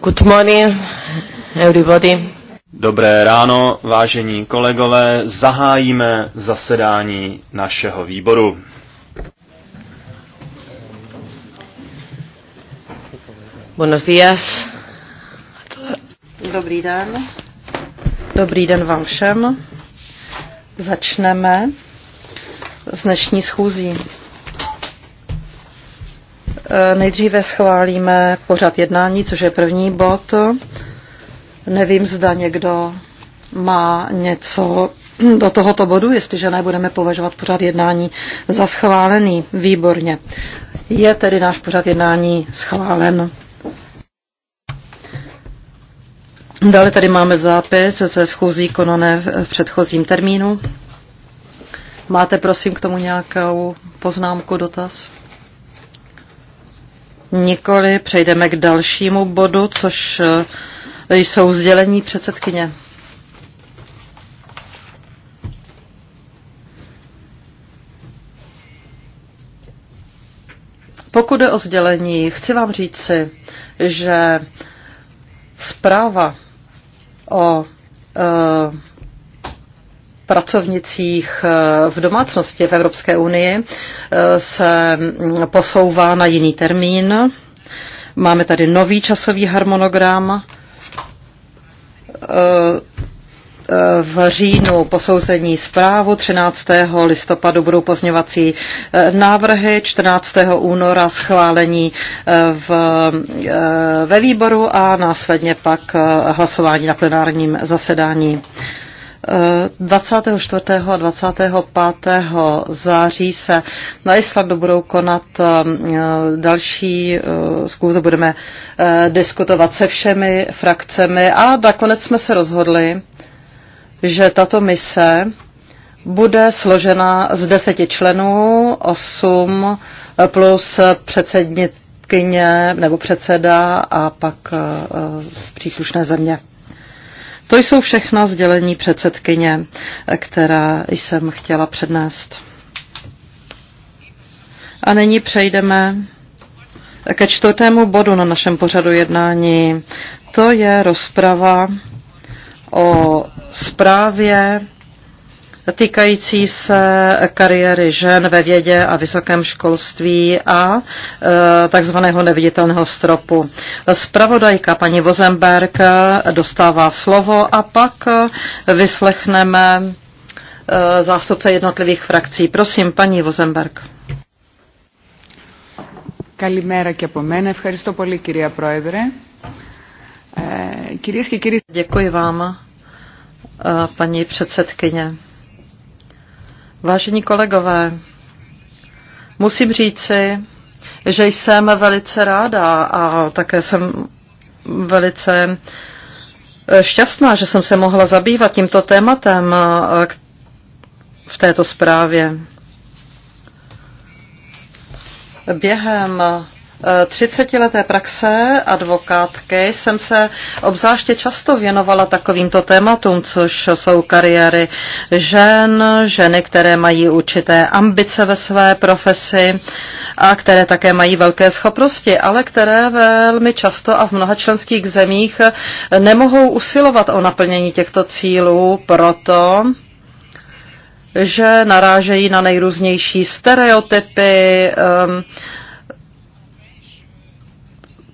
Good morning, everybody. Dobré ráno, vážení kolegové, zahájíme zasedání našeho výboru. Buenos días. Dobrý den. Dobrý den vám všem. Začneme s dnešní schůzí. Eh, nejdříve schválíme pořad jednání, což je první bod. Nevím, zda někdo má něco do tohoto bodu, jestliže ne, budeme považovat pořad jednání za schválený. Výborně. Je tedy náš pořad jednání schválen. Dále tady máme zápis ze schůzí konané v předchozím termínu. Máte prosím k tomu nějakou poznámku, dotaz? Nikoli, přejdeme k dalšímu bodu, což eh, jsou sdělení předsedkyně. Pokud je o sdělení, chci vám říci, že zpráva o e, pracovnicích eh, v domácnosti v Evropské unii eh, se posouvá na jiný termín. Máme tady nový časový harmonogram. Eh, v říjnu posouzení zprávu, 13. listopadu budou pozněvací návrhy, 14. února schválení v, ve výboru a následně pak hlasování na plenárním zasedání. 24. a 25. září se na Islandu budou konat eh, další zkůze, eh, budeme eh, diskutovat se všemi frakcemi a nakonec jsme se rozhodli, že tato mise bude složena z deseti členů, osm plus předsednitkyně nebo předseda a pak z příslušné země. To jsou všechna sdělení předsedkyně, která jsem chtěla přednést. A nyní přejdeme ke čtvrtému bodu na našem pořadu jednání. To je rozprava o zprávě týkající se kariéry žen ve vědě a vysokém školství a e, takzvaného neviditelného stropu. Spravodajka paní Vozemberg dostává slovo a pak vyslechneme e, zástupce jednotlivých frakcí. Prosím, paní Vozemberg. Καλημέρα και από μένα. Ευχαριστώ πολύ κυρία Πρόεδρε. Κυρίες και κύριοι... Děkuji vám, paní předsedkyně. Vážení kolegové, musím říci, že jsem velice ráda a také jsem velice šťastná, že jsem se mohla zabývat tímto tématem v této zprávě. Během 30-leté praxe advokátky jsem se obzvláště často věnovala takovýmto tématům, což jsou kariéry žen, ženy, které mají určité ambice ve své profesi a které také mají velké schopnosti, ale které velmi často a v mnoha členských zemích nemohou usilovat o naplnění těchto cílů, proto že narážejí na nejrůznější stereotypy, um,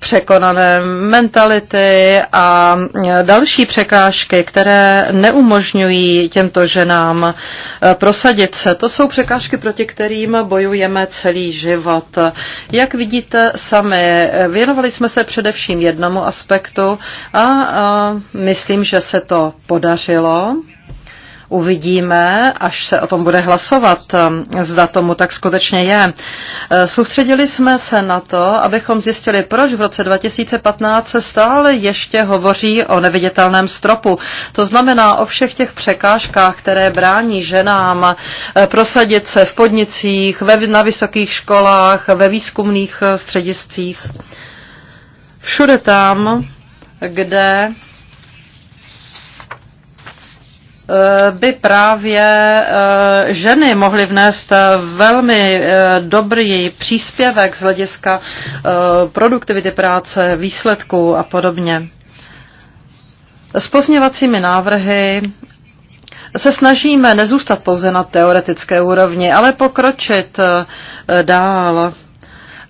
překonané mentality a další překážky, které neumožňují těmto ženám eh, prosadit se. To jsou překážky, proti kterým bojujeme celý život. Jak vidíte sami, věnovali jsme se především jednomu aspektu a myslím, že se to podařilo. Uvidíme, až se o tom bude hlasovat, um, zda tomu tak skutečně je. Uh, soustředili jsme se na to, abychom zjistili, proč v roce 2015 se stále ještě hovoří o neviditelném stropu. To znamená o všech těch překážkách, které brání ženám uh, prosadit se v podnicích, ve, na vysokých školách, ve výzkumných uh, střediscích. Všude tam, kde Eh, by právě eh, ženy mohly vnést eh, velmi dobrý příspěvek z hlediska produktivity práce, výsledků a podobně. S pozněvacími návrhy se snažíme nezůstat pouze na teoretické úrovni, ale pokročit dál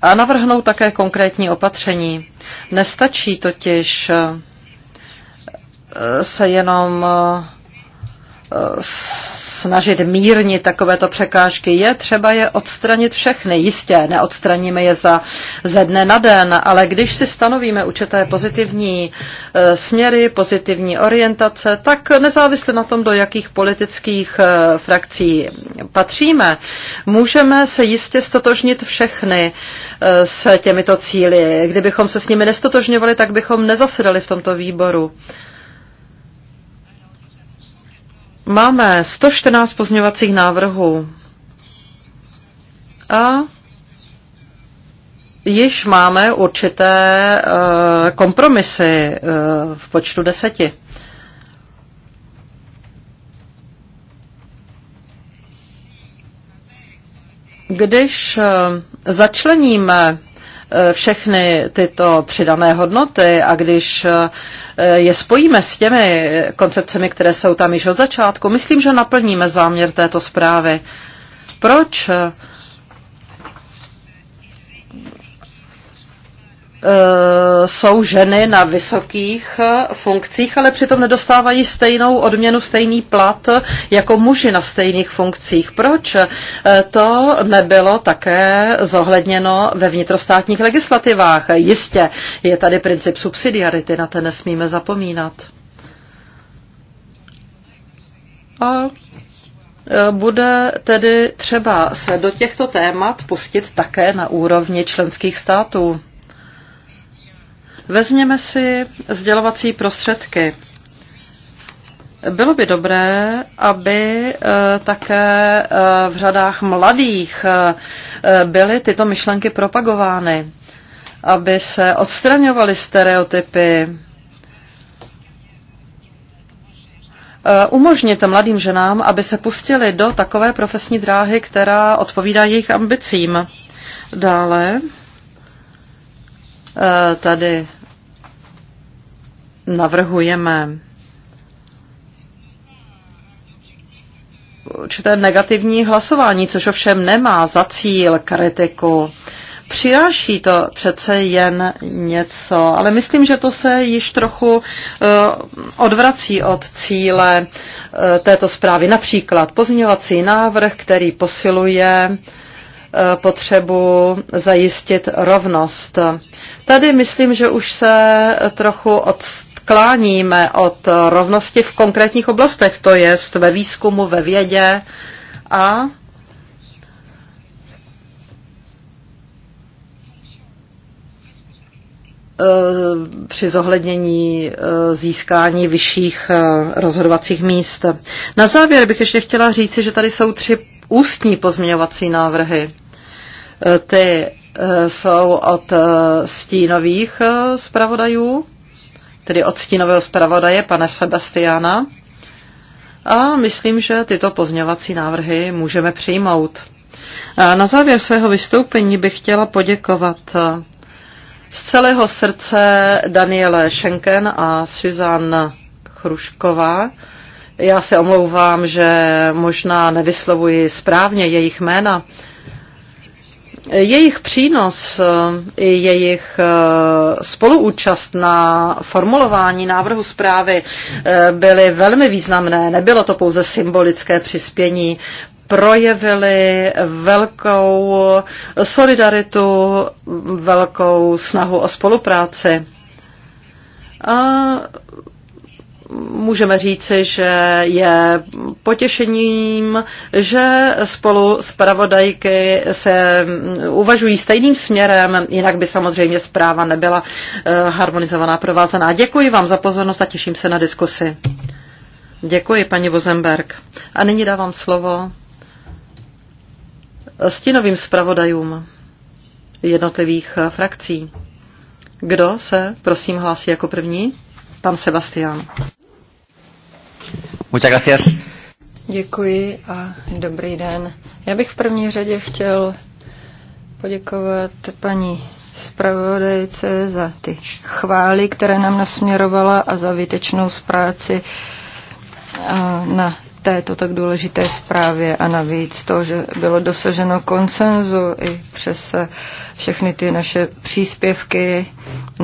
a navrhnout také konkrétní opatření. Nestačí totiž se jenom snažit mírnit takovéto překážky. Je třeba je odstranit všechny. Jistě, neodstraníme je za, ze dne na den, ale když si stanovíme určité pozitivní eh, směry, pozitivní orientace, tak nezávisle na tom, do jakých politických eh, frakcí patříme, můžeme se jistě stotožnit všechny eh, se těmito cíly. Kdybychom se s nimi nestotožňovali, tak bychom nezasedali v tomto výboru. Máme 114 pozměňovacích návrhů a již máme určité eh, kompromisy eh, v počtu deseti. Když eh, začleníme Eh, všechny tyto přidané hodnoty a když eh, je spojíme s těmi koncepcemi, které jsou tam již od začátku, myslím, že naplníme záměr této zprávy. Proč eh, Eh, jsou ženy na vysokých eh, funkcích, ale přitom nedostávají stejnou odměnu, stejný plat jako muži na stejných funkcích. Proč? Eh, to nebylo také zohledněno ve vnitrostátních legislativách. Jistě je tady princip subsidiarity, na ten nesmíme zapomínat. A bude tedy třeba se do těchto témat pustit také na úrovni členských států. Vezměme si sdělovací prostředky. Bylo by dobré, aby eh, také eh, v řadách mladých eh, byly tyto myšlenky propagovány, aby se odstraňovaly stereotypy, umožnit mladým ženám, aby se pustili do takové profesní dráhy, která odpovídá jejich ambicím. Dále Eh, tady navrhujeme určité negativní hlasování, což ovšem nemá za cíl kritiku. Přiráší to přece jen něco, ale myslím, že to se již trochu eh, odvrací od cíle eh, této zprávy. Například pozměňovací návrh, který posiluje uh, Eh, potřebu zajistit rovnost. Tady myslím, že už se trochu odkláníme od rovnosti v konkrétních oblastech, to je ve výzkumu, ve vědě a eh, při zohlednění eh, získání vyšších rozhodovacích míst. Na závěr bych ještě chtěla říci, že tady jsou tři ústní pozměňovací návrhy. Eh, ty eh, jsou od eh, stínových zpravodajů, tedy od stínového zpravodaje pane Sebastiana. A myslím, že tyto pozňovací návrhy můžeme přijmout. Na závěr svého vystoupení bych chtěla poděkovat z celého srdce Daniele Schenken a Suzan Chrušková. Já se omlouvám, že možná nevyslovuji správně jejich jména. Jejich přínos eh, i jejich eh, spoluúčast na formulování návrhu zprávy eh, byly velmi významné. Nebylo to pouze symbolické přispění projevili velkou solidaritu, velkou snahu o spolupráci. A můžeme říci, že je potěšením, že spolu s pravodajky se mm, uvažují stejným směrem, jinak by samozřejmě zpráva nebyla eh, harmonizovaná, provázaná. Děkuji vám za pozornost a těším se na diskusi. Děkuji, paní Vozenberg. A nyní dávám slovo stinovým zpravodajům jednotlivých eh, frakcí. Kdo se, prosím, hlásí jako první? Pan Sebastian. Muchas gracias. Děkuji a dobrý den. Já bych v první řadě chtěl poděkovat paní zpravodajce za ty chvály, které nám nasměrovala a za výtečnou zpráci na této tak důležité zprávě a navíc to, že bylo dosaženo konsenzu i přes e, všechny ty naše příspěvky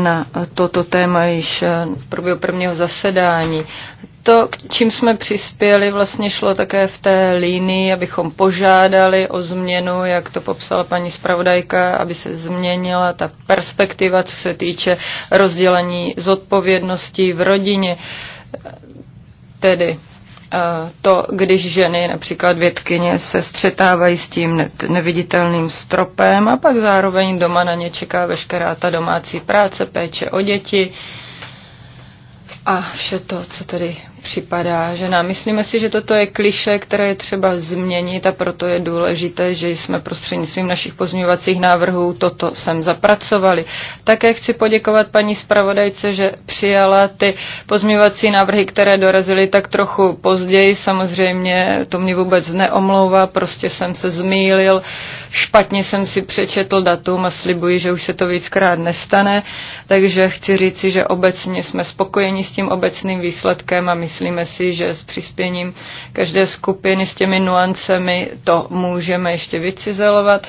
na e, toto téma již e, v průběhu prvního zasedání to, k čím jsme přispěli, vlastně šlo také v té línii, abychom požádali o změnu, jak to popsala paní zpravodajka, aby se změnila ta perspektiva, co se týče rozdělení zodpovědností v rodině. Tedy eh, to, když ženy, například vědkyně, se střetávají s tím neviditelným stropem a pak zároveň doma na ně čeká veškerá ta domácí práce, péče o děti a vše to, co tedy připadá, že nám myslíme si, že toto je kliše, které je třeba změnit a proto je důležité, že jsme prostřednictvím našich pozměňovacích návrhů toto sem zapracovali. Také chci poděkovat paní zpravodajce, že přijala ty pozměňovací návrhy, které dorazily tak trochu později. Samozřejmě to mě vůbec neomlouvá, prostě jsem se zmýlil, špatně jsem si přečetl datum a slibuji, že už se to víckrát nestane. Takže chci říci, že obecně jsme spokojeni s tím obecným výsledkem a my Myslíme si, že s přispěním každé skupiny s těmi nuancemi to můžeme ještě vycizelovat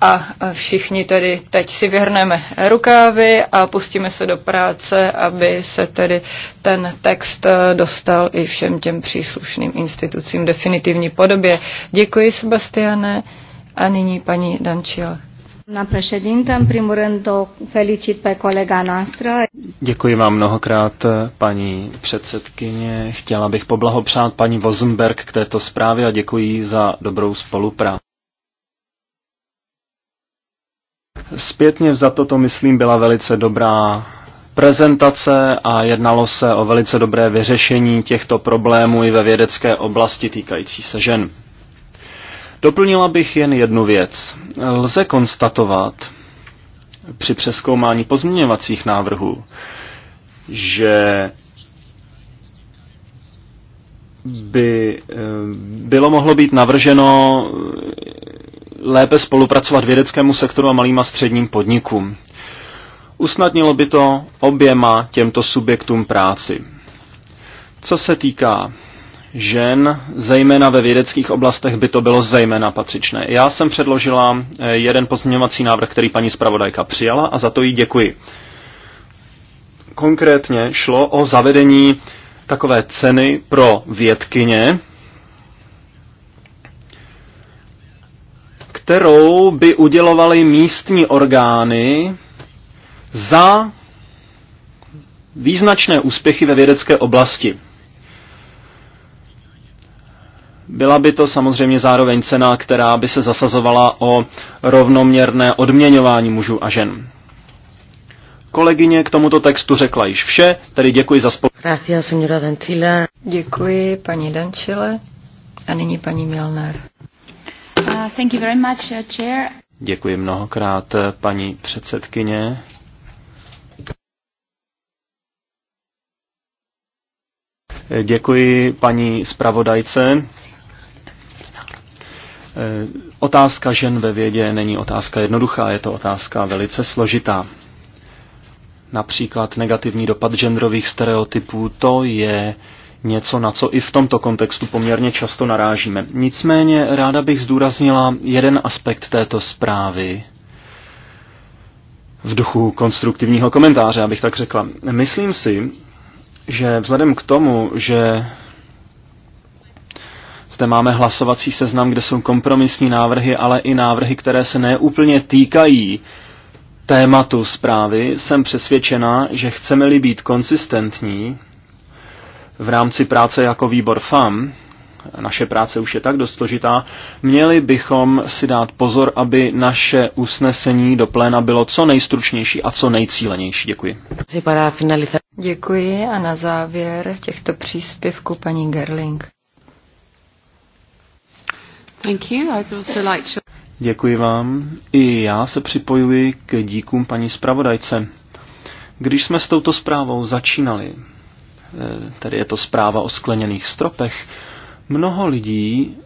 a všichni tedy teď si vyhrneme rukávy a pustíme se do práce, aby se tedy ten text eh, dostal i všem těm příslušným institucím v definitivní podobě. Děkuji, Sebastiane. A nyní paní Dančila. Na președintă, în primul rând o felicit pe colega noastră. Děkuji vám mnohokrát, paní předsedkyně. Chtěla bych poblahopřát paní Vozenberg k této zprávě a děkuji za dobrou spolupráci. Zpětně za toto, myslím, byla velice dobrá prezentace a jednalo se o velice dobré vyřešení těchto problémů i ve vědecké oblasti týkající se žen. Doplnila bych jen jednu věc. Lze konstatovat při přeskoumání pozměňovacích návrhů, že by eh, bylo mohlo být navrženo eh, lépe spolupracovat vědeckému sektoru a malým a středním podnikům. Usnadnilo by to oběma těmto subjektům práci. Co se týká žen, zejména ve vědeckých oblastech by to bylo zejména patřičné. Já jsem předložila eh, jeden pozměňovací návrh, který paní zpravodajka přijala a za to jí děkuji. Konkrétně šlo o zavedení takové ceny pro vědkyně, kterou by udělovaly místní orgány za význačné úspěchy ve vědecké oblasti. Byla by to samozřejmě zároveň cena, která by se zasazovala o rovnoměrné odměňování mužů a žen. Kolegyně k tomuto textu řekla již vše, tedy děkuji za spolupráci. Děkuji, paní Dančile. A nyní paní Milner. Uh, thank you very much, uh, chair. Děkuji mnohokrát, uh, paní předsedkyně. Děkuji paní zpravodajce Eh, otázka žen ve vědě není otázka jednoduchá, je to otázka velice složitá. Například negativní dopad genderových stereotypů, to je něco, na co i v tomto kontextu poměrně často narážíme. Nicméně ráda bych zdůraznila jeden aspekt této zprávy v duchu konstruktivního komentáře, abych tak řekla. Myslím si, že vzhledem k tomu, že zde máme hlasovací seznam, kde jsou kompromisní návrhy, ale i návrhy, které se neúplně týkají tématu zprávy. Jsem přesvědčena, že chceme-li být konsistentní v rámci práce jako výbor FAM, naše práce už je tak dost složitá, měli bychom si dát pozor, aby naše usnesení do pléna bylo co nejstručnější a co nejcílenější. Děkuji. Děkuji a na závěr těchto příspěvků paní Gerling. Thank you. I'd also like to... Děkuji vám. I já se připojuji k díkům paní zpravodajce. Když jsme s touto zprávou začínali, eh, tedy je to zpráva o skleněných stropech, mnoho lidí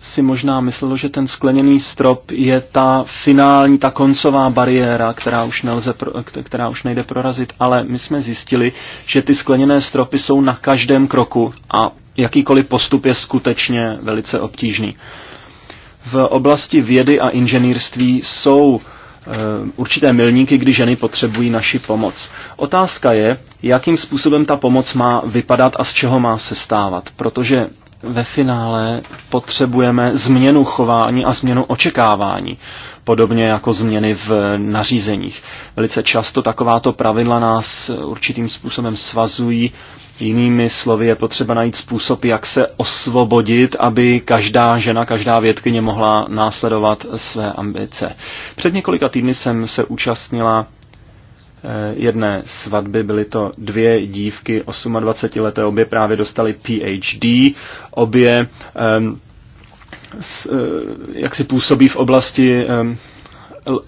si možná myslelo, že ten skleněný strop je ta finální, ta koncová bariéra, která už, nelze, která už nejde prorazit, ale my jsme zjistili, že ty skleněné stropy jsou na každém kroku a jakýkoliv postup je skutečně velice obtížný. V oblasti vědy a inženýrství jsou eh, určité milníky, kdy ženy potřebují naši pomoc. Otázka je, jakým způsobem ta pomoc má vypadat a z čeho má se stávat, protože ve finále potřebujeme změnu chování a změnu očekávání, podobně jako změny v nařízeních. Velice často takováto pravidla nás určitým způsobem svazují Jinými slovy je potřeba najít způsob, jak se osvobodit, aby každá žena, každá vědkyně mohla následovat své ambice. Před několika týdny jsem se účastnila eh, jedné svatby, byly to dvě dívky, 28 leté, obě právě dostaly PhD, obě um, s, eh, jak si působí v oblasti um,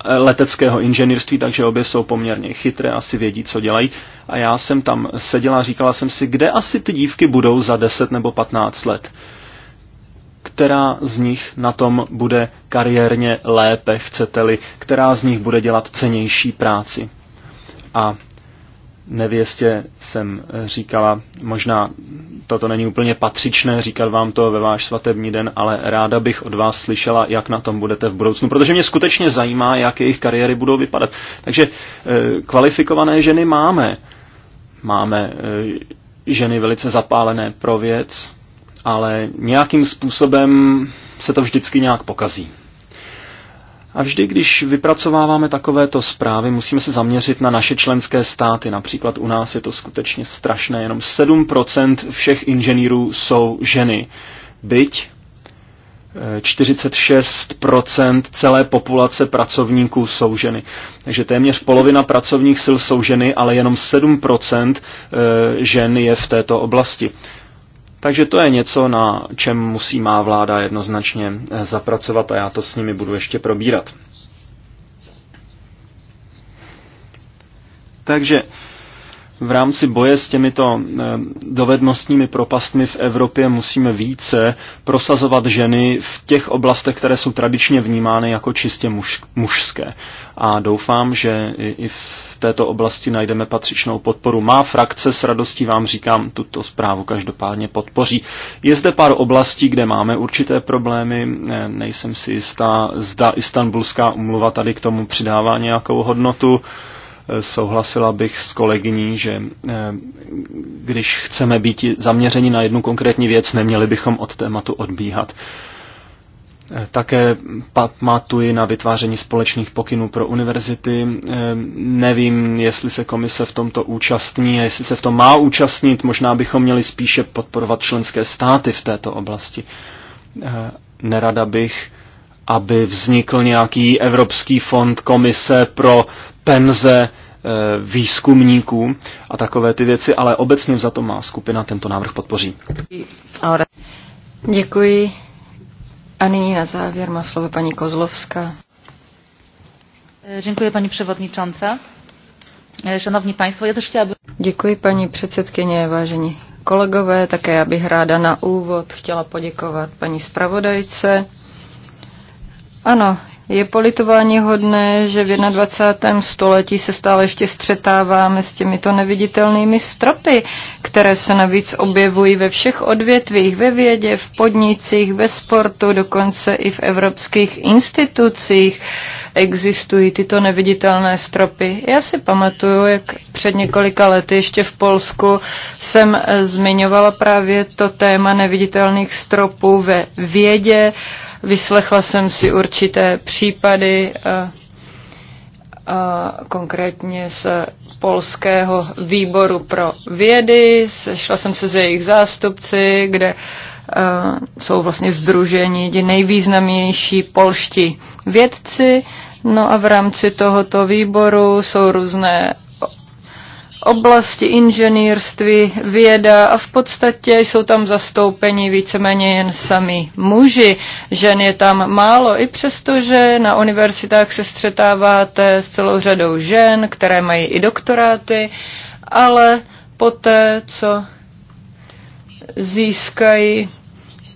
leteckého inženýrství, takže obě jsou poměrně chytré, asi vědí, co dělají. A já jsem tam seděla a říkala jsem si, kde asi ty dívky budou za 10 nebo 15 let. Která z nich na tom bude kariérně lépe, chcete-li, která z nich bude dělat cenější práci. A nevěstě jsem říkala, možná toto není úplně patřičné říkat vám to ve váš svatební den, ale ráda bych od vás slyšela, jak na tom budete v budoucnu, protože mě skutečně zajímá, jak jejich kariéry budou vypadat. Takže eh, kvalifikované ženy máme. Máme eh, ženy velice zapálené pro věc, ale nějakým způsobem se to vždycky nějak pokazí. A vždy, když vypracováváme takovéto zprávy, musíme se zaměřit na naše členské státy. Například u nás je to skutečně strašné. Jenom 7% všech inženýrů jsou ženy. Byť 46% eh, celé populace pracovníků jsou ženy. Takže téměř polovina pracovních sil jsou ženy, ale jenom 7% eh, žen je v této oblasti. Takže to je něco, na čem musí má vláda jednoznačně eh, zapracovat a já to s nimi budu ještě probírat. Takže v rámci boje s těmito eh, dovednostními propastmi v Evropě musíme více prosazovat ženy v těch oblastech, které jsou tradičně vnímány jako čistě muž, mužské. A doufám, že i v této oblasti najdeme patřičnou podporu. Má frakce, s radostí vám říkám, tuto zprávu každopádně podpoří. Je zde pár oblastí, kde máme určité problémy. Eh, nejsem si jistá, zda Istanbulská umluva tady k tomu přidává nějakou hodnotu. Uh, souhlasila bych s kolegyní, že eh, když chceme být zaměřeni na jednu konkrétní věc, neměli bychom od tématu odbíhat. Eh, také pamatuji na vytváření společných pokynů pro univerzity. Eh, nevím, jestli se komise v tomto účastní a jestli se v tom má účastnit. Možná bychom měli spíše podporovat členské státy v této oblasti. Nerada bych aby vznikl nějaký Evropský fond komise pro penze eh, výzkumníků a takové ty věci, ale obecně za to má skupina tento návrh podpoří. Děkuji. A nyní na závěr má slovo paní Kozlovská. Děkuji, paní předsedající. Šanovní państwo, já tež chtěla by... Děkuji, paní předsedkyně, vážení kolegové. Také já bych ráda na úvod chtěla poděkovat paní zpravodajce ano, je politování hodné, že v 21. století se stále ještě střetáváme s těmito neviditelnými stropy, které se navíc objevují ve všech odvětvích, ve vědě, v podnicích, ve sportu, dokonce i v evropských institucích existují tyto neviditelné stropy. Já si pamatuju, jak před několika lety ještě v Polsku jsem zmiňovala právě to téma neviditelných stropů ve vědě, Vyslechla jsem si určité případy, a, eh, a eh, konkrétně z Polského výboru pro vědy. Sešla jsem se s jejich zástupci, kde a, eh, jsou vlastně združeni ti nejvýznamnější polští vědci. No a v rámci tohoto výboru jsou různé oblasti inženýrství, věda a v podstatě jsou tam zastoupeni víceméně jen sami muži. Žen je tam málo, i přesto, že na univerzitách se střetáváte s celou řadou žen, které mají i doktoráty, ale poté, co získají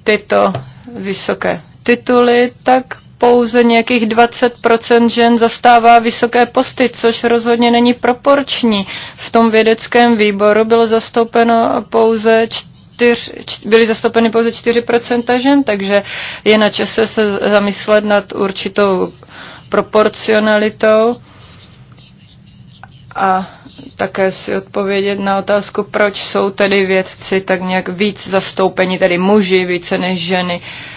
tyto vysoké tituly, tak pouze nějakých 20% žen zastává vysoké posty, což rozhodně není proporční. V tom vědeckém výboru bylo zastoupeno pouze čtyř, byly zastoupeny pouze 4% žen, takže je na čase se zamyslet nad určitou proporcionalitou a také si odpovědět na otázku, proč jsou tedy vědci tak nějak víc zastoupeni, tedy muži více než ženy. Uh,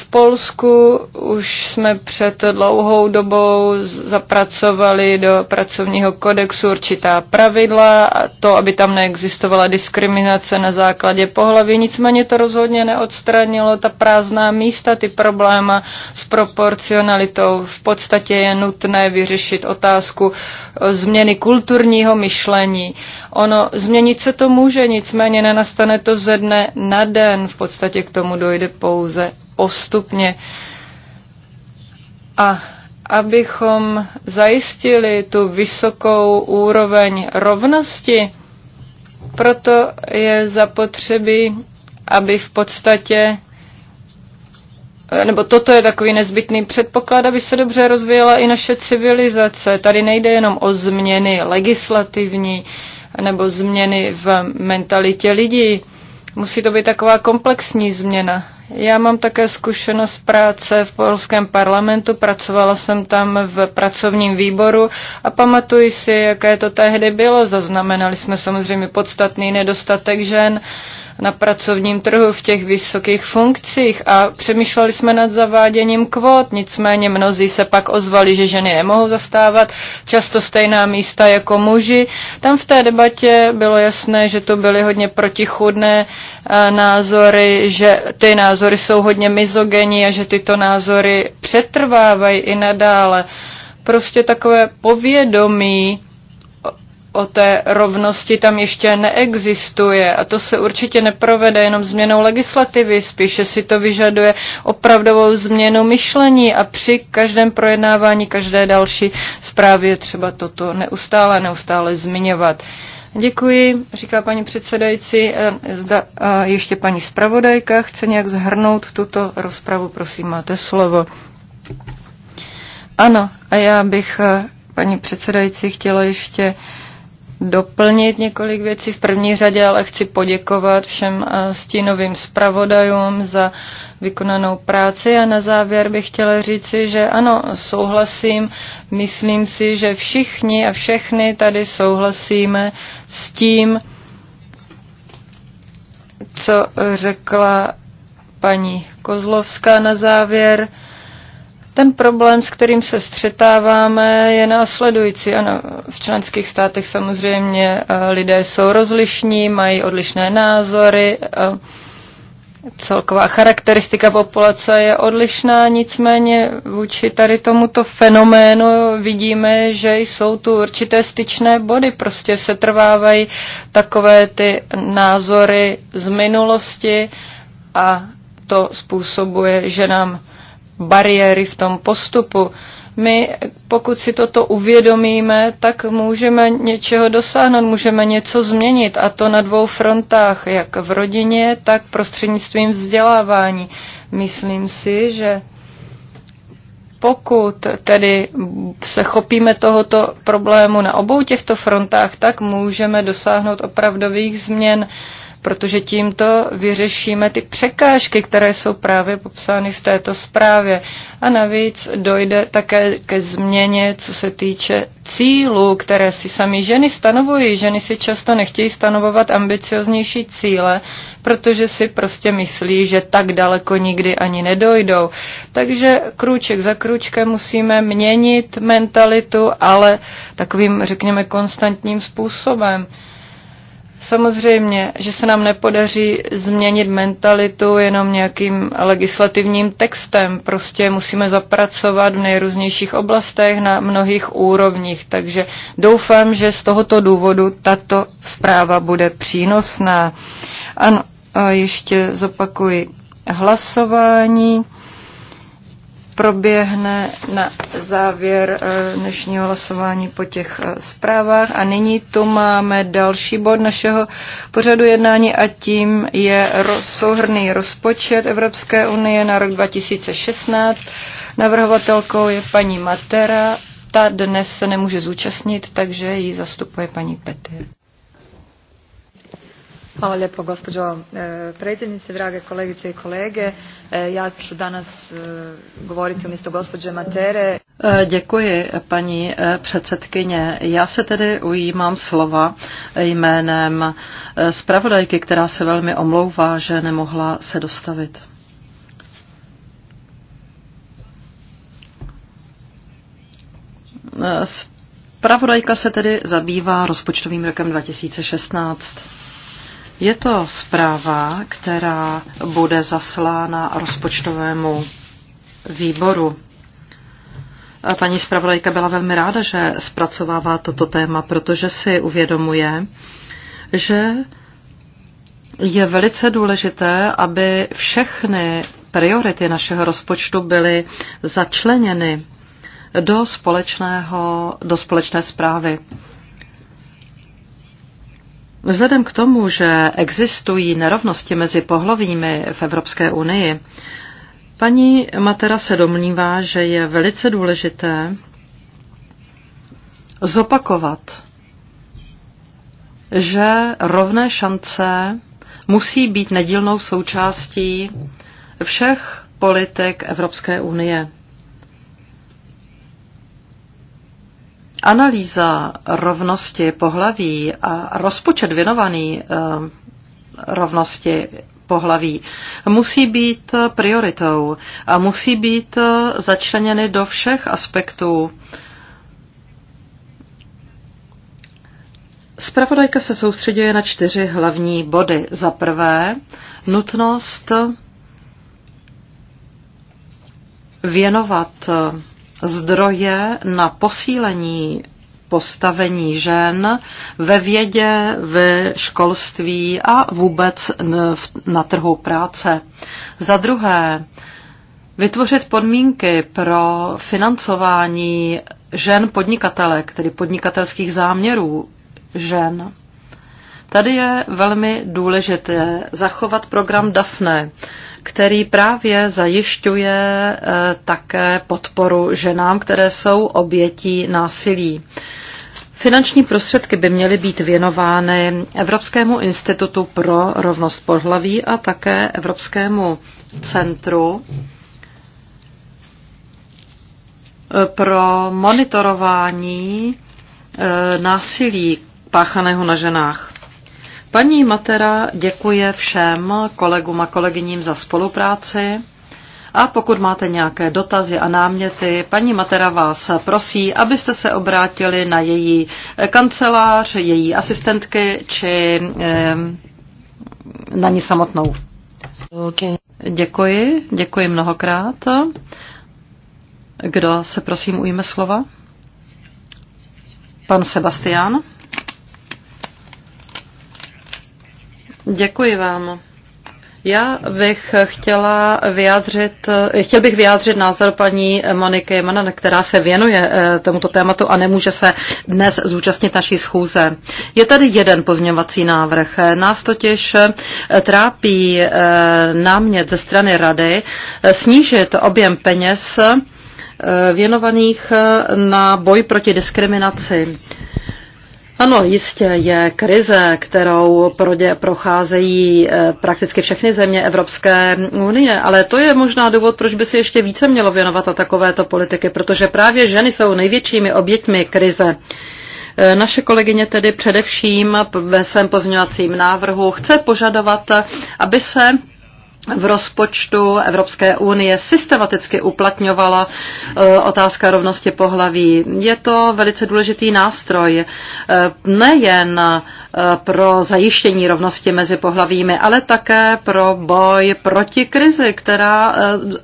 v Polsku už jsme před dlouhou dobou zapracovali do pracovního kodexu určitá pravidla a to, aby tam neexistovala diskriminace na základě pohlaví. Nicméně to rozhodně neodstranilo ta prázdná místa, ty probléma s proporcionalitou. V podstatě je nutné vyřešit otázku e, změny kulturního myšlení. Ono změnit se to může, nicméně nenastane to ze dne na den. V podstatě k tomu dojde pouze postupně. A abychom zajistili tu vysokou úroveň rovnosti, proto je zapotřebí, aby v podstatě, nebo toto je takový nezbytný předpoklad, aby se dobře rozvíjela i naše civilizace. Tady nejde jenom o změny legislativní nebo změny v mentalitě lidí. Musí to být taková komplexní změna. Já mám také zkušenost práce v polském parlamentu, pracovala jsem tam v pracovním výboru a pamatuji si, jaké to tehdy bylo. Zaznamenali jsme samozřejmě podstatný nedostatek žen. Uh, na pracovním trhu v těch vysokých funkcích a přemýšleli jsme nad zaváděním kvót, nicméně mnozí se pak ozvali, že ženy nemohou zastávat často stejná místa jako muži. Tam v té debatě bylo jasné, že to byly hodně protichudné eh, názory, že ty názory jsou hodně mizogenní a že tyto názory přetrvávají i nadále. Prostě takové povědomí, o té rovnosti tam ještě neexistuje a to se určitě neprovede jenom změnou legislativy, spíše si to vyžaduje opravdovou změnu myšlení a při každém projednávání každé další zprávě třeba toto neustále, neustále zmiňovat. Děkuji, říká paní předsedající. Eh, zda, a ještě paní zpravodajka chce nějak zhrnout tuto rozpravu, prosím, máte slovo. Ano, a já bych, eh, paní předsedající, chtěla ještě uh, doplnit několik věcí. V první řadě ale chci poděkovat všem eh, stínovým zpravodajům za vykonanou práci a na závěr bych chtěla říci, že ano, souhlasím, myslím si, že všichni a všechny tady souhlasíme s tím, co řekla paní Kozlovská na závěr. Ten problém, s kterým se střetáváme, je následující. Ano, v členských státech samozřejmě eh, lidé jsou rozlišní, mají odlišné názory, eh, celková charakteristika populace je odlišná, nicméně vůči tady tomuto fenoménu vidíme, že jsou tu určité styčné body, prostě se trvávají takové ty názory z minulosti a to způsobuje, že nám bariéry v tom postupu. My, pokud si toto uvědomíme, tak můžeme něčeho dosáhnout, můžeme něco změnit a to na dvou frontách, jak v rodině, tak prostřednictvím vzdělávání. Myslím si, že pokud tedy se chopíme tohoto problému na obou těchto frontách, tak můžeme dosáhnout opravdových změn protože tímto vyřešíme ty překážky, které jsou právě popsány v této zprávě. A navíc dojde také ke změně, co se týče cílů, které si sami ženy stanovují. Ženy si často nechtějí stanovovat ambicioznější cíle, protože si prostě myslí, že tak daleko nikdy ani nedojdou. Takže krůček za krůčkem musíme měnit mentalitu, ale takovým, řekněme, konstantním způsobem. Samozřejmě, že se nám nepodaří změnit mentalitu jenom nějakým legislativním textem. Prostě musíme zapracovat v nejrůznějších oblastech na mnohých úrovních. Takže doufám, že z tohoto důvodu tato zpráva bude přínosná. Ano, a ještě zopakuji hlasování proběhne na závěr eh, dnešního hlasování po těch eh, zprávách. A nyní tu máme další bod našeho pořadu jednání a tím je souhrný rozpočet Evropské unie na rok 2016. Navrhovatelkou je paní Matera. Ta dnes se nemůže zúčastnit, takže ji zastupuje paní Petr. Hvala lijepo gospođo e, predsjednice, drage kolegice i kolege. E, ja ću danas e, govoriti umjesto gospođe Matere. Děkuji, paní předsedkyně. Já se tedy ujímám slova jménem zpravodajky, která se velmi omlouvá, že nemohla se dostavit. Spravodajka se tedy zabývá rozpočtovým rokem 2016. Je to zpráva, která bude zaslána rozpočtovému výboru. Paní zpravodajka byla velmi ráda, že zpracovává toto téma, protože si uvědomuje, že je velice důležité, aby všechny priority našeho rozpočtu byly začleněny do, společného, do společné zprávy. Vzhledem k tomu, že existují nerovnosti mezi pohlavími v Evropské unii, paní Matera se domnívá, že je velice důležité zopakovat, že rovné šance musí být nedílnou součástí všech politik Evropské unie. Analýza rovnosti pohlaví a rozpočet věnovaný eh, rovnosti pohlaví musí být prioritou a musí být eh, začleněny do všech aspektů. Spravodajka se soustředuje na čtyři hlavní body. Za prvé, nutnost věnovat zdroje na posílení postavení žen ve vědě, ve školství a vůbec na trhu práce. Za druhé, vytvořit podmínky pro financování žen podnikatelek, tedy podnikatelských záměrů žen. Tady je velmi důležité zachovat program DAFNE, který právě zajišťuje eh, také podporu ženám, které jsou obětí násilí. Finanční prostředky by měly být věnovány Evropskému institutu pro rovnost pohlaví a také Evropskému centru eh, pro monitorování eh, násilí páchaného na ženách. Paní Matera děkuje všem kolegům a kolegyním za spolupráci. A pokud máte nějaké dotazy a náměty, paní Matera vás prosí, abyste se obrátili na její kancelář, její asistentky či eh, na ní samotnou. Okay. Děkuji, děkuji mnohokrát. Kdo se prosím ujme slova? Pan Sebastián. Děkuji vám. Já bych chtěla vyjádřit, chtěl bych vyjádřit názor paní Moniky Jemanan, která se věnuje eh, tomuto tématu a nemůže se dnes zúčastnit naší schůze. Je tady jeden pozměňovací návrh. Nás totiž eh, trápí eh, námět ze strany rady snížit objem peněz věnovaných na boj proti diskriminaci ano, jistě je krize, kterou prodě, procházejí eh, prakticky všechny země Evropské unie, ale to je možná důvod, proč by se ještě více mělo věnovat a takovéto politiky, protože právě ženy jsou největšími oběťmi krize. Eh, naše kolegyně tedy především ve svém pozměňovacím návrhu chce požadovat, eh, aby se v rozpočtu Evropské unie systematicky uplatňovala eh, otázka rovnosti pohlaví. Je to velice důležitý nástroj eh, nejen eh, pro zajištění rovnosti mezi pohlavími, ale také pro boj proti krizi, která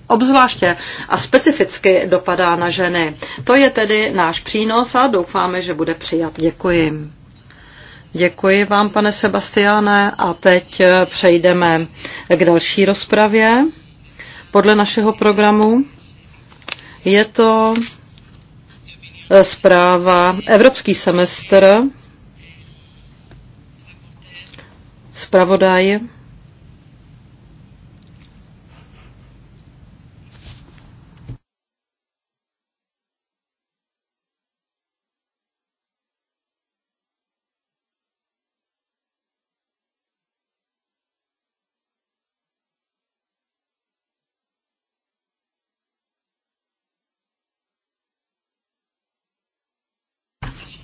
obzvláště a specificky dopadá na ženy. To je tedy náš přínos a doufáme, že bude přijat. Děkuji. Děkuji vám, pane Sebastiáne, a teď eh, přejdeme k další rozpravě podle našeho programu. Je to eh, zpráva Evropský semestr. Zpravodaj.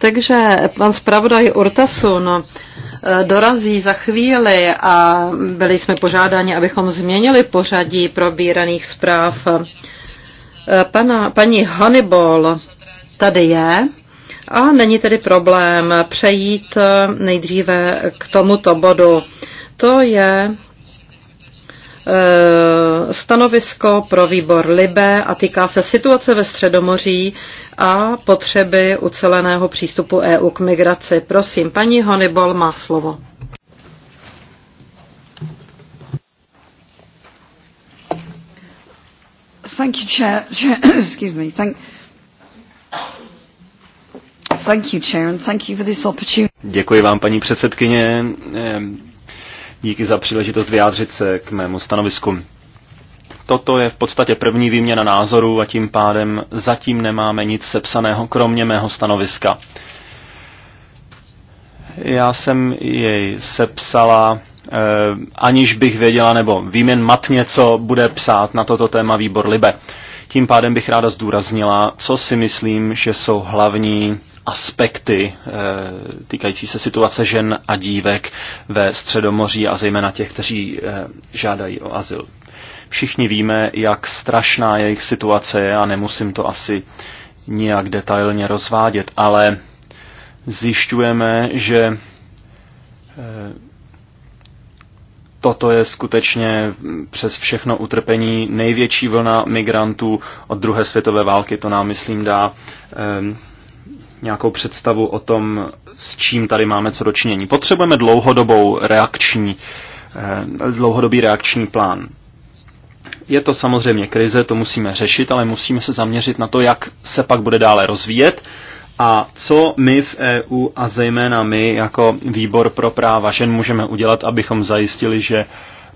Takže pan zpravodaj Urtasun eh, dorazí za chvíli a byli jsme požádáni, abychom změnili pořadí probíraných zpráv. Eh, pana, paní Hannibal tady je a není tedy problém přejít eh, nejdříve k tomuto bodu. To je stanovisko pro výbor Libe a týká se situace ve Středomoří a potřeby uceleného přístupu EU k migraci. Prosím, paní Honibol má slovo. Thank you, chair. me. Thank, thank you, chair, and thank you for this opportunity. Děkuji vám, paní předsedkyně. Ehm, díky za příležitost vyjádřit se k mému stanovisku toto je v podstatě první výměna názorů a tím pádem zatím nemáme nic sepsaného, kromě mého stanoviska. Já jsem jej sepsala, eh, aniž bych věděla, nebo vím jen matně, co bude psát na toto téma výbor Libe. Tím pádem bych ráda zdůraznila, co si myslím, že jsou hlavní aspekty e, týkající se situace žen a dívek ve Středomoří a zejména těch, kteří e, žádají o azyl. Všichni víme, jak strašná jejich situace je a nemusím to asi nijak detailně rozvádět, ale zjišťujeme, že eh, toto je skutečně přes všechno utrpení největší vlna migrantů od druhé světové války. To nám, myslím, dá ehm, nějakou představu o tom, s čím tady máme co dočinění. Potřebujeme dlouhodobou reakční, eh, dlouhodobý reakční plán. Je to samozřejmě krize, to musíme řešit, ale musíme se zaměřit na to, jak se pak bude dále rozvíjet a co my v EU a zejména my jako výbor pro práva žen můžeme udělat, abychom zajistili, že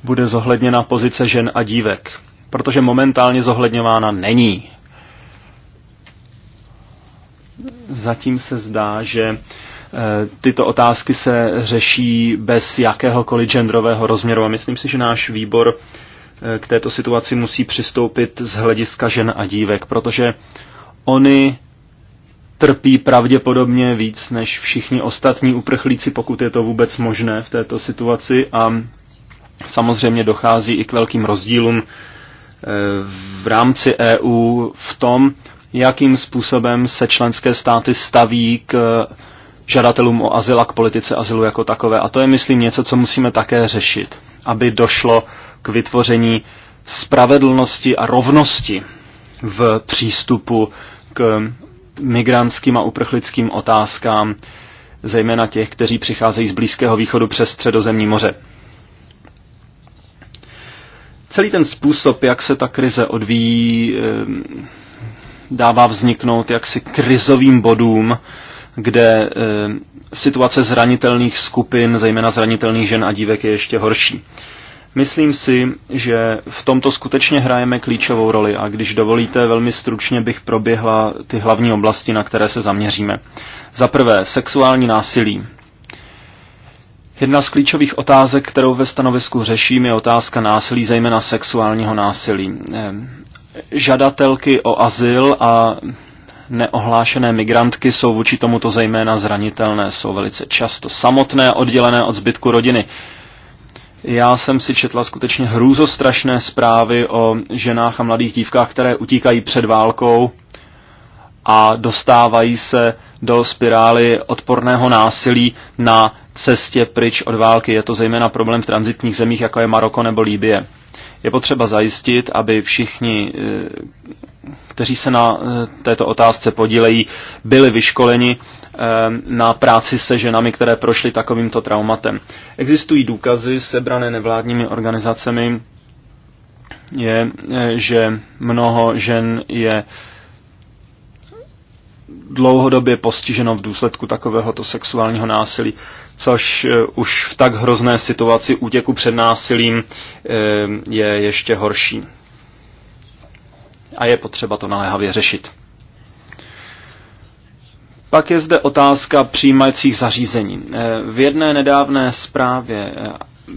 bude zohledněna pozice žen a dívek, protože momentálně zohledňována není. Zatím se zdá, že e, tyto otázky se řeší bez jakéhokoliv genderového rozměru a myslím si, že náš výbor Eh, k této situaci musí přistoupit z hlediska žen a dívek, protože oni trpí pravděpodobně víc než všichni ostatní uprchlíci, pokud je to vůbec možné v této situaci a samozřejmě dochází i k velkým rozdílům eh, v rámci EU v tom, jakým způsobem se členské státy staví k žadatelům o azyl a k politice azylu jako takové. A to je, myslím, něco, co musíme také řešit, aby došlo k vytvoření spravedlnosti a rovnosti v přístupu k migrantským a uprchlickým otázkám, zejména těch, kteří přicházejí z Blízkého východu přes Středozemní moře. Celý ten způsob, jak se ta krize odvíjí, ehm, dává vzniknout jaksi krizovým bodům, kde ehm, situace zranitelných skupin, zejména zranitelných žen a dívek, je ještě horší. Myslím si, že v tomto skutečně hrajeme klíčovou roli a když dovolíte, velmi stručně bych proběhla ty hlavní oblasti, na které se zaměříme. Za prvé, sexuální násilí. Jedna z klíčových otázek, kterou ve stanovisku řeším, je otázka násilí, zejména sexuálního násilí. Ehm, žadatelky o azyl a neohlášené migrantky jsou vůči tomuto zejména zranitelné, jsou velice často samotné, oddělené od zbytku rodiny. Já jsem si četla skutečně hrůzostrašné zprávy o ženách a mladých dívkách, které utíkají před válkou a dostávají se do spirály odporného násilí na cestě pryč od války. Je to zejména problém v transitních zemích, jako je Maroko nebo Líbie. Je potřeba zajistit, aby všichni, eh, kteří se na eh, této otázce podílejí, byli vyškoleni Ehm, na práci se ženami, které prošly takovýmto traumatem. Existují důkazy sebrané nevládními organizacemi, je, e, že mnoho žen je dlouhodobě postiženo v důsledku takovéhoto sexuálního násilí, což e, už v tak hrozné situaci útěku před násilím e, je ještě horší. A je potřeba to naléhavě řešit. Pak je zde otázka přijímajících zařízení. Eh, v jedné nedávné zprávě eh,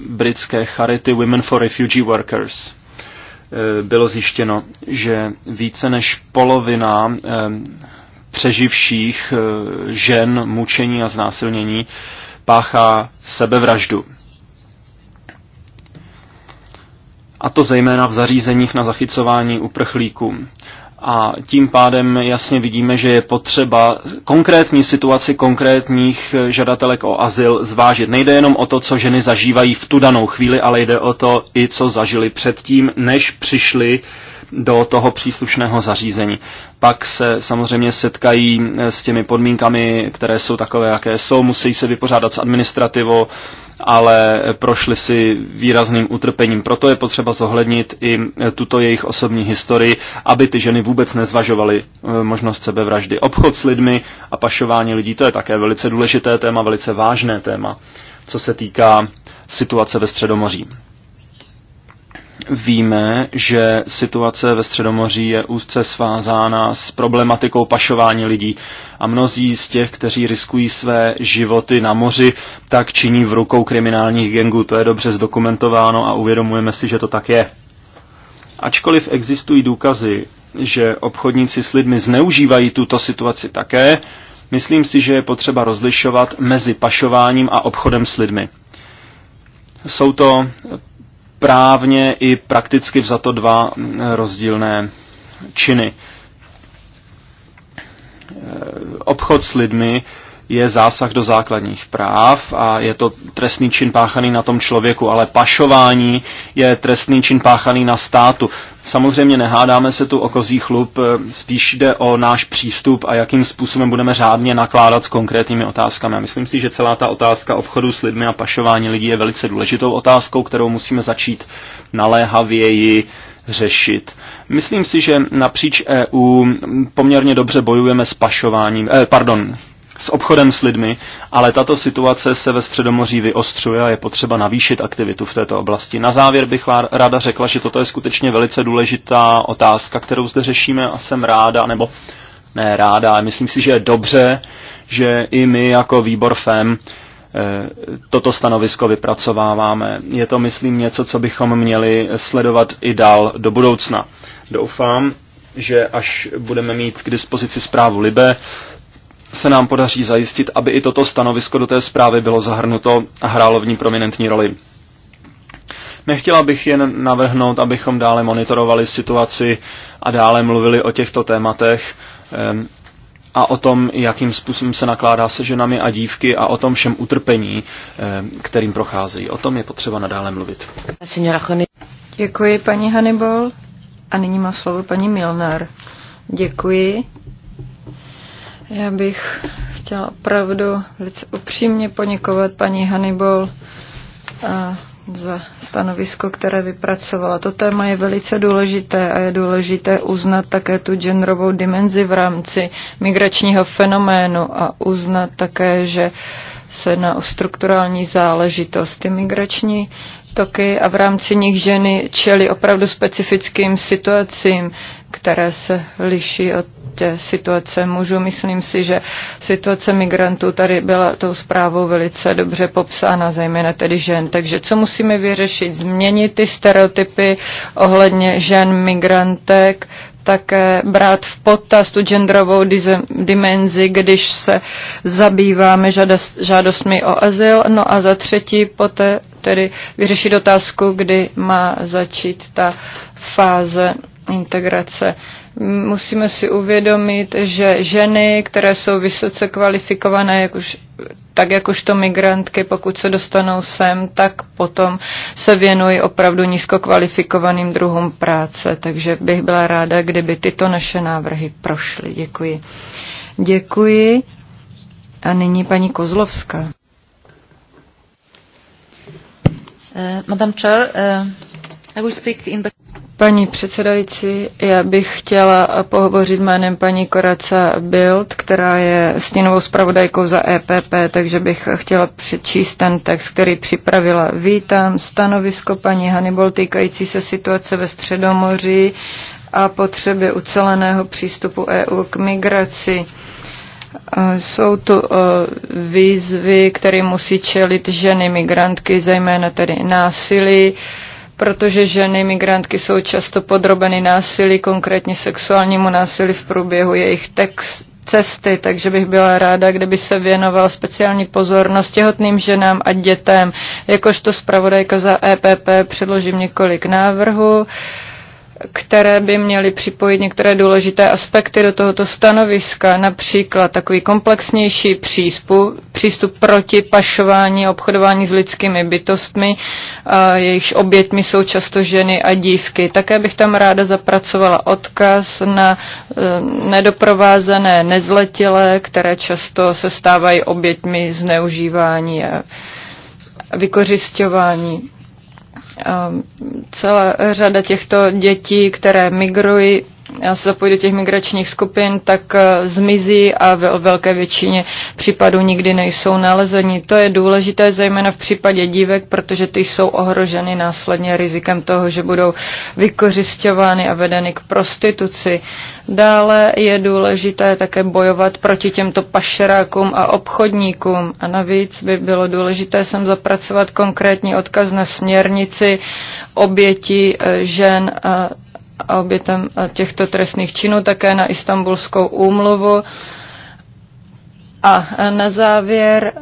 britské charity Women for Refugee Workers eh, bylo zjištěno, že více než polovina přeživších žen mučení a znásilnění páchá sebevraždu. A to zejména v zařízeních na zachycování uprchlíků. A tím pádem jasně vidíme, že je potřeba konkrétní situaci konkrétních eh, žadatelek o azyl zvážit. Nejde jenom o to, co ženy zažívají v tu danou chvíli, ale jde o to i, co zažili předtím, než přišli do toho příslušného zařízení. Pak se samozřejmě setkají eh, s těmi podmínkami, které jsou takové, jaké jsou, musí se vypořádat s administrativou, ale prošli si výrazným utrpením. Proto je potřeba zohlednit i eh, tuto jejich osobní historii, aby ty ženy vůbec nezvažovaly eh, možnost sebevraždy. Obchod s lidmi a pašování lidí, to je také velice důležité téma, velice vážné téma, co se týká situace ve Středomoří. Víme, že situace ve Středomoří je úzce svázána s problematikou pašování lidí a mnozí z těch, kteří riskují své životy na moři, tak činí v rukou kriminálních gengů. To je dobře zdokumentováno a uvědomujeme si, že to tak je. Ačkoliv existují důkazy, že obchodníci s lidmi zneužívají tuto situaci také, myslím si, že je potřeba rozlišovat mezi pašováním a obchodem s lidmi. Jsou to právně i prakticky vzato dva rozdílné činy. Obchod s lidmi je zásah do základních práv a je to trestný čin páchaný na tom člověku, ale pašování je trestný čin páchaný na státu. Samozřejmě nehádáme se tu o kozí chlup, spíš jde o náš přístup a jakým způsobem budeme řádně nakládat s konkrétními otázkami. A myslím si, že celá ta otázka obchodu s lidmi a pašování lidí je velice důležitou otázkou, kterou musíme začít naléhavěji řešit. Myslím si, že napříč EU poměrně dobře bojujeme s pašováním, eh, pardon, s obchodem s lidmi, ale tato situace se ve Středomoří vyostřuje a je potřeba navýšit aktivitu v této oblasti. Na závěr bych ráda řekla, že toto je skutečně velice důležitá otázka, kterou zde řešíme a jsem ráda, nebo ne ráda, ale myslím si, že je dobře, že i my jako výbor FEM eh, toto stanovisko vypracováváme. Je to, myslím, něco, co bychom měli sledovat i dál do budoucna. Doufám, že až budeme mít k dispozici zprávu Libe, se nám podaří zajistit, aby i toto stanovisko do té zprávy bylo zahrnuto a hrálo v ní prominentní roli. Nechtěla bych jen navrhnout, abychom dále monitorovali situaci a dále mluvili o těchto tématech a o tom, jakým způsobem se nakládá se ženami a dívky a o tom všem utrpení, kterým procházejí. O tom je potřeba nadále mluvit. Děkuji, paní Hannibal. A nyní má slovo paní Milner. Děkuji. Já bych chtěla opravdu velice upřímně poděkovat paní Hannibal eh, za stanovisko, které vypracovala. To téma je velice důležité a je důležité uznat také tu genderovou dimenzi v rámci migračního fenoménu a uznat také, že se na strukturální záležitosti migrační toky a v rámci nich ženy čely opravdu specifickým situacím které se liší od té situace mužů. Myslím si, že situace migrantů tady byla tou zprávou velice dobře popsána, zejména tedy žen. Takže co musíme vyřešit? Změnit ty stereotypy ohledně žen migrantek, také brát v potaz tu genderovou dimenzi, když se zabýváme žádostmi o azyl. No a za třetí poté tedy vyřešit otázku, kdy má začít ta fáze integrace. Musíme si uvědomit, že ženy, které jsou vysoce kvalifikované, jak už, tak to migrantky, pokud se dostanou sem, tak potom se věnují opravdu nízkokvalifikovaným druhům práce. Takže bych byla ráda, kdyby tyto naše návrhy prošly. Děkuji. Děkuji. A nyní paní Kozlovská. Eh, Madame Chair, uh, I will speak in Paní předsedající, já bych chtěla pohovořit jménem paní Koraca Bild, která je stínovou zpravodajkou za EPP, takže bych chtěla přečíst ten text, který připravila. Vítám stanovisko paní Hannibal týkající se situace ve Středomoří a potřeby uceleného přístupu EU k migraci. Jsou tu e, výzvy, které musí čelit ženy migrantky, zejména tedy násilí protože ženy migrantky jsou často podrobeny násilí, konkrétně sexuálnímu násilí v průběhu jejich textů cesty, takže bych byla ráda, kdyby se věnoval speciální pozornost těhotným ženám a dětem. Jakožto zpravodajka za EPP předložím několik návrhů. Uh, které by měly připojit některé důležité aspekty do tohoto stanoviska, například takový komplexnější přístup, přístup proti pašování a obchodování s lidskými bytostmi, jejichž obětmi jsou často ženy a dívky. Také bych tam ráda zapracovala odkaz na e, nedoprovázené nezletilé, které často se stávají obětmi zneužívání a vykořišťování. Um, celá řada těchto dětí, které migrují, se zapojí do těch migračních skupin, tak eh, zmizí a ve velké většině případů nikdy nejsou nalezeni. To je důležité zejména v případě dívek, protože ty jsou ohroženy následně rizikem toho, že budou vykořišťovány a vedeny k prostituci. Dále je důležité také bojovat proti těmto pašerákům a obchodníkům. A navíc by bylo důležité sem zapracovat konkrétní odkaz na směrnici oběti eh, žen a obětem těchto trestných činů, také na Istanbulskou úmluvu. A na závěr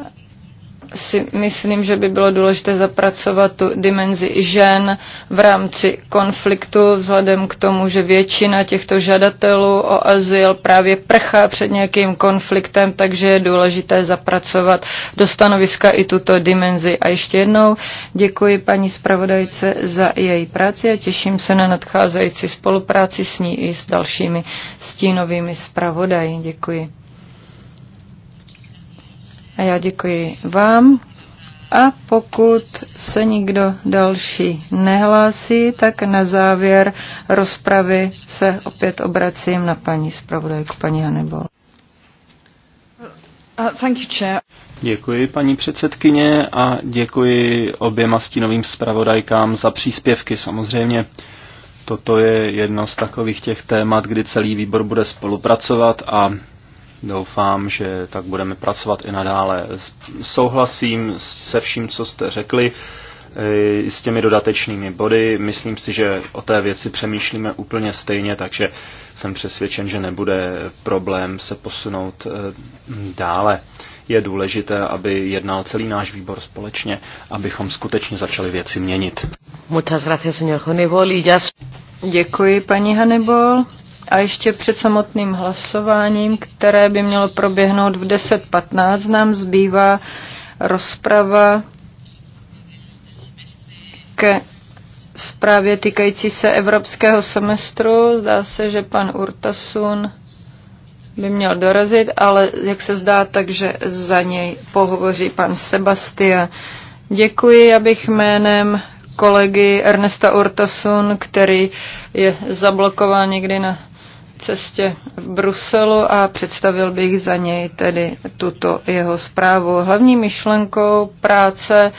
si myslím, že by bylo důležité zapracovat tu dimenzi žen v rámci konfliktu, vzhledem k tomu, že většina těchto žadatelů o azyl právě prchá před nějakým konfliktem, takže je důležité zapracovat do stanoviska i tuto dimenzi. A ještě jednou děkuji paní zpravodajce za její práci a těším se na nadcházející spolupráci s ní i s dalšími stínovými zpravodaji. Děkuji. A já děkuji vám. A pokud se nikdo další nehlásí, tak na závěr rozpravy se opět obracím na paní zpravodajku, paní Hanebo. Uh, uh, děkuji paní předsedkyně a děkuji oběma stínovým zpravodajkám za příspěvky samozřejmě. Toto je jedno z takových těch témat, kdy celý výbor bude spolupracovat a Doufám, že tak budeme pracovat i nadále. Souhlasím se vším, co jste řekli, s těmi dodatečnými body. Myslím si, že o té věci přemýšlíme úplně stejně, takže jsem přesvědčen, že nebude problém se posunout eh, dále. Je důležité, aby jednal celý náš výbor společně, abychom skutečně začali věci měnit. Muchas gracias, señor Honeyball. Děkuji, paní Hannibal. A ještě před samotným hlasováním, které by mělo proběhnout v 10.15, nám zbývá rozprava ke zprávě týkající se evropského semestru. Zdá se, že pan Urtasun by měl dorazit, ale jak se zdá, takže za něj pohovoří pan Sebastian. Děkuji, abych jménem kolegy Ernesta Urtasun, který je zablokován někdy na cestě v Bruselu a představil bych za něj tedy tuto jeho zprávu. Hlavní myšlenkou práce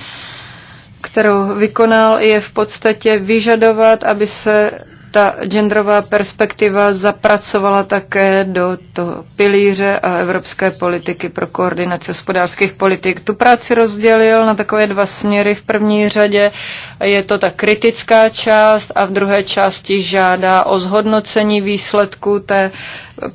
kterou vykonal, je v podstatě vyžadovat, aby se ta genderová perspektiva zapracovala také do toho pilíře a evropské politiky pro koordinaci hospodářských politik. Tu práci rozdělil na takové dva směry. V první řadě je to ta kritická část a v druhé části žádá o zhodnocení výsledků té uh,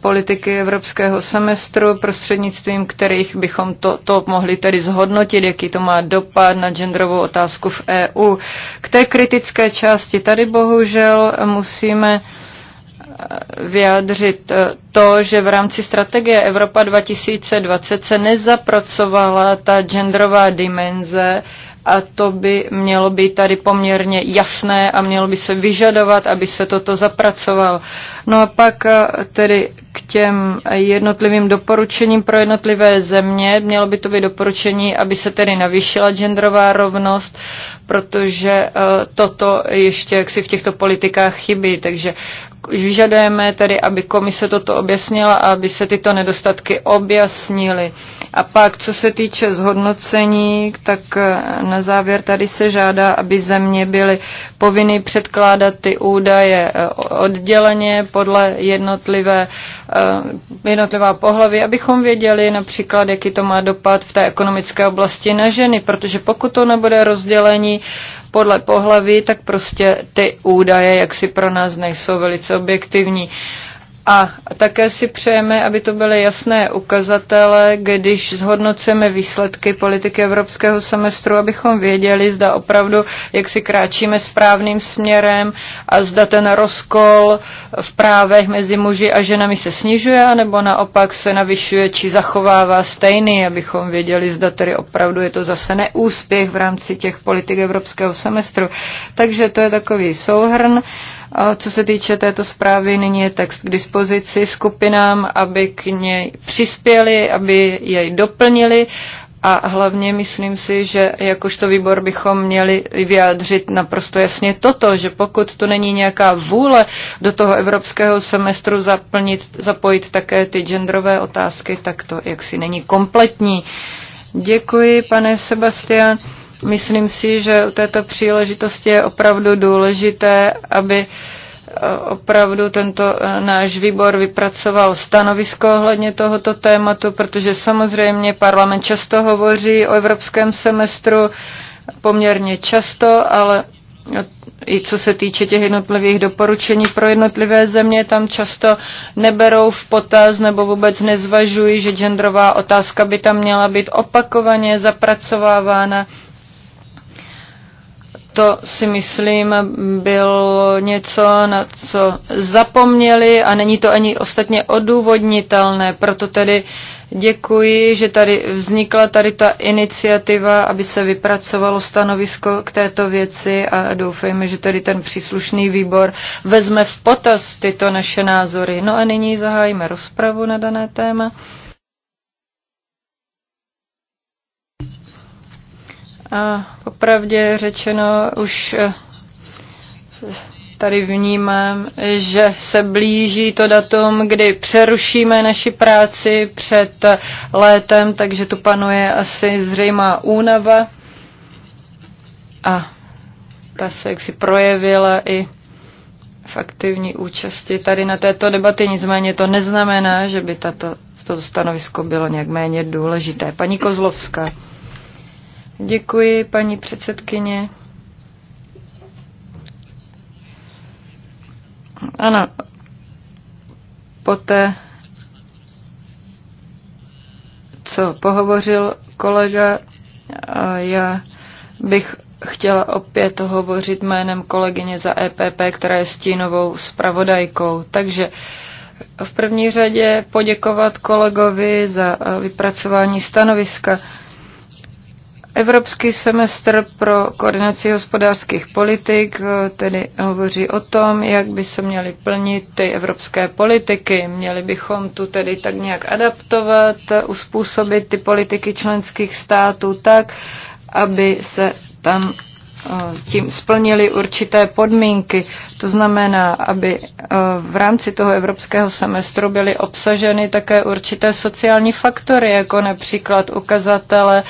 politiky evropského semestru, prostřednictvím kterých bychom to, to mohli tedy zhodnotit, jaký to má dopad na genderovou otázku v EU. K té kritické části tady bohužel musíme eh, vyjádřit eh, to, že v rámci strategie Evropa 2020 se nezapracovala ta genderová dimenze a to by mělo být tady poměrně jasné a mělo by se vyžadovat, aby se toto zapracoval. No a pak eh, tedy k těm jednotlivým doporučením pro jednotlivé země. Mělo by to být doporučení, aby se tedy navýšila genderová rovnost, protože eh, toto ještě jaksi v těchto politikách chybí. Takže vyžadujeme tedy, aby komise toto objasnila a aby se tyto nedostatky objasnily. A pak, co se týče zhodnocení, tak eh, na závěr tady se žádá, aby země byly povinny předkládat ty údaje eh, odděleně podle jednotlivé, eh, jednotlivá pohlaví, abychom věděli například, jaký to má dopad v té ekonomické oblasti na ženy, protože pokud to nebude rozdělení, podle pohlaví, tak prostě ty údaje, jak si pro nás nejsou velice objektivní. Uh, a také si přejeme, aby to byly jasné ukazatele, když zhodnocujeme výsledky politiky evropského semestru, abychom věděli, zda opravdu, jak si kráčíme správným směrem a zda ten rozkol v právech mezi muži a ženami se snižuje, nebo naopak se navyšuje či zachovává stejný, abychom věděli, zda tedy opravdu je to zase neúspěch v rámci těch politik evropského semestru. Takže to je takový souhrn. Co se týče této zprávy, nyní je text k dispozici skupinám, aby k něj přispěli, aby jej doplnili a hlavně myslím si, že jakožto výbor bychom měli vyjádřit naprosto jasně toto, že pokud to není nějaká vůle do toho evropského semestru zaplnit, zapojit také ty genderové otázky, tak to jaksi není kompletní. Děkuji, pane Sebastian. Myslím si, že u této příležitosti je opravdu důležité, aby eh, opravdu tento eh, náš výbor vypracoval stanovisko ohledně tohoto tématu, protože samozřejmě parlament často hovoří o evropském semestru, poměrně často, ale i co se týče těch jednotlivých doporučení pro jednotlivé země, tam často neberou v potaz nebo vůbec nezvažují, že genderová otázka by tam měla být opakovaně zapracovávána to si myslím bylo něco, na co zapomněli a není to ani ostatně odůvodnitelné. Proto tedy děkuji, že tady vznikla tady ta iniciativa, aby se vypracovalo stanovisko k této věci a doufejme, že tady ten příslušný výbor vezme v potaz tyto naše názory. No a nyní zahájíme rozpravu na dané téma. A popravdě řečeno, už eh, tady vnímám, že se blíží to datum, kdy přerušíme naši práci před létem, takže tu panuje asi zřejmá únava. A ta se jaksi projevila i v aktivní účasti tady na této debaty. Nicméně to neznamená, že by tato, toto stanovisko bylo nějak méně důležité. Paní Kozlovská. Děkuji, paní předsedkyně. Ano, poté, co pohovořil kolega, já bych chtěla opět hovořit jménem kolegyně za EPP, která je stínovou zpravodajkou. Takže v první řadě poděkovat kolegovi za vypracování stanoviska. Evropský semestr pro koordinaci hospodářských politik eh, tedy hovoří o tom, jak by se měly plnit ty evropské politiky. Měli bychom tu tedy tak nějak adaptovat, uspůsobit ty politiky členských států tak, aby se tam eh, tím splnili určité podmínky. To znamená, aby eh, v rámci toho evropského semestru byly obsaženy také určité sociální faktory, jako například ukazatele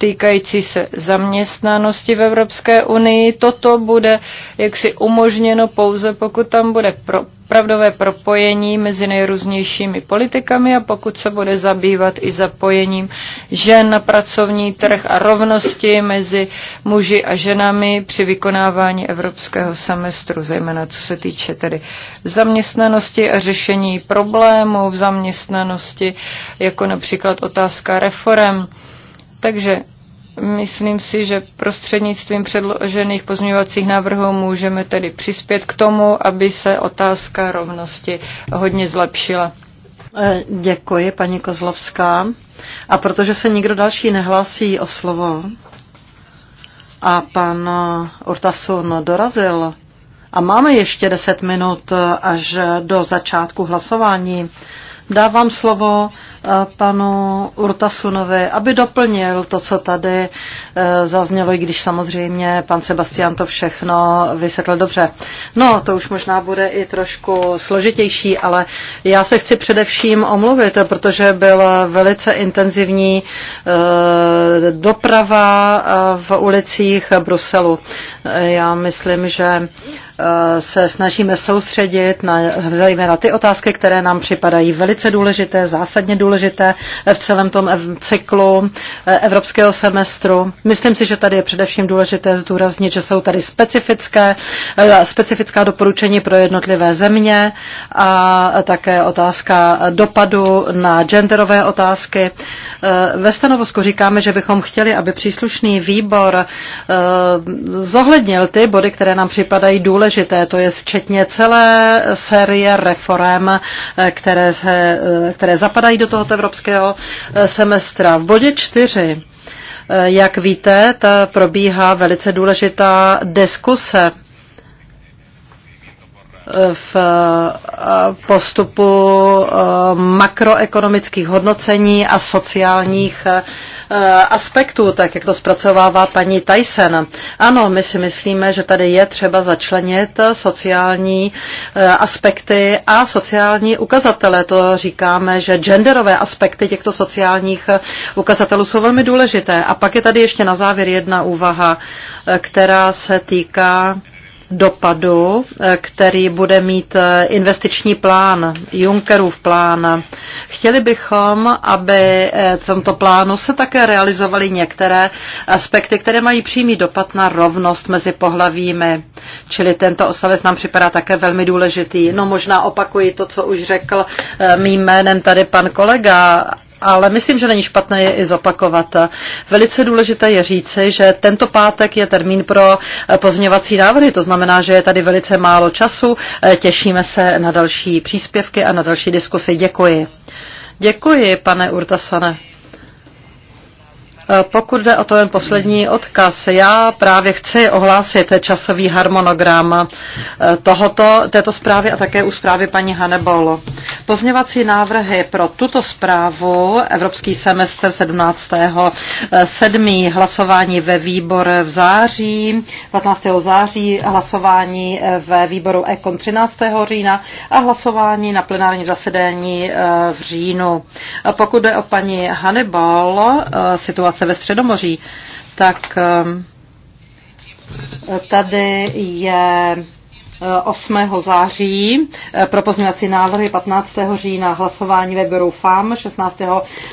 týkající se zaměstnanosti v Evropské unii. Toto bude jaksi umožněno pouze, pokud tam bude pro, pravdové propojení mezi nejrůznějšími politikami a pokud se bude zabývat i zapojením žen na pracovní trh a rovnosti mezi muži a ženami při vykonávání evropského semestru, zejména co se týče tedy zaměstnanosti a řešení problémů v zaměstnanosti, jako například otázka reform takže myslím si, že prostřednictvím předložených pozměňovacích návrhů můžeme tedy přispět k tomu, aby se otázka rovnosti hodně zlepšila. E, děkuji, paní Kozlovská. A protože se nikdo další nehlásí o slovo a pan Urtasun dorazil, a máme ještě 10 minut e, až do začátku hlasování, dávám slovo panu Urtasunovi, aby doplnil to, co tady e, zaznělo, i když samozřejmě pan Sebastian to všechno vysvětlil dobře. No, to už možná bude i trošku složitější, ale já se chci především omluvit, protože byla velice intenzivní e, doprava e, v ulicích Bruselu. Já myslím, že se snažíme soustředit na, zejména ty otázky, které nám připadají velice důležité, zásadně důležité, důležité v celém tom cyklu eh, evropského semestru. Myslím si, že tady je především důležité zdůraznit, že jsou tady specifické, eh, specifická doporučení pro jednotlivé země a také otázka dopadu na genderové otázky. Eh, ve stanovisku říkáme, že bychom chtěli, aby příslušný výbor zohlednil ty body, které nám připadají důležité, to je včetně celé série reform, které, se, které zapadají do toho tohoto evropského eh, semestra. V bodě čtyři, eh, jak víte, ta probíhá velice důležitá diskuse v eh, postupu eh, makroekonomických hodnocení a sociálních eh, aspektů, tak jak to zpracovává paní Tyson. Ano, my si myslíme, že tady je třeba začlenit sociální aspekty a sociální ukazatele. To říkáme, že genderové aspekty těchto sociálních ukazatelů jsou velmi důležité. A pak je tady ještě na závěr jedna úvaha, která se týká dopadu, eh, který bude mít eh, investiční plán, Junckerův plán. Chtěli bychom, aby eh, v tomto plánu se také realizovaly některé aspekty, které mají přímý dopad na rovnost mezi pohlavími. Čili tento osavec nám připadá také velmi důležitý. No možná opakuji to, co už řekl mým jménem tady pan kolega, ale myslím, že není špatné je i zopakovat. Velice důležité je říci, že tento pátek je termín pro eh, pozněvací návrhy, to znamená, že je tady velice málo času. Eh, těšíme se na další příspěvky a na další diskusy. Děkuji. Děkuji, pane Urtasane. Eh, pokud jde o ten poslední odkaz, já právě chci ohlásit časový harmonogram eh, tohoto, této zprávy a také u zprávy paní Hanebol. Pozněvací návrhy pro tuto zprávu, Evropský semestr 17. 7. Eh, hlasování ve výbor v září, 15. září hlasování ve výboru EKON 13. října a hlasování na plenárním zasedání v říjnu. Pokud jde o paní Hanebol, situace situace ve Středomoří, tak ehm, tady je 8. září eh, pro pozměňovací návrhy 15. října hlasování ve výboru FAM, 16.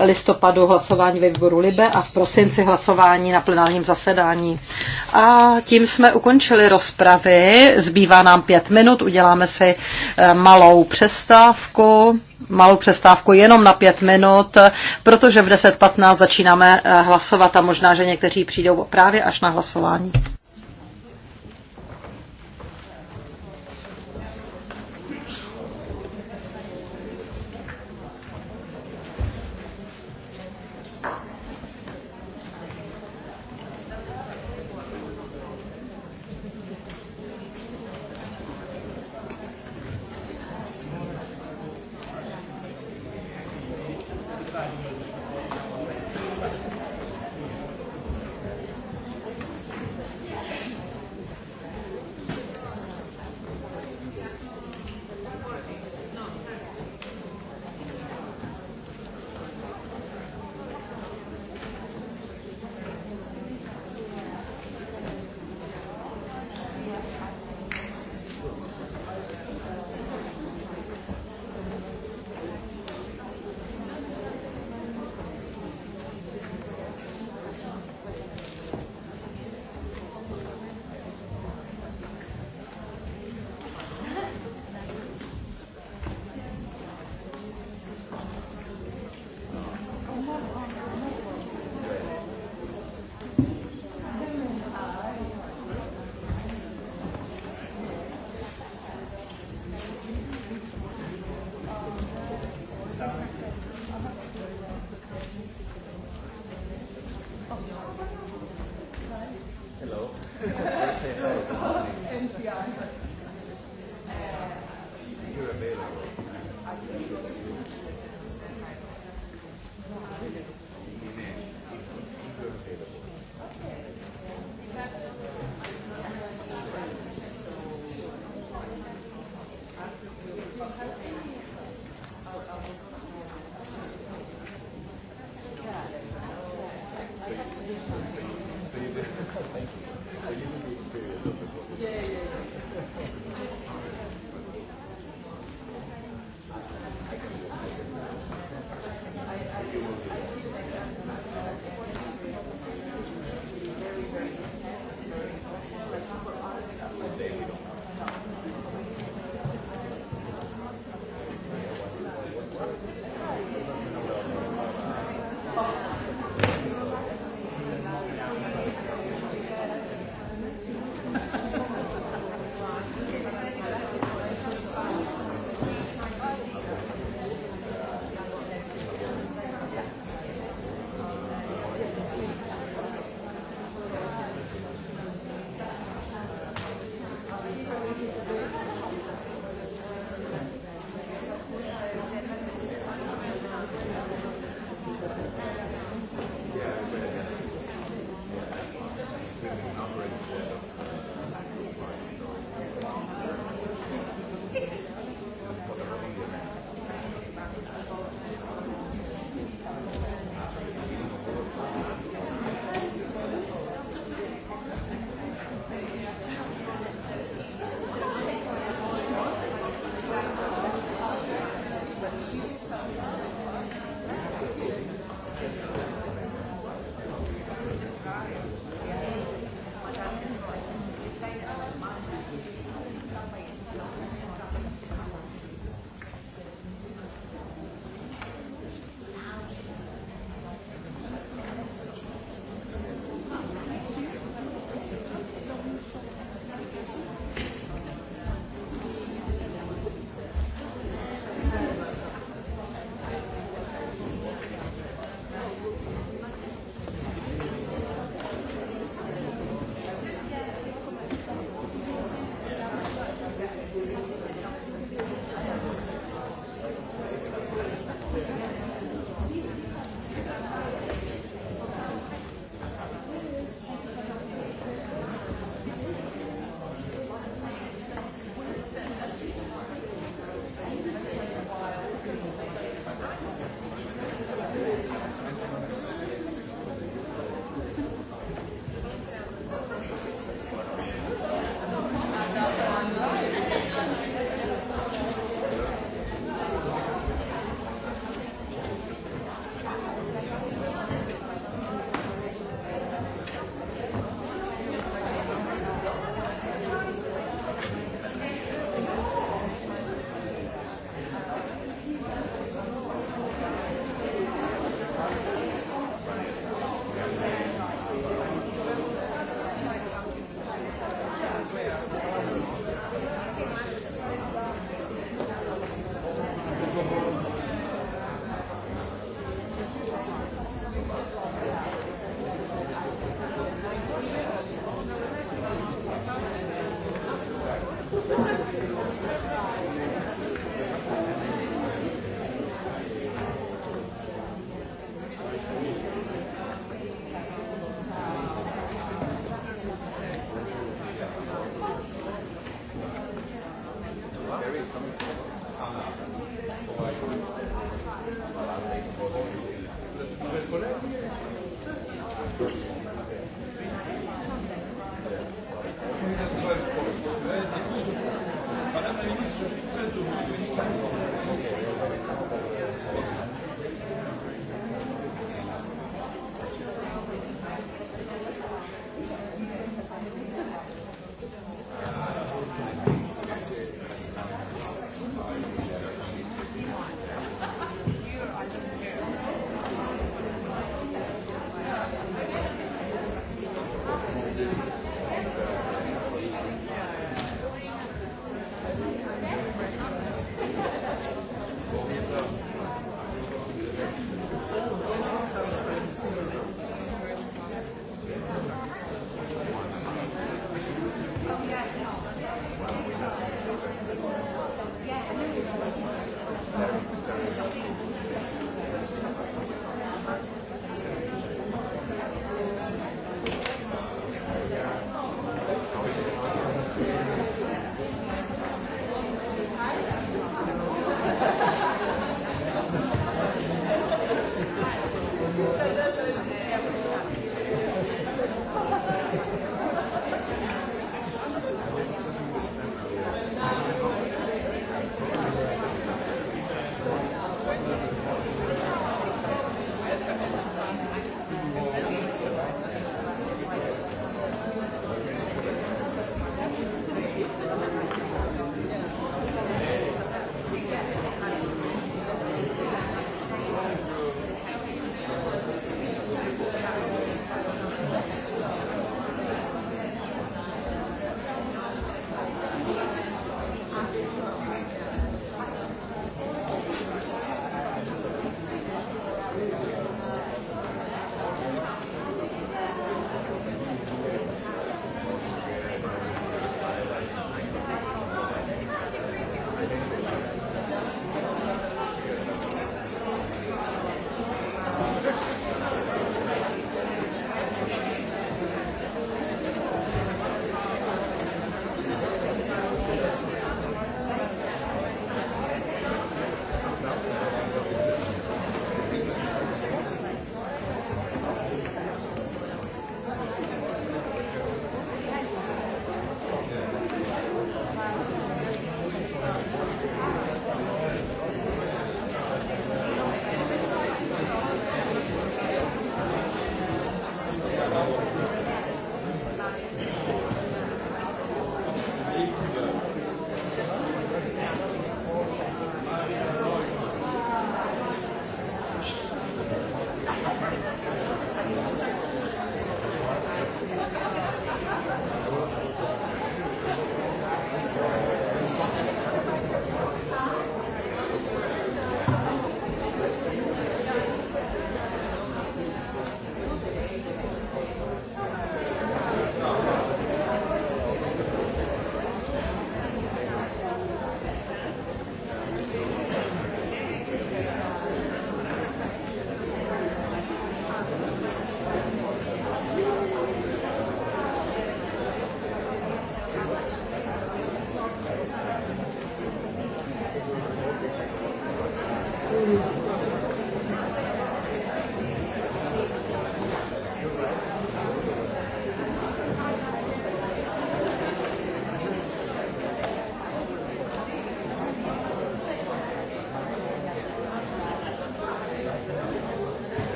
listopadu hlasování ve výboru LIBE a v prosinci hlasování na plenárním zasedání. A tím jsme ukončili rozpravy. Zbývá nám pět minut, uděláme si eh, malou přestávku malou přestávku jenom na pět minut, protože v 10.15 začínáme eh, hlasovat a možná, že někteří přijdou právě až na hlasování.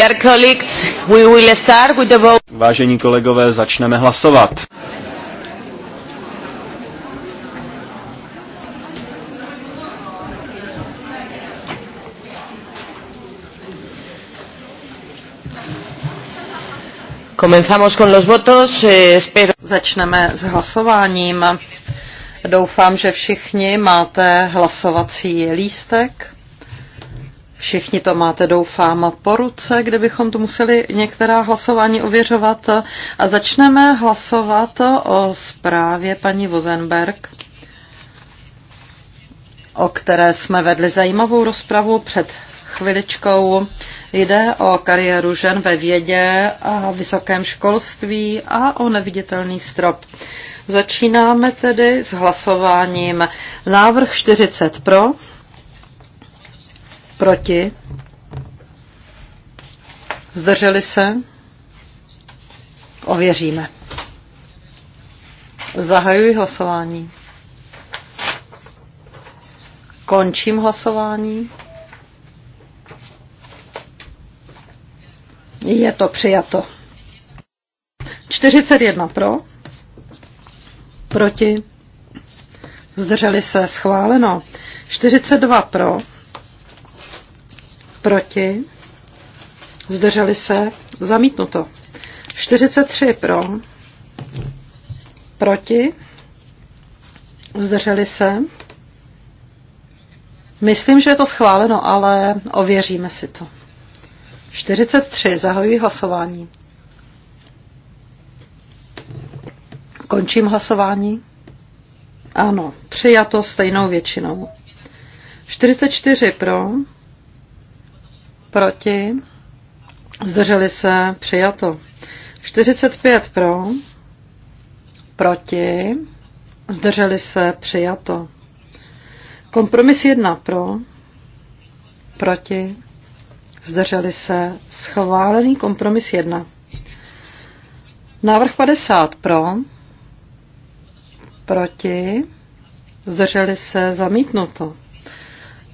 Dear colleagues, we will start with the vote. Vážení kolegové, začneme hlasovat. Comenzamos con los votos. Eh, espero... Začneme s hlasováním. Doufám, že všichni máte hlasovací lístek. Všichni to máte, doufám, po ruce, kde bychom tu museli některá hlasování ověřovat. A začneme hlasovat o zprávě paní Vozenberg, o které jsme vedli zajímavou rozpravu před chviličkou. Jde o kariéru žen ve vědě a vysokém školství a o neviditelný strop. Začínáme tedy s hlasováním. Návrh 40 pro, Proti? Zdrželi se? Ověříme. Zahajuji hlasování. Končím hlasování. Je to přijato. 41 pro, proti, zdrželi se schváleno. 42 pro, proti, zdrželi se, zamítnuto. 43 pro, proti, zdrželi se. Myslím, že je to schváleno, ale ověříme si to. 43. Zahajuji hlasování. Končím hlasování. Ano, přijato stejnou většinou. 44 pro, proti, zdrželi se, přijato. 45 pro, proti, zdrželi se, přijato. Kompromis 1 pro, proti, zdrželi se, schválený kompromis 1. Návrh 50 pro, proti, zdrželi se, zamítnuto.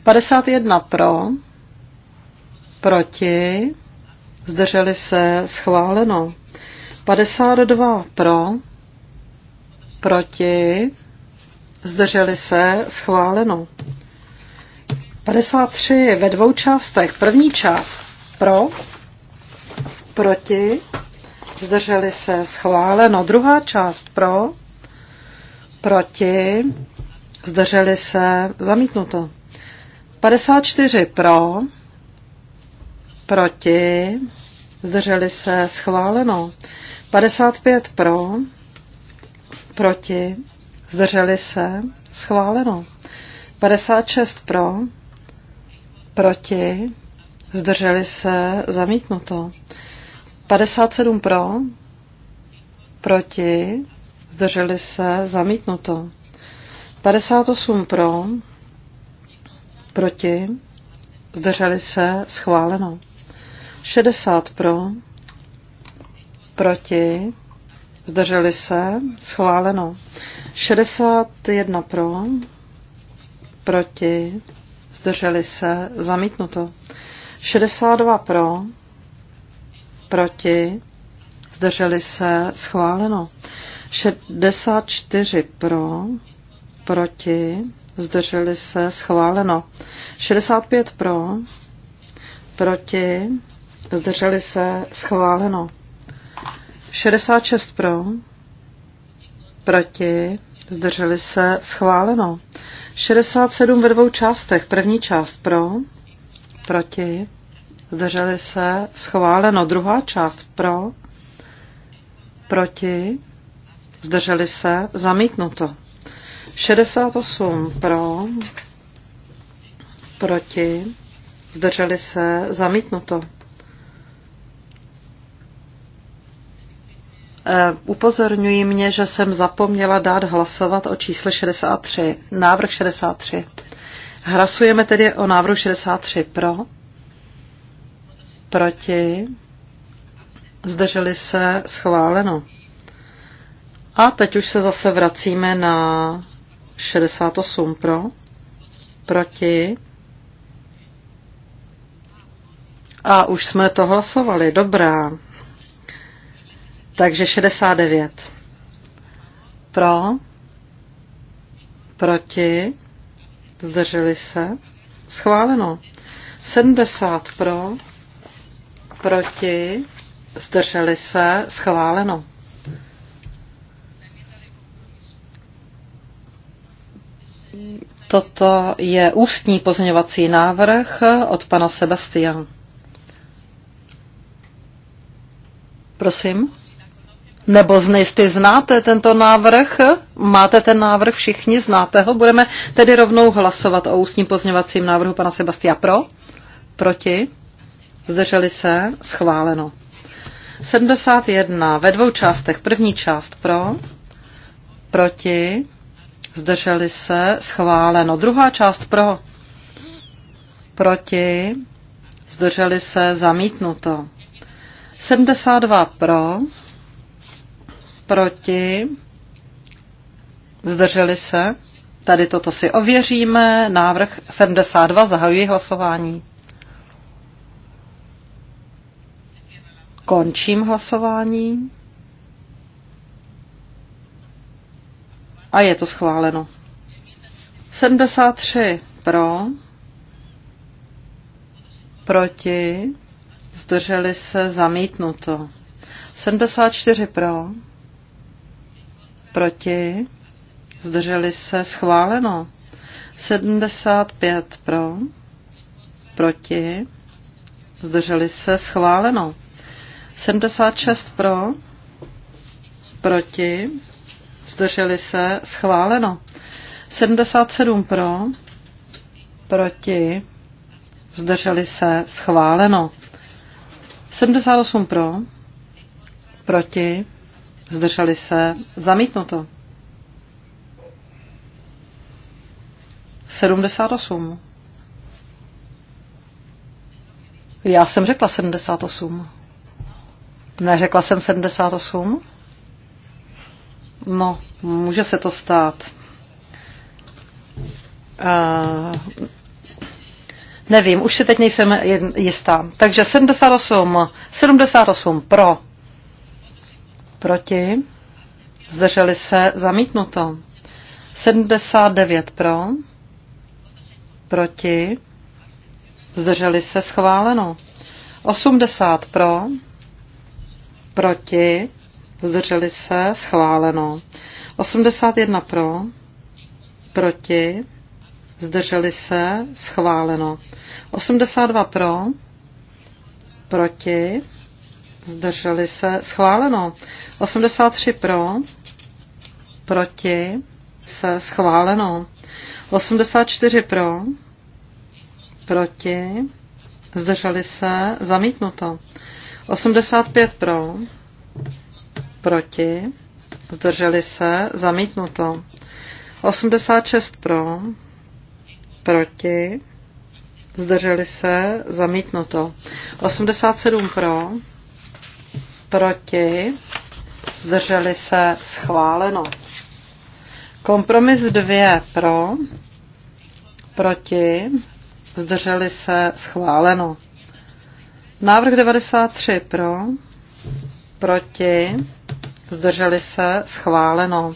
51 pro, proti, zdrželi se, schváleno. 52 pro, proti, zdrželi se, schváleno. 53 ve dvou částech. První část pro, proti, zdrželi se, schváleno. Druhá část pro, proti, zdrželi se, zamítnuto. 54 pro, proti, zdrželi se, schváleno. 55 pro, proti, zdrželi se, schváleno. 56 pro, proti, zdrželi se, zamítnuto. 57 pro, proti, zdrželi se, zamítnuto. 58 pro, proti, zdrželi se, schváleno. 60 pro, proti, zdrželi se, schváleno. 61 pro, proti, zdrželi se, zamítnuto. 62 pro, proti, zdrželi se, schváleno. 64 pro, proti, zdrželi se, schváleno. 65 pro, proti, zdrželi se, schváleno. 66 pro, proti, zdrželi se, schváleno. 67 ve dvou částech, první část pro, proti, zdrželi se, schváleno. Druhá část pro, proti, zdrželi se, zamítnuto. 68 pro, proti, zdrželi se, zamítnuto. Eh, Upozorňují mě, že jsem zapomněla dát hlasovat o čísle 63, návrh 63. Hlasujeme tedy o návrhu 63 pro, proti, zdrželi se, schváleno. A teď už se zase vracíme na 68 pro, proti. A už jsme to hlasovali, dobrá. Takže 69. Pro, proti, zdrželi se, schváleno. 70 pro, proti, zdrželi se, schváleno. Toto je ústní pozměňovací návrh od pana Sebastiana. Prosím nebo z jistě znáte tento návrh? Máte ten návrh všichni, znáte ho? Budeme tedy rovnou hlasovat o ústním pozněvacím návrhu pana Sebastia Pro. Proti? Zdrželi se? Schváleno. 71 ve dvou částech. První část pro, proti, zdrželi se, schváleno. Druhá část pro, proti, zdrželi se, zamítnuto. 72 pro, proti, zdrželi se. Tady toto si ověříme. Návrh 72, zahajuje hlasování. Končím hlasování. A je to schváleno. 73 pro, proti, zdrželi se zamítnuto. 74 pro, proti, zdrželi se, schváleno. 75 pro, proti, zdrželi se, schváleno. 76 pro, proti, zdrželi se, schváleno. 77 pro, proti, zdrželi se, schváleno. 78 pro, proti, zdrželi se, zamítnuto. 78. Já jsem řekla 78. Neřekla jsem 78? No, může se to stát. Uh, nevím, už se teď nejsem jistá. Takže 78, 78 pro, Proti? Zdrželi se? Zamítnuto. 79 pro. Proti? Zdrželi se? Schváleno. 80 pro. Proti? Zdrželi se? Schváleno. 81 pro. Proti? Zdrželi se? Schváleno. 82 pro. Proti? zdrželi se, schváleno. 83 pro, proti, se, schváleno. 84 pro, proti, zdrželi se, zamítnuto. 85 pro, proti, zdrželi se, zamítnuto. 86 pro, proti, zdrželi se, zamítnuto. 87 pro, proti, zdrželi se schváleno. Kompromis 2 pro, proti, zdrželi se schváleno. Návrh 93 pro, proti, zdrželi se schváleno.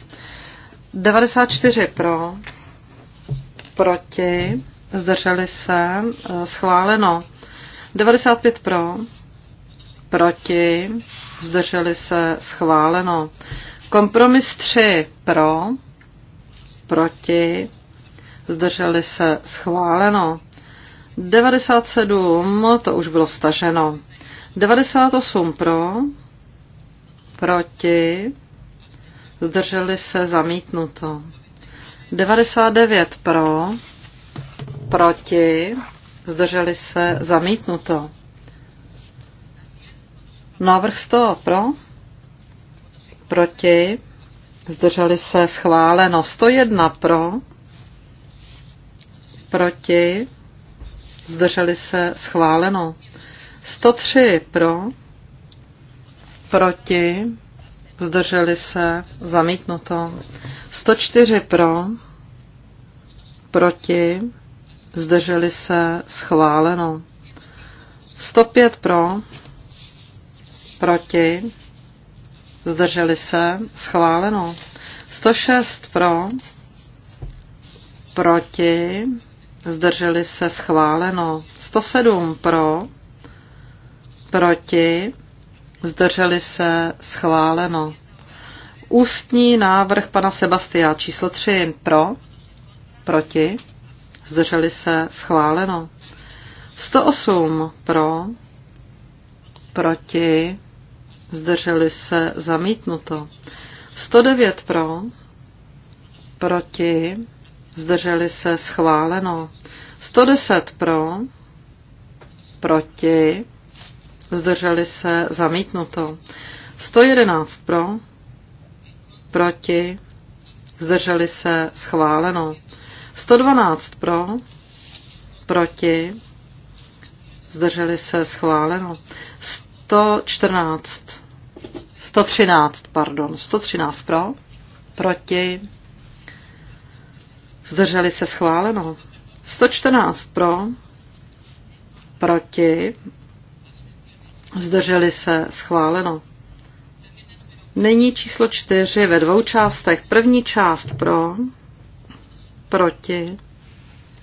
94 pro, proti, zdrželi se eh, schváleno. 95 pro, proti, zdrželi se schváleno. Kompromis 3 pro, proti, zdrželi se schváleno. 97, to už bylo staženo. 98 pro, proti, zdrželi se zamítnuto. 99 pro, proti, zdrželi se zamítnuto. Návrh 100 pro, proti, zdrželi se schváleno. 101 pro, proti, zdrželi se schváleno. 103 pro, proti, zdrželi se zamítnuto. 104 pro, proti, zdrželi se schváleno. 105 pro, proti, zdrželi se, schváleno. 106 pro, proti, zdrželi se, schváleno. 107 pro, proti, zdrželi se, schváleno. Ústní návrh pana Sebastia číslo 3 pro, proti, zdrželi se, schváleno. 108 pro, proti, zdrželi se zamítnuto. 109 pro, proti, zdrželi se schváleno. 110 pro, proti, zdrželi se zamítnuto. 111 pro, proti, zdrželi se schváleno. 112 pro, proti, zdrželi se schváleno. 114. 113, pardon. 113 pro, proti. Zdrželi se schváleno. 114 pro, proti. Zdrželi se schváleno. Není číslo čtyři ve dvou částech. První část pro, proti.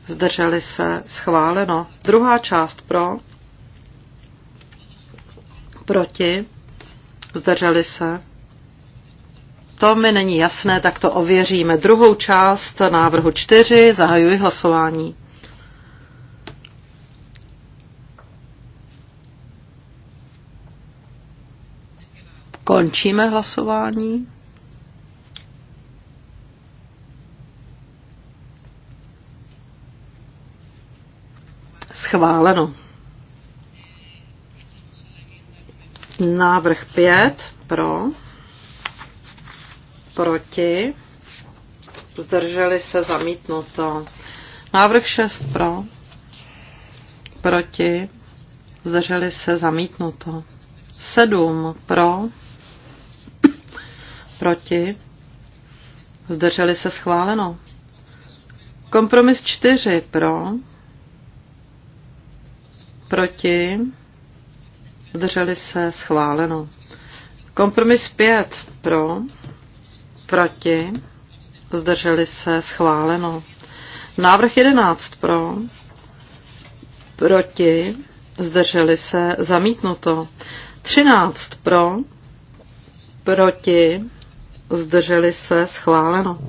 Zdrželi se schváleno. Druhá část pro, Proti? Zdrželi se? To mi není jasné, tak to ověříme. Druhou část návrhu 4 zahajuji hlasování. Končíme hlasování. Schváleno. Návrh 5 pro, proti, zdrželi se zamítnuto. Návrh 6 pro, proti, zdrželi se zamítnuto. 7 pro, proti, zdrželi se schváleno. Kompromis 4 pro, proti, zdrželi se, schváleno. Kompromis 5 pro, proti, zdrželi se, schváleno. Návrh 11 pro, proti, zdrželi se, zamítnuto. 13 pro, proti, zdrželi se, schváleno.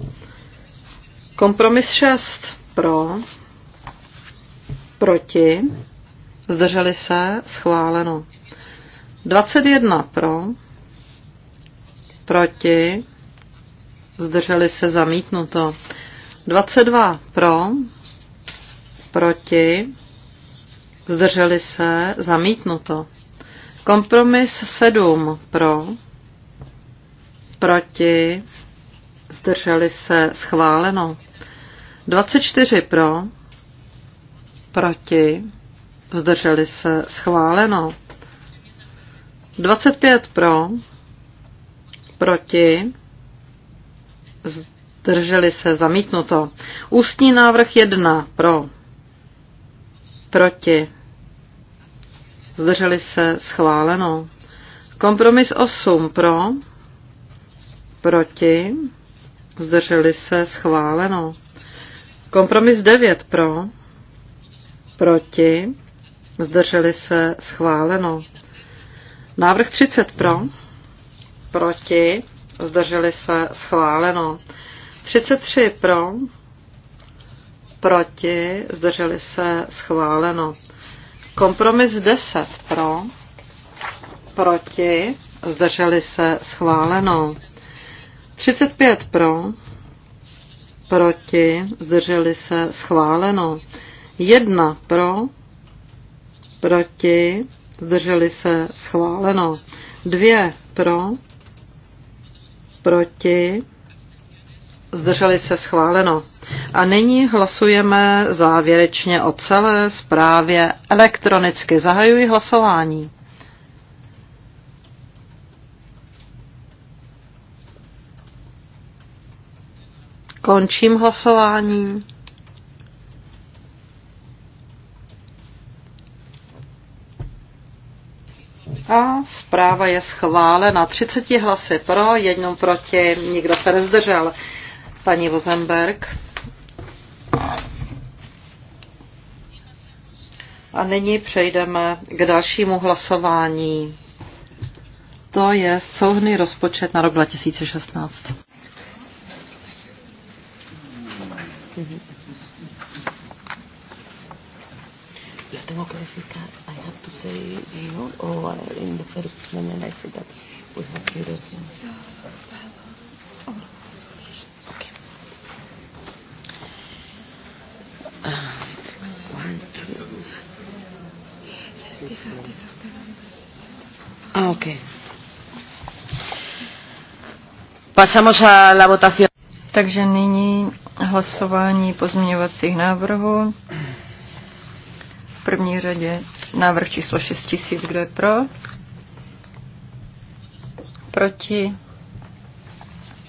Kompromis 6 pro, proti, zdrželi se, schváleno. 21 pro, proti, zdrželi se zamítnuto. 22 pro, proti, zdrželi se zamítnuto. Kompromis 7 pro, proti, zdrželi se schváleno. 24 pro, proti, zdrželi se schváleno. 25 pro, proti, zdrželi se, zamítnuto. Ústní návrh 1 pro, proti, zdrželi se, schváleno. Kompromis 8 pro, proti, zdrželi se, schváleno. Kompromis 9 pro, proti, zdrželi se, schváleno. Návrh 30 pro, proti, zdrželi se, schváleno. 33 pro, proti, zdrželi se, schváleno. Kompromis 10 pro, proti, zdrželi se, schváleno. 35 pro, proti, zdrželi se, schváleno. 1 pro, proti, zdrželi se schváleno. Dvě pro, proti, zdrželi se schváleno. A nyní hlasujeme závěrečně o celé zprávě elektronicky. Zahajuji hlasování. Končím hlasování. A zpráva je schválena 30 hlasy pro, jednou proti, nikdo se nezdržel. Paní Vozemberg. A nyní přejdeme k dalšímu hlasování. To je souhrný rozpočet na rok 2016. La tengo que the EU or in the first minute I said that we have to resume. Okay. Ah, okay. Pasamos a la votación. Takže nyní hlasování pozměňovacích návrhů. V první řadě Návrh číslo 6000, kdo je pro? Proti?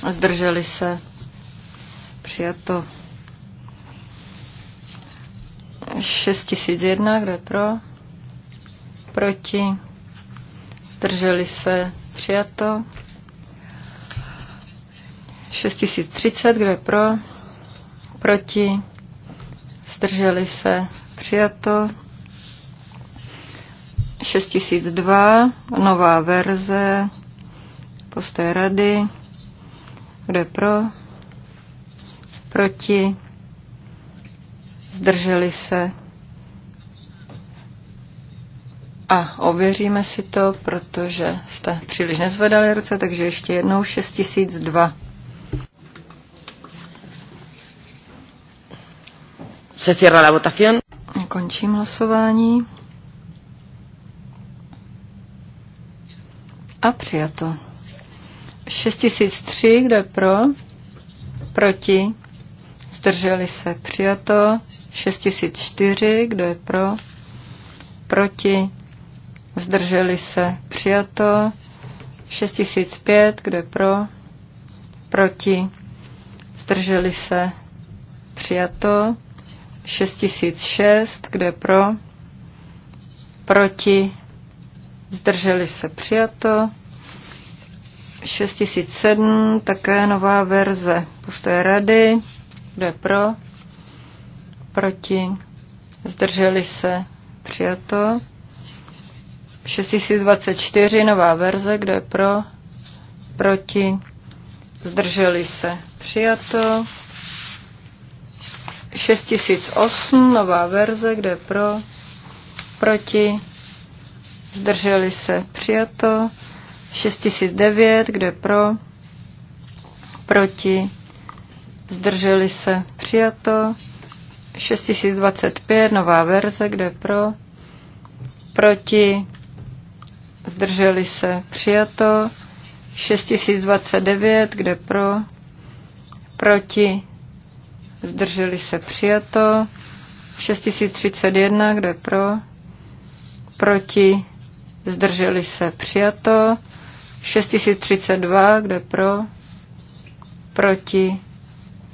Zdrželi se? Přijato. 6001, kdo je pro? Proti? Zdrželi se? Přijato. 6030, kdo je pro? Proti? Zdrželi se? Přijato. 6002, nová verze, postoj rady, kdo je pro, proti, zdrželi se. A ověříme si to, protože jste příliš nezvedali ruce, takže ještě jednou 6002. Se cierra la votación. Končím hlasování. a přijato. 6003, kdo je pro? Proti? Zdrželi se přijato. 6004, kdo je pro? Proti? Zdrželi se přijato. 6005, kdo je pro? Proti? Zdrželi se přijato. 6006, kdo je pro? Proti? zdrželi se přijato. 6007, také nová verze postoje rady. Kdo je pro? Proti? Zdrželi se? Přijato. 6024, nová verze. Kdo je pro? Proti? Zdrželi se? Přijato. 6008, nová verze. Kdo je pro? Proti? zdrželi se, přijato. 6009, kdo je pro, proti, zdrželi se, přijato. 6025, nová verze, kdo je pro, proti, zdrželi se, přijato. 6029, kde pro, proti, zdrželi se přijato, 6031, kde pro, proti, zdrželi se přijato, 6032, kde pro, proti,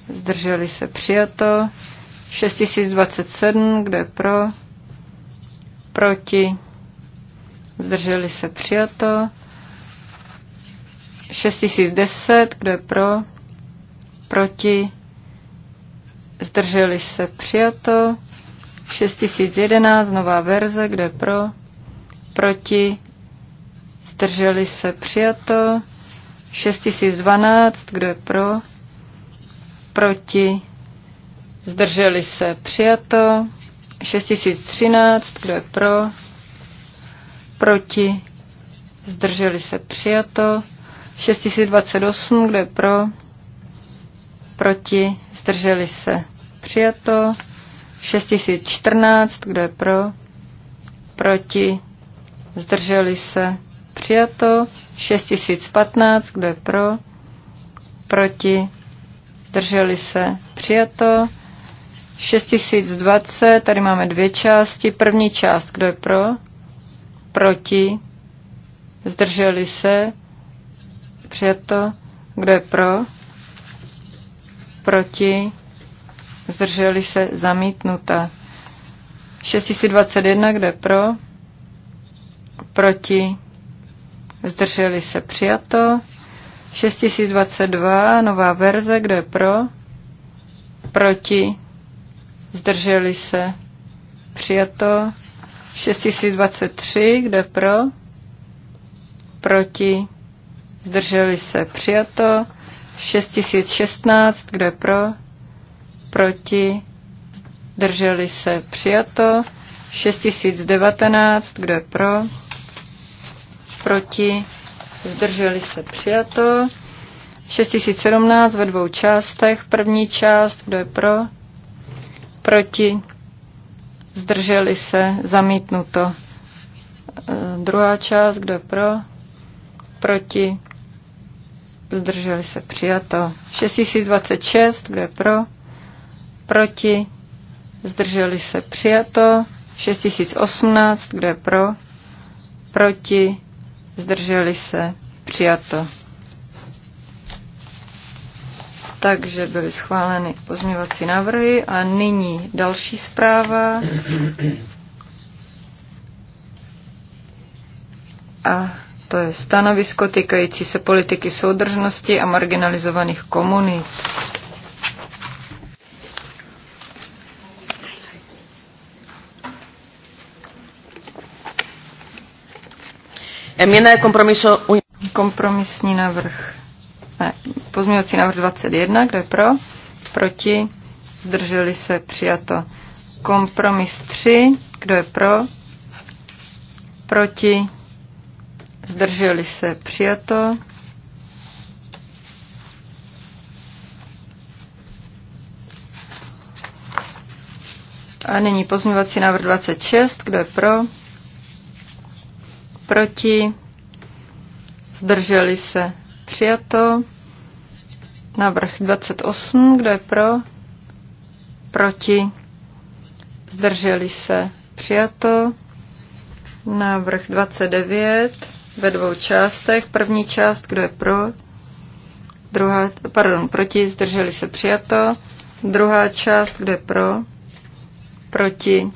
zdrželi se přijato, 6027, kde pro, proti, zdrželi se přijato, 6010, kde pro, proti, zdrželi se přijato, 6011, nová verze, kde pro, proti, zdrželi se přijato, 6012, kdo je pro, proti, zdrželi se přijato, 6013, kdo je pro, proti, zdrželi se přijato, 6028, kdo je pro, proti, zdrželi se přijato, 6014, kdo je pro, proti, zdrželi se, přijato. 6015, kdo je pro, proti, zdrželi se, přijato. 6020, tady máme dvě části. První část, kdo je pro, proti, zdrželi se, přijato. Kdo je pro, proti, zdrželi se, zamítnuta. 6021, kdo je pro, proti, zdrželi se přijato. 6022, nová verze, kdo je pro, proti, zdrželi se přijato. 6023, kdo je pro, proti, zdrželi se přijato. 6016, kdo je pro, proti, zdrželi se přijato. 6019, kdo je pro, proti, zdrželi se přijato. 6017 ve dvou částech. První část, kdo je pro, proti, zdrželi se, zamítnuto. E, druhá část, kdo je pro, proti, zdrželi se, přijato. 6026, kdo je pro, proti, zdrželi se, přijato. 6018, kdo je pro, proti, zdrželi se, přijato. Takže byly schváleny pozměvací návrhy a nyní další zpráva. A to je stanovisko týkající se politiky soudržnosti a marginalizovaných komunit. Enmienda de compromiso... Kompromisní návrh. Ne, pozměňovací návrh 21, kdo je pro? Proti? Zdrželi se, přijato. Kompromis 3, kdo je pro? Proti? Zdrželi se, přijato. A nyní pozměňovací návrh 26, kdo je pro? proti, zdrželi se, přijato. Návrh 28, kdo je pro, proti, zdrželi se, přijato. Návrh 29 ve dvou částech. První část, kdo je pro, druhá, pardon, proti, zdrželi se, přijato. Druhá část, kdo je pro, proti,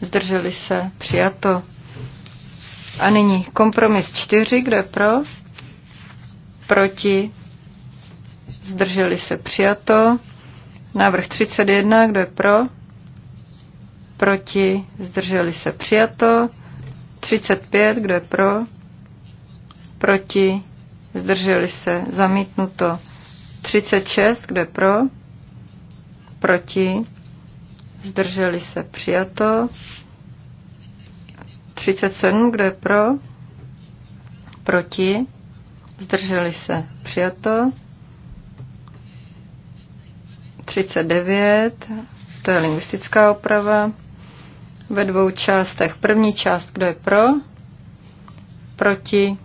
zdrželi se, přijato. A nyní kompromis 4, kdo je pro? Proti? Zdrželi se přijato. Návrh 31, kdo je pro? Proti? Zdrželi se přijato. 35, kdo je pro? Proti? Zdrželi se zamítnuto. 36, kdo je pro? Proti? Zdrželi se přijato. 37, kdo je pro? Proti? Zdrželi se. Přijato. 39, to je lingvistická oprava. Ve dvou částech. První část, kdo je pro? Proti?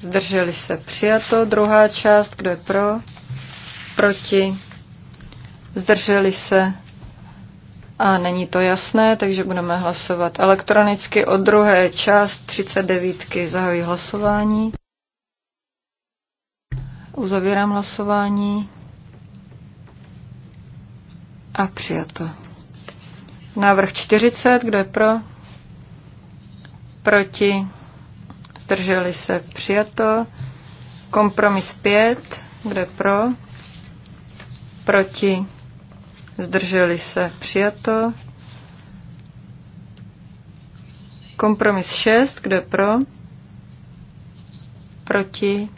Zdrželi se. Přijato. Druhá část, kdo je pro? Proti? Zdrželi se. A není to jasné, takže budeme hlasovat elektronicky o druhé část 39. Zahajuji hlasování. Uzavírám hlasování. A přijato. Návrh 40, kdo je pro? Proti? Zdrželi se? Přijato. Kompromis 5, kdo je pro? Proti? zdrželi se, přijato. Kompromis 6, kdo je pro, proti,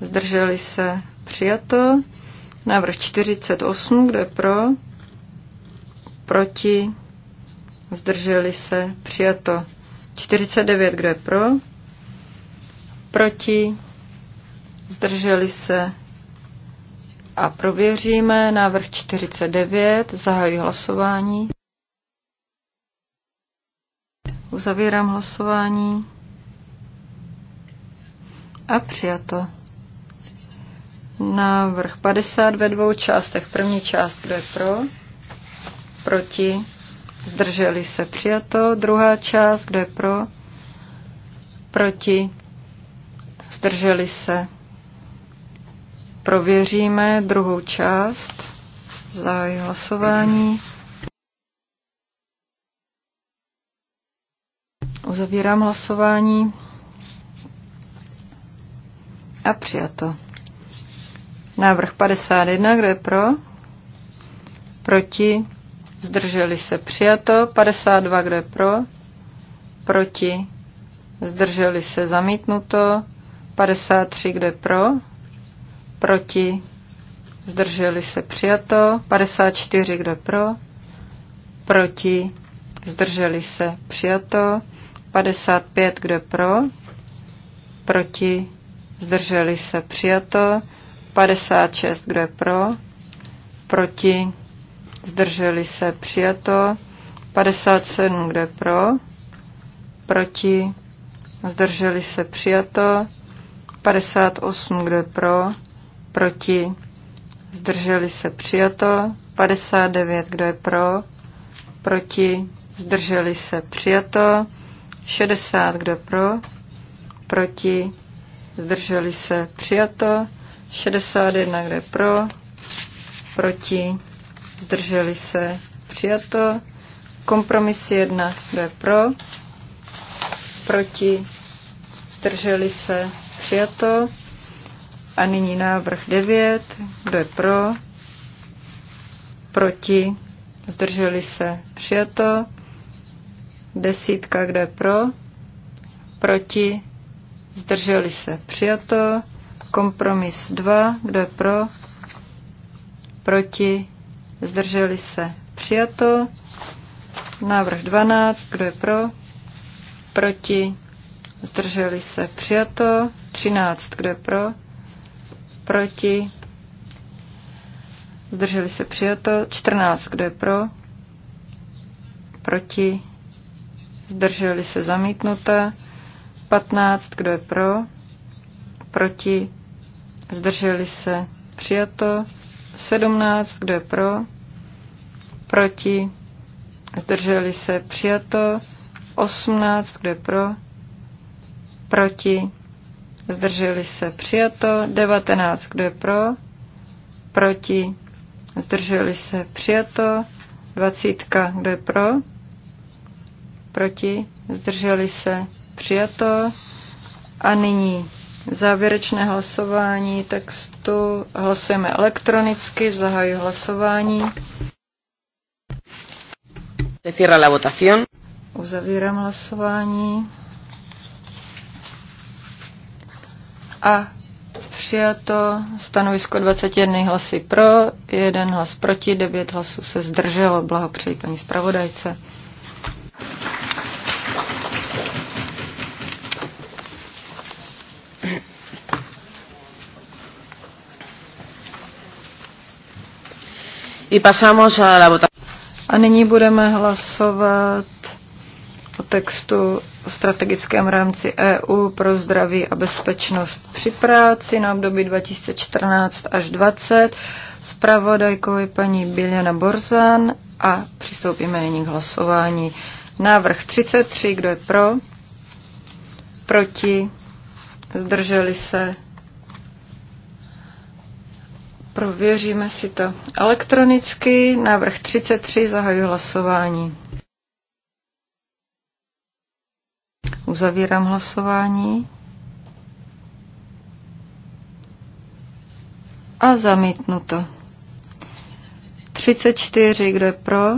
zdrželi se, přijato. Návrh 48, kdo je pro, proti, zdrželi se, přijato. 49, kdo je pro, proti, zdrželi se, a prověříme návrh 49, zahajuji hlasování. Uzavírám hlasování. A přijato. Návrh 50 ve dvou částech. První část, kdo je pro? Proti? Zdrželi se přijato. Druhá část, kdo je pro? Proti? Zdrželi se Prověříme druhou část. za hlasování. Uzavírám hlasování. A přijato. Návrh 51, kdo je pro? Proti? Zdrželi se přijato. 52, kdo je pro? Proti? Zdrželi se zamítnuto. 53, kdo je pro? proti, zdrželi se přijato, 54, kdo pro, proti, zdrželi se přijato, 55, kdo pro, proti, zdrželi se přijato, 56, kdo je pro, proti, zdrželi se přijato, 57, kdo je pro, proti, zdrželi se přijato, 58, kdo je pro, proti, zdrželi se přijato, 59, kdo je pro, proti, zdrželi se přijato, 60, kdo je pro, proti, zdrželi se přijato, 61, kdo je pro, proti, zdrželi se přijato, kompromis 1, kdo je pro, proti, zdrželi se přijato, a nyní návrh 9. Kdo je pro? Proti? Zdrželi se? Přijato. Desítka, kdo je pro? Proti? Zdrželi se? Přijato. Kompromis 2. Kdo je pro? Proti? Zdrželi se? Přijato. Návrh 12. Kdo je pro? Proti? Zdrželi se? Přijato. 13. Kdo je pro? proti, zdrželi se přijato, 14, kdo je pro, proti, zdrželi se zamítnuté, 15, kdo je pro, proti, zdrželi se přijato, 17, kdo je pro, proti, zdrželi se přijato, 18, kdo je pro, proti, zdrželi se přijato, 19, kdo je pro, proti, zdrželi se přijato, 20, kdo je pro, proti, zdrželi se přijato. A nyní závěrečné hlasování textu. Hlasujeme elektronicky, zahajuji hlasování. Se cierra la votación. Uzavírám hlasování. A přijato stanovisko 21 hlasy pro, jeden hlas proti, devět hlasů se zdrželo. Blahopřeji paní zpravodajce. A nyní budeme hlasovat o textu strategickém rámci EU pro zdraví a bezpečnost při práci na období 2014 až 20 Spravodajkou je paní Biljana Borzan a přistoupíme nyní k hlasování. Návrh 33, kdo je pro? Proti? Zdrželi se? Prověříme si to elektronicky. Návrh 33, zahajuji hlasování. Uzavírám hlasování. A zamítnu to. 34, kdo je pro?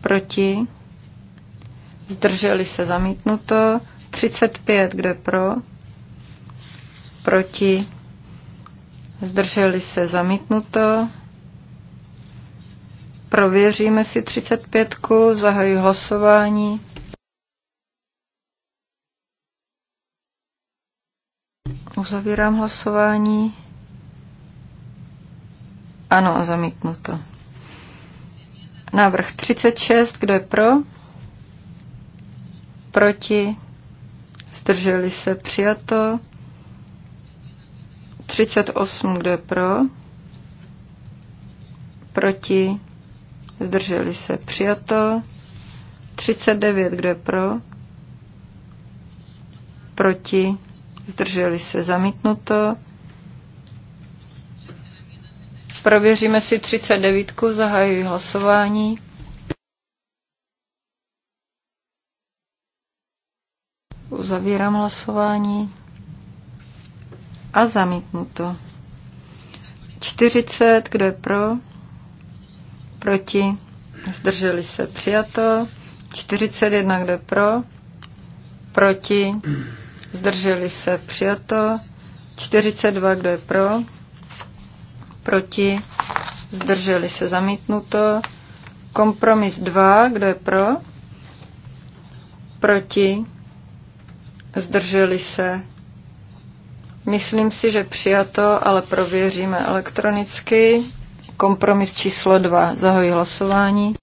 Proti? Zdrželi se zamítnuto. 35, kdo je pro? Proti? Zdrželi se zamítnuto. Prověříme si 35. Zahajuji hlasování. Uzavírám hlasování. Ano, zamítnu to. Návrh 36, kdo je pro? Proti? Zdrželi se přijato. 38, kdo je pro? Proti? Zdrželi se přijato. 39, kdo je pro? Proti? zdrželi se zamítnuto. Prověříme si 39, zahajuji hlasování. Uzavírám hlasování a zamítnuto. 40, kdo je pro? Proti? Zdrželi se přijato. 41, kdo je pro? Proti? zdrželi se, přijato. 42, kdo je pro, proti, zdrželi se, zamítnuto. Kompromis 2, kdo je pro, proti, zdrželi se. Myslím si, že přijato, ale prověříme elektronicky. Kompromis číslo 2. Zahoji hlasování.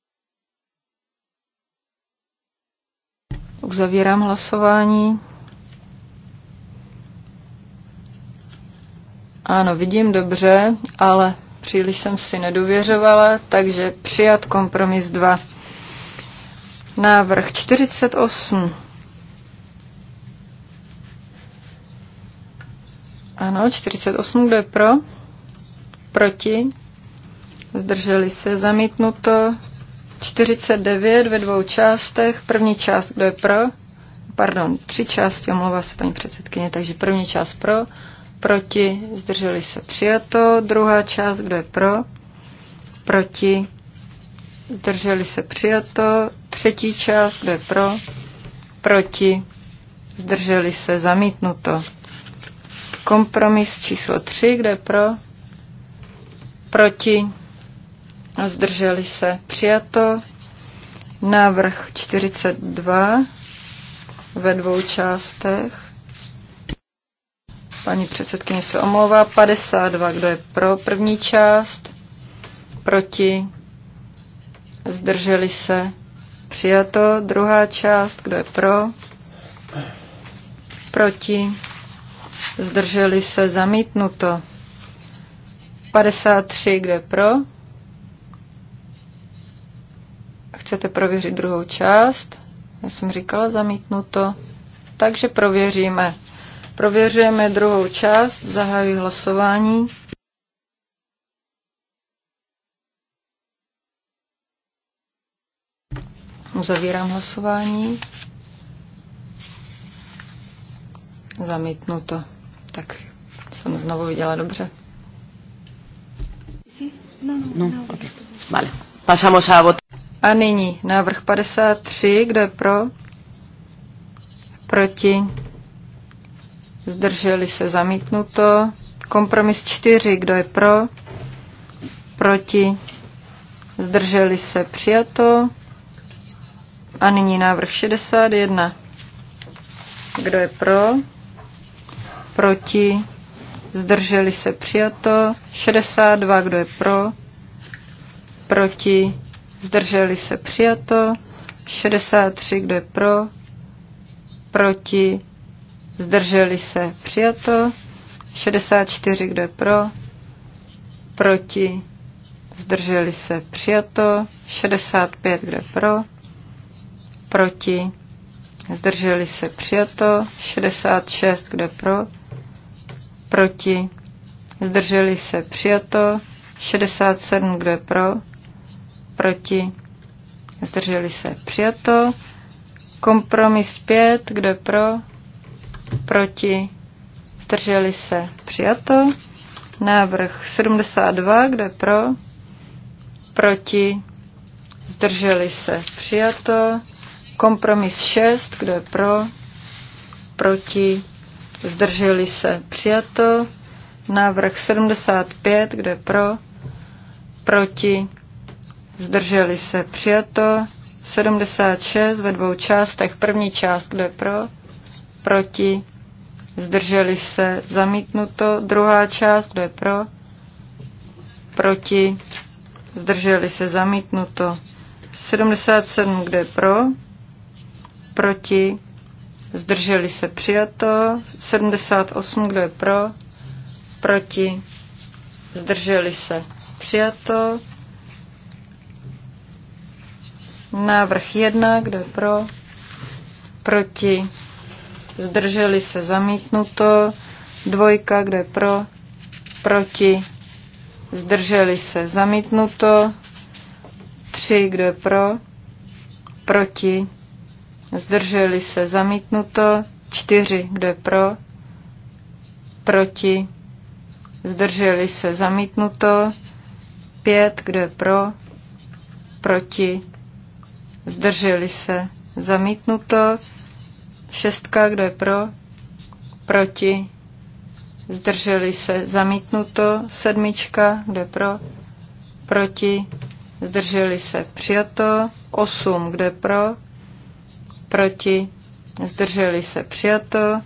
Uzavírám hlasování. Ano, vidím dobře, ale příliš jsem si nedověřovala, takže přijat kompromis 2. Návrh 48. Ano, 48, kdo je pro? Proti? Zdrželi se, zamítnuto. 49 ve dvou částech. První část, kdo je pro? Pardon, tři části, omlouvá se paní předsedkyně, takže první část pro, proti, zdrželi se přijato. Druhá část, kdo je pro, proti, zdrželi se přijato. Třetí část, kdo je pro, proti, zdrželi se zamítnuto. Kompromis číslo 3, kdo je pro, proti, zdrželi se přijato. Návrh 42 ve dvou částech. Paní předsedkyně se omlouvá. 52. Kdo je pro první část? Proti? Zdrželi se? Přijato. Druhá část. Kdo je pro? Proti? Zdrželi se? Zamítnuto. 53. Kdo je pro? Chcete prověřit druhou část? Já jsem říkala zamítnuto. Takže prověříme. Prověřujeme druhou část, zahajuji hlasování. Uzavírám hlasování. Zamítnuto. Tak jsem znovu viděla dobře. No, no okay. vale. Pasamos a vot. A nyní návrh 53, kdo je pro? Proti? zdrželi se zamítnuto. Kompromis 4, kdo je pro, proti, zdrželi se přijato. A nyní návrh 61. Kdo je pro? Proti? Zdrželi se přijato. 62. Kdo je pro? Proti? Zdrželi se přijato. 63. Kdo je pro? Proti? zdrželi se, přijato. 64, kdo je pro, proti, zdrželi se, přijato. 65, kdo je pro, proti, zdrželi se, přijato. 66, kdo je pro, proti, zdrželi se, přijato. 67, kdo je pro, proti, zdrželi se, přijato. Kompromis 5, kdo je pro, proti, zdrželi se, přijato. Návrh 72, kde pro, proti, zdrželi se, přijato. Kompromis 6, kde pro, proti, zdrželi se, přijato. Návrh 75, kde pro, proti, zdrželi se, přijato. 76 ve dvou částech. První část, kde pro, proti, zdrželi se, zamítnuto. Druhá část, kdo je pro, proti, zdrželi se, zamítnuto. 77, kdo je pro, proti, zdrželi se, přijato. 78, kdo je pro, proti, zdrželi se, přijato. Návrh 1, kdo je pro, proti, zdrželi se zamítnuto, dvojka, kde pro, proti, zdrželi se zamítnuto, tři, kde pro, proti, zdrželi se zamítnuto, čtyři, kde pro, proti, zdrželi se zamítnuto, pět, kde pro, proti, zdrželi se zamítnuto, Šestka, kdo je pro? Proti? Zdrželi se. Zamítnuto. Sedmička, kdo je pro? Proti? Zdrželi se. Přijato. Osm, kdo je pro? Proti? Zdrželi se. Přijato.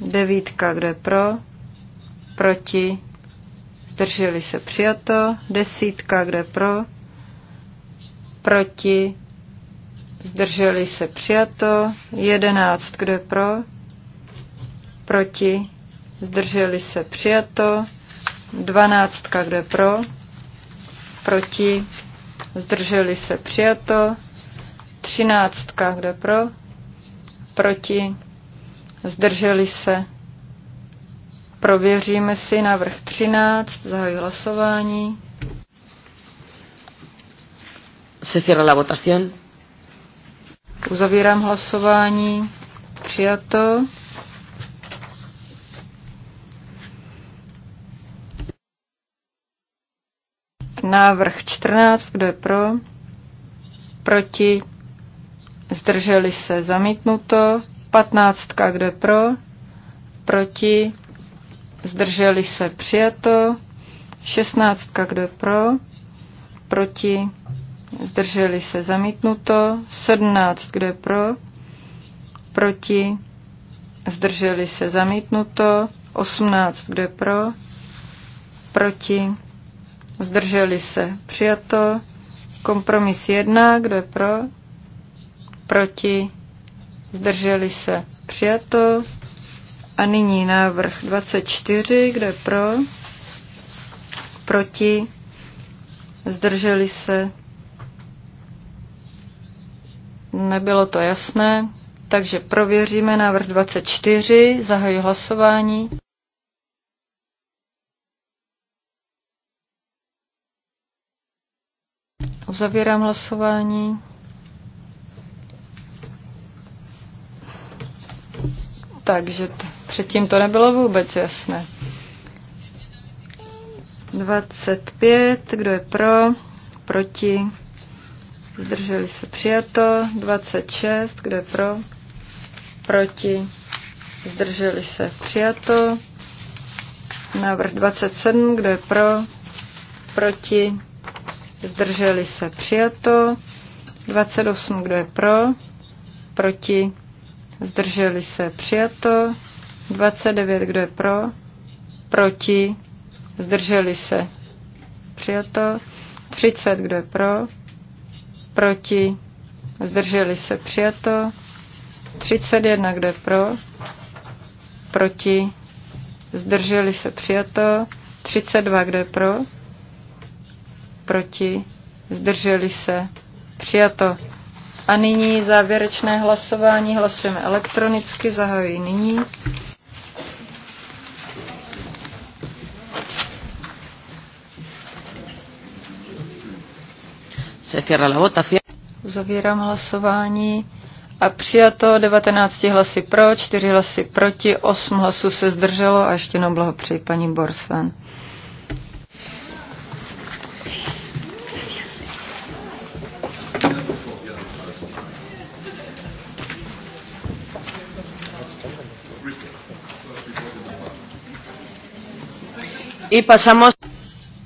Devítka, kdo je pro? Proti? Zdrželi se. Přijato. Desítka, kdo je pro? Proti? Zdrželi se přijato. 11. Kdo je pro? Proti? Zdrželi se přijato. 12. Kdo je pro? Proti? Zdrželi se přijato. 13. Kdo je pro? Proti? Zdrželi se. Prověříme si návrh 13. Zahajuji hlasování. Se cierra la votación. Uzavírám hlasování. Přijato. Návrh 14, kdo je pro? Proti? Zdrželi se zamítnuto. 15, kdo je pro? Proti? Zdrželi se přijato. 16, kdo je pro? Proti? zdrželi se zamítnuto, 17, kdo je pro, proti, zdrželi se zamítnuto, 18, kdo je pro, proti, zdrželi se přijato, kompromis 1, kdo je pro, proti, zdrželi se přijato, a nyní návrh 24, kdo je pro, proti, zdrželi se Nebylo to jasné, takže prověříme návrh 24, zahajuji hlasování. Uzavírám hlasování. Takže t- předtím to nebylo vůbec jasné. 25, kdo je pro, proti zdrželi se přijato, 26, kdo je pro, proti, zdrželi se přijato, návrh 27, kdo je pro, proti, zdrželi se přijato, 28, kdo je pro, proti, zdrželi se přijato, 29, kdo je pro, proti, zdrželi se přijato, 30, kdo je pro, proti, zdrželi se přijato, 31, kdo je pro, proti, zdrželi se přijato, 32, kdo je pro, proti, zdrželi se přijato. A nyní závěrečné hlasování hlasujeme elektronicky, zahajuji nyní. Se cierra la votación. hlasování. A přijato 19 hlasy pro, 4 hlasy proti, 8 hlasů se zdrželo a ještě jenom blahopřeji paní Borsan.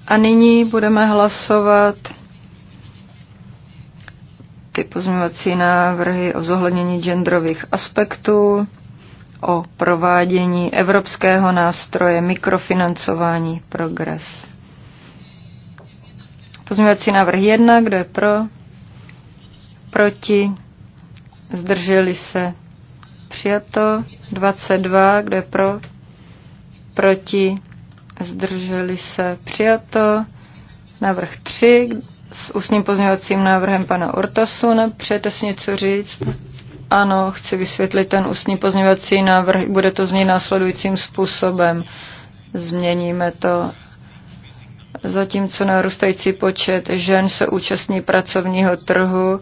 A nyní budeme hlasovat ty pozměňovací návrhy o zohlednění genderových aspektů, o provádění evropského nástroje mikrofinancování progres. Pozměňovací návrh 1, kdo je pro, proti, zdrželi se, přijato, 22, kdo je pro, proti, zdrželi se, přijato, návrh 3, s ústním pozměňovacím návrhem pana Ortasu. Přejete si něco říct? Ano, chci vysvětlit ten ústní pozměňovací návrh. Bude to znít následujícím způsobem. Změníme to. Zatímco narůstající počet žen se účastní pracovního trhu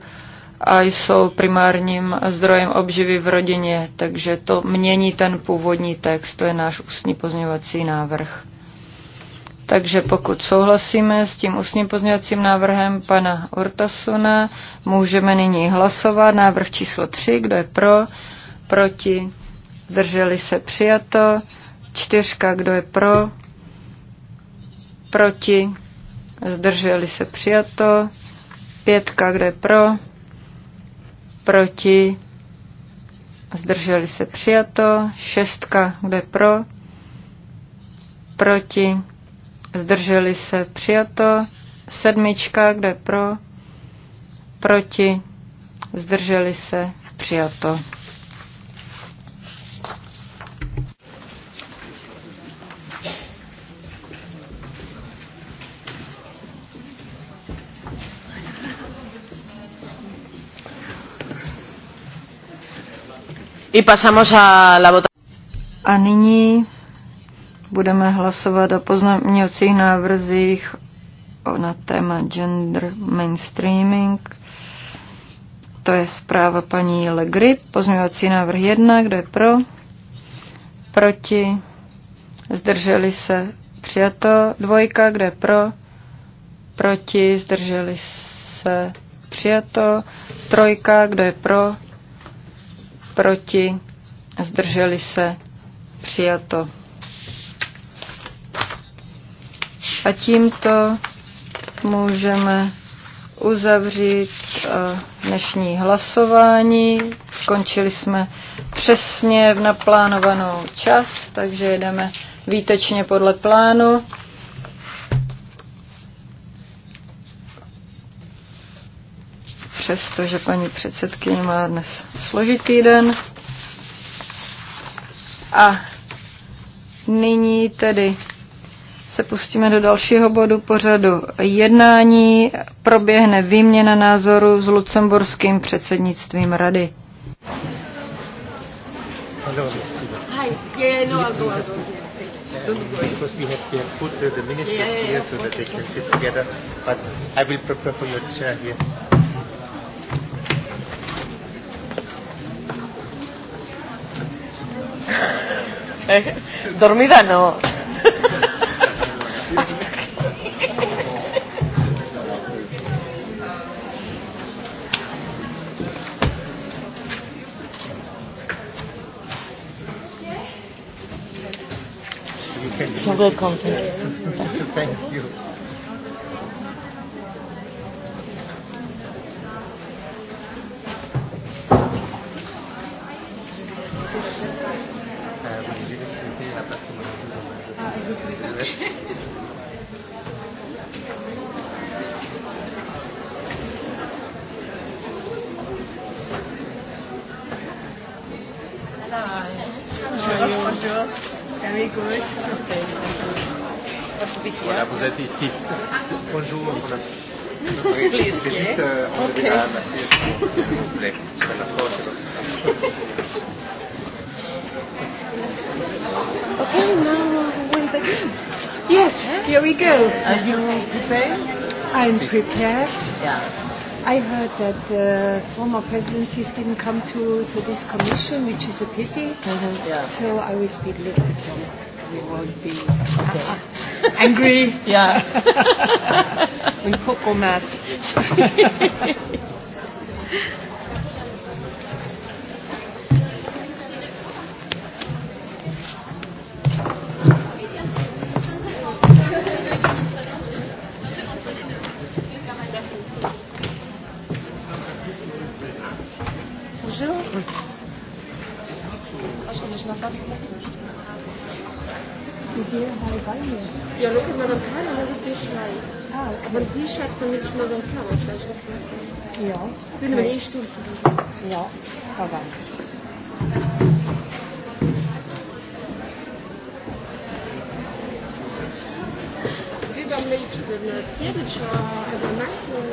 a jsou primárním zdrojem obživy v rodině. Takže to mění ten původní text. To je náš ústní pozměňovací návrh. Takže pokud souhlasíme s tím ústním pozměňovacím návrhem pana Ortasuna, můžeme nyní hlasovat. Návrh číslo 3, kdo je pro, proti, drželi se přijato. Čtyřka, kdo je pro, proti, zdrželi se přijato. Pětka, kdo je pro, proti, zdrželi se přijato. Šestka, kdo je pro, proti, zdrželi se, přijato. Sedmička, kde pro, proti, zdrželi se, přijato. Y pasamos a la votación. A niñi. Budeme hlasovat o poznáměcích návrzích na téma gender mainstreaming. To je zpráva paní Legry. Pozměňovací návrh 1, kdo je pro? Proti? Zdrželi se? Přijato. Dvojka, kdo je pro? Proti? Zdrželi se? Přijato. Trojka, kdo je pro? Proti? Zdrželi se? Přijato. A tímto můžeme uzavřít eh, dnešní hlasování. Skončili jsme přesně v naplánovanou čas, takže jedeme výtečně podle plánu. Přestože paní předsedkyně má dnes složitý den. A nyní tedy se pustíme do dalšího bodu pořadu jednání. Proběhne výměna názoru s lucemburským předsednictvím rady. Hi. Yeah, no, Because we have, put the, ministers here so that they can sit together. But I will prepare for your chair here. Dormida no will concentrate. Thank you. Here we go. Are you prepared? I'm prepared. Yeah. I heard that the uh, former presidencies didn't come to, to this commission, which is a pity. Mm-hmm. Yeah. So I will speak a little bit longer. We won't be ah, ah. okay. angry. Yeah. we cook on that. Kan vi slå dem framåt kanske? Ja. Vill eh man ge stor Ja, prova. Vill de liebsten tidigt över natten?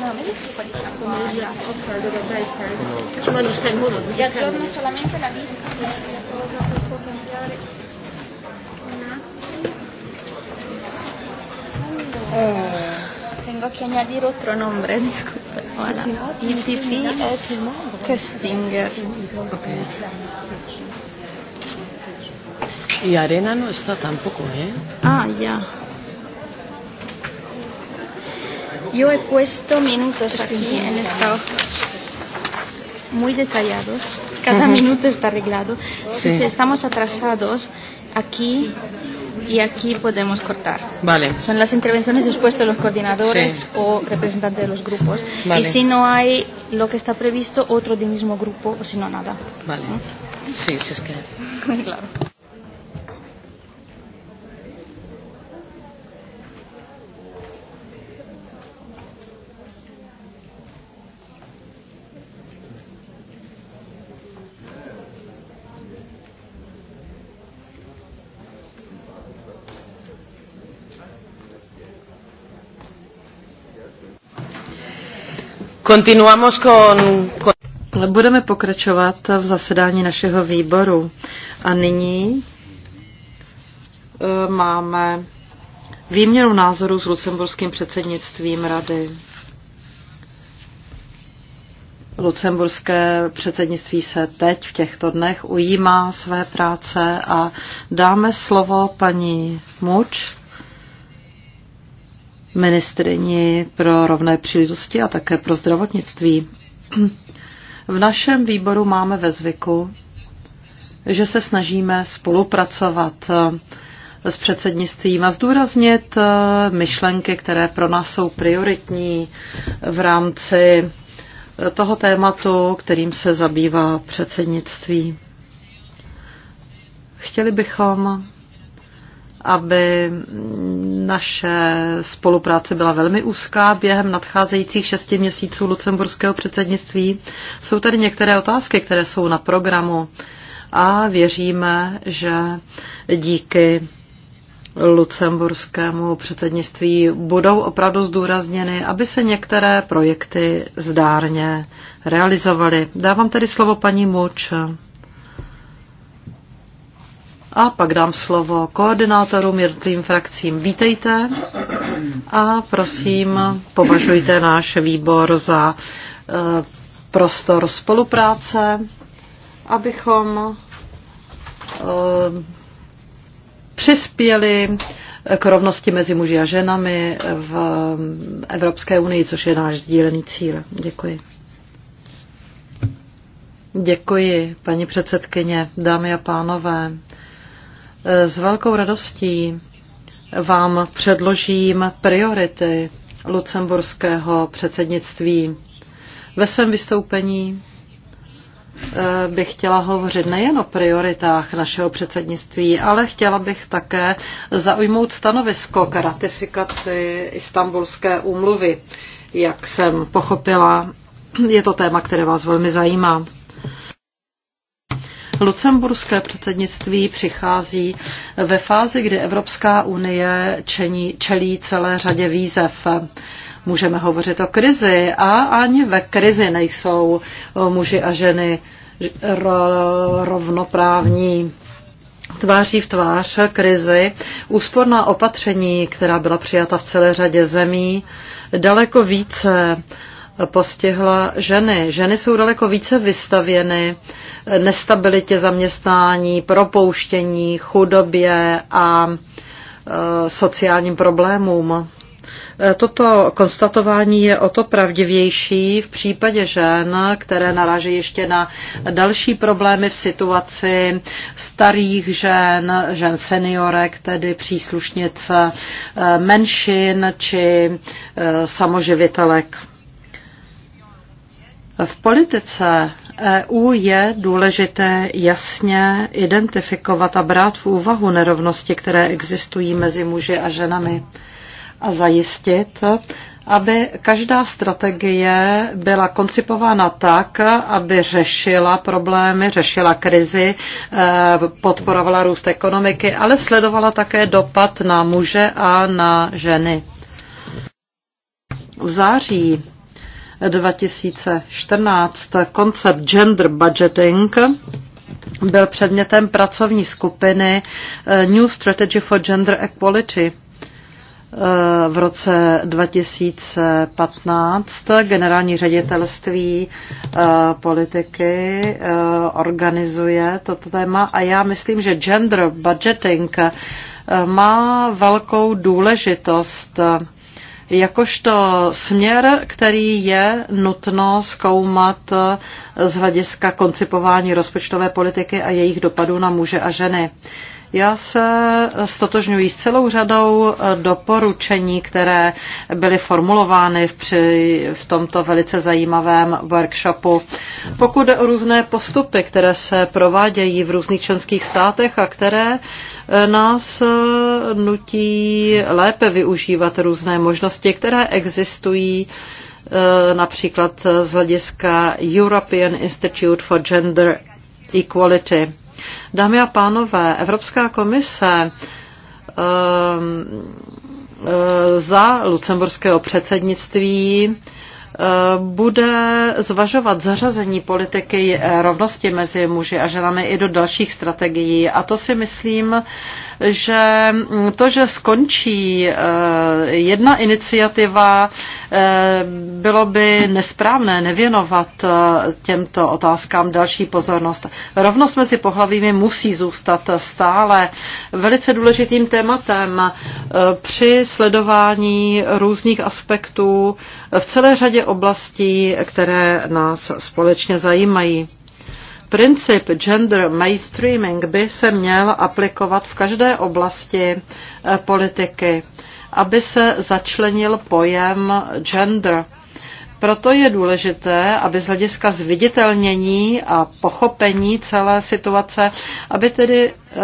No, vedi qua diciamo. Ok, dove vai fare? Ma non stai in modo di... Aggiorno solamente la lista. Cosa posso cambiare? tengo que añadir otro nombre, disculpe. Voilà. ITP es Köstinger. Okay. Y Arena no está tampoco, ¿eh? Ah, ya. Yo he puesto minutos aquí en esta hoja, muy detallados. Cada uh -huh. minuto está arreglado. Sí. Si estamos atrasados, aquí y aquí podemos cortar. Vale. Son las intervenciones después de los coordinadores sí. o representantes de los grupos. Vale. Y si no hay lo que está previsto, otro del mismo grupo, o si no, nada. Vale. ¿No? Sí, si es que. claro. Continuamos con, Budeme pokračovat v zasedání našeho výboru. A nyní eh, máme výměnu názorů s lucemburským předsednictvím rady. Lucemburské předsednictví se teď v těchto dnech ujímá své práce a dáme slovo paní Muč, ministrini pro rovné příležitosti a také pro zdravotnictví. V našem výboru máme ve zvyku, že se snažíme spolupracovat s předsednictvím a zdůraznit eh, myšlenky, které pro nás jsou prioritní v rámci eh, toho tématu, kterým se zabývá předsednictví. Chtěli bychom aby naše spolupráce byla velmi úzká během nadcházejících šesti měsíců lucemburského předsednictví. Jsou tady některé otázky, které jsou na programu a věříme, že díky lucemburskému předsednictví budou opravdu zdůrazněny, aby se některé projekty zdárně realizovaly. Dávám tedy slovo paní Muč a pak dám slovo koordinátorům jednotlivým frakcím. Vítejte a prosím, považujte náš výbor za e, prostor spolupráce, abychom e, přispěli k rovnosti mezi muži a ženami v Evropské unii, což je náš sdílený cíl. Děkuji. Děkuji, paní předsedkyně, dámy a pánové. S velkou radostí vám předložím priority lucemburského předsednictví. Ve svém vystoupení eh, bych chtěla hovořit nejen o prioritách našeho předsednictví, ale chtěla bych také zaujmout stanovisko k ratifikaci Istanbulské úmluvy. Jak jsem pochopila, je to téma, které vás velmi zajímá. Lucemburské předsednictví přichází ve fázi, kdy Evropská unie čení, čelí celé řadě výzev. Můžeme hovořit o krizi a ani ve krizi nejsou muži a ženy rovnoprávní tváří v tvář krizi, úsporná opatření, která byla přijata v celé řadě zemí, daleko více postihla ženy. Ženy jsou daleko více vystavěny nestabilitě zaměstnání, propouštění, chudobě a e, sociálním problémům. E, toto konstatování je o to pravdivější v případě žen, které naraží ještě na další problémy v situaci starých žen, žen seniorek, tedy příslušnic e, menšin či samoživitelek. V politice EU je důležité jasně identifikovat a brát v úvahu nerovnosti, které existují mezi muži a ženami a zajistit, aby každá strategie byla koncipována tak, aby řešila problémy, řešila krizi, eh, podporovala růst ekonomiky, ale sledovala také dopad na muže a na ženy. V září 2014 koncept gender budgeting byl předmětem pracovní skupiny eh, New Strategy for Gender Equality eh, v roce 2015 generální ředitelství eh, politiky organizuje toto téma a já myslím, že gender budgeting má velkou důležitost jakožto směr, který je nutno zkoumat z hlediska koncipování rozpočtové politiky a jejich dopadů na muže a ženy. Já se stotožňuji s celou řadou eh, doporučení, které byly formulovány v, při, v tomto velice zajímavém workshopu. Pokud jde o různé postupy, které se provádějí v různých členských státech a které eh, nás eh, nutí lépe využívat různé možnosti, které existují například z hlediska European Institute for Gender Equality. Dámy a pánové, Evropská komise ehm, eh, za lucemburského předsednictví eh, bude zvažovat zařazení politiky rovnosti mezi muži a ženami i do dalších strategií. A to si myslím, že to, že skončí eh, jedna iniciativa, eh, bylo by nesprávné nevěnovat eh, těmto otázkám další pozornost. Rovnost mezi pohlavími musí zůstat stále velice důležitým tématem při sledování různých aspektů v celé řadě oblastí, které nás společně zajímají. Princip gender mainstreaming by se měl aplikovat v každé oblasti eh, politiky, aby se začlenil pojem gender. Proto je důležité, aby z hlediska zviditelnění a pochopení celé situace, aby tedy eh,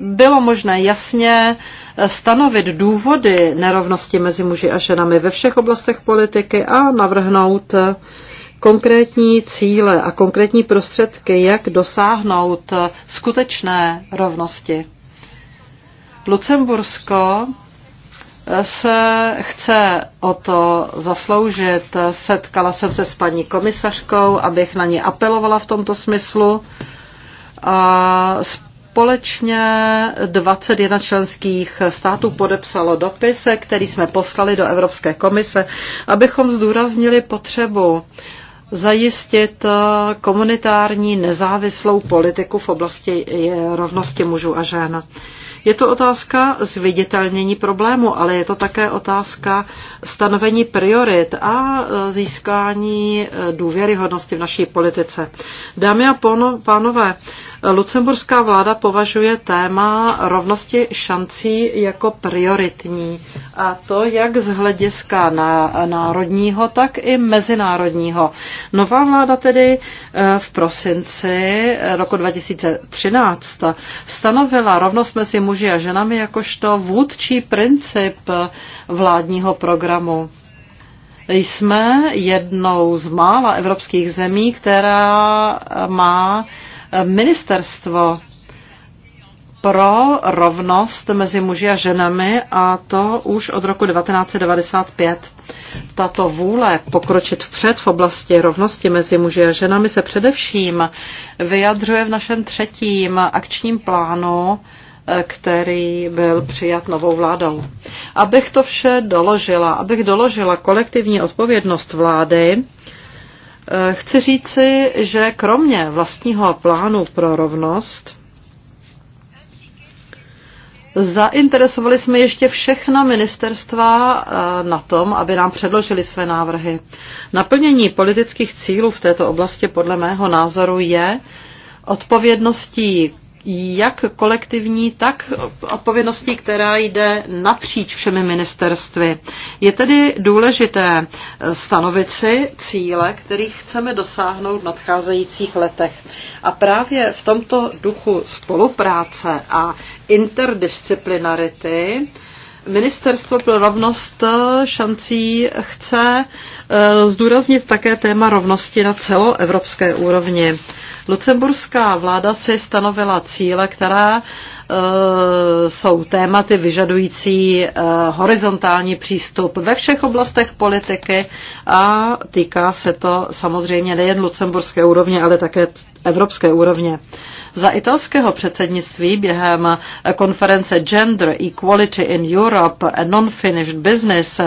bylo možné jasně eh, stanovit důvody nerovnosti mezi muži a ženami ve všech oblastech politiky a navrhnout konkrétní cíle a konkrétní prostředky, jak dosáhnout eh, skutečné rovnosti. Lucembursko eh, se chce o to zasloužit. Setkala jsem se s paní komisařkou, abych na ní apelovala v tomto smyslu. A společně 21 členských států podepsalo dopise, který jsme poslali do Evropské komise, abychom zdůraznili potřebu zajistit eh, komunitární nezávislou politiku v oblasti eh, rovnosti mužů a žen. Je to otázka zviditelnění problému, ale je to také otázka stanovení priorit a eh, získání důvěryhodnosti v naší politice. Dámy a pánové, Lucemburská vláda považuje téma rovnosti šancí jako prioritní. A to jak z hlediska na národního, tak i mezinárodního. Nová vláda tedy eh, v prosinci roku 2013 stanovila rovnost mezi muži a ženami jakožto vůdčí princip vládního programu jsme jednou z mála evropských zemí, která má ministerstvo pro rovnost mezi muži a ženami a to už od roku 1995. Tato vůle pokročit vpřed v oblasti rovnosti mezi muži a ženami se především vyjadřuje v našem třetím akčním plánu, eh, který byl přijat novou vládou. Abych to vše doložila, abych doložila kolektivní odpovědnost vlády, Eh, chci říci, že kromě vlastního plánu pro rovnost, Zainteresovali jsme ještě všechna ministerstva eh, na tom, aby nám předložili své návrhy. Naplnění politických cílů v této oblasti podle mého názoru je odpovědností jak kolektivní, tak odpovědností, která jde napříč všemi ministerstvy. Je tedy důležité stanovit si cíle, kterých chceme dosáhnout v nadcházejících letech. A právě v tomto duchu spolupráce a interdisciplinarity Ministerstvo pro rovnost šancí chce eh, zdůraznit také téma rovnosti na celoevropské úrovni. Lucemburská vláda si stanovila cíle, která e, jsou tématy vyžadující e, horizontální přístup ve všech oblastech politiky a týká se to samozřejmě nejen lucemburské úrovně, ale také evropské úrovně. Za italského předsednictví během konference Gender Equality in Europe a Non-Finished Business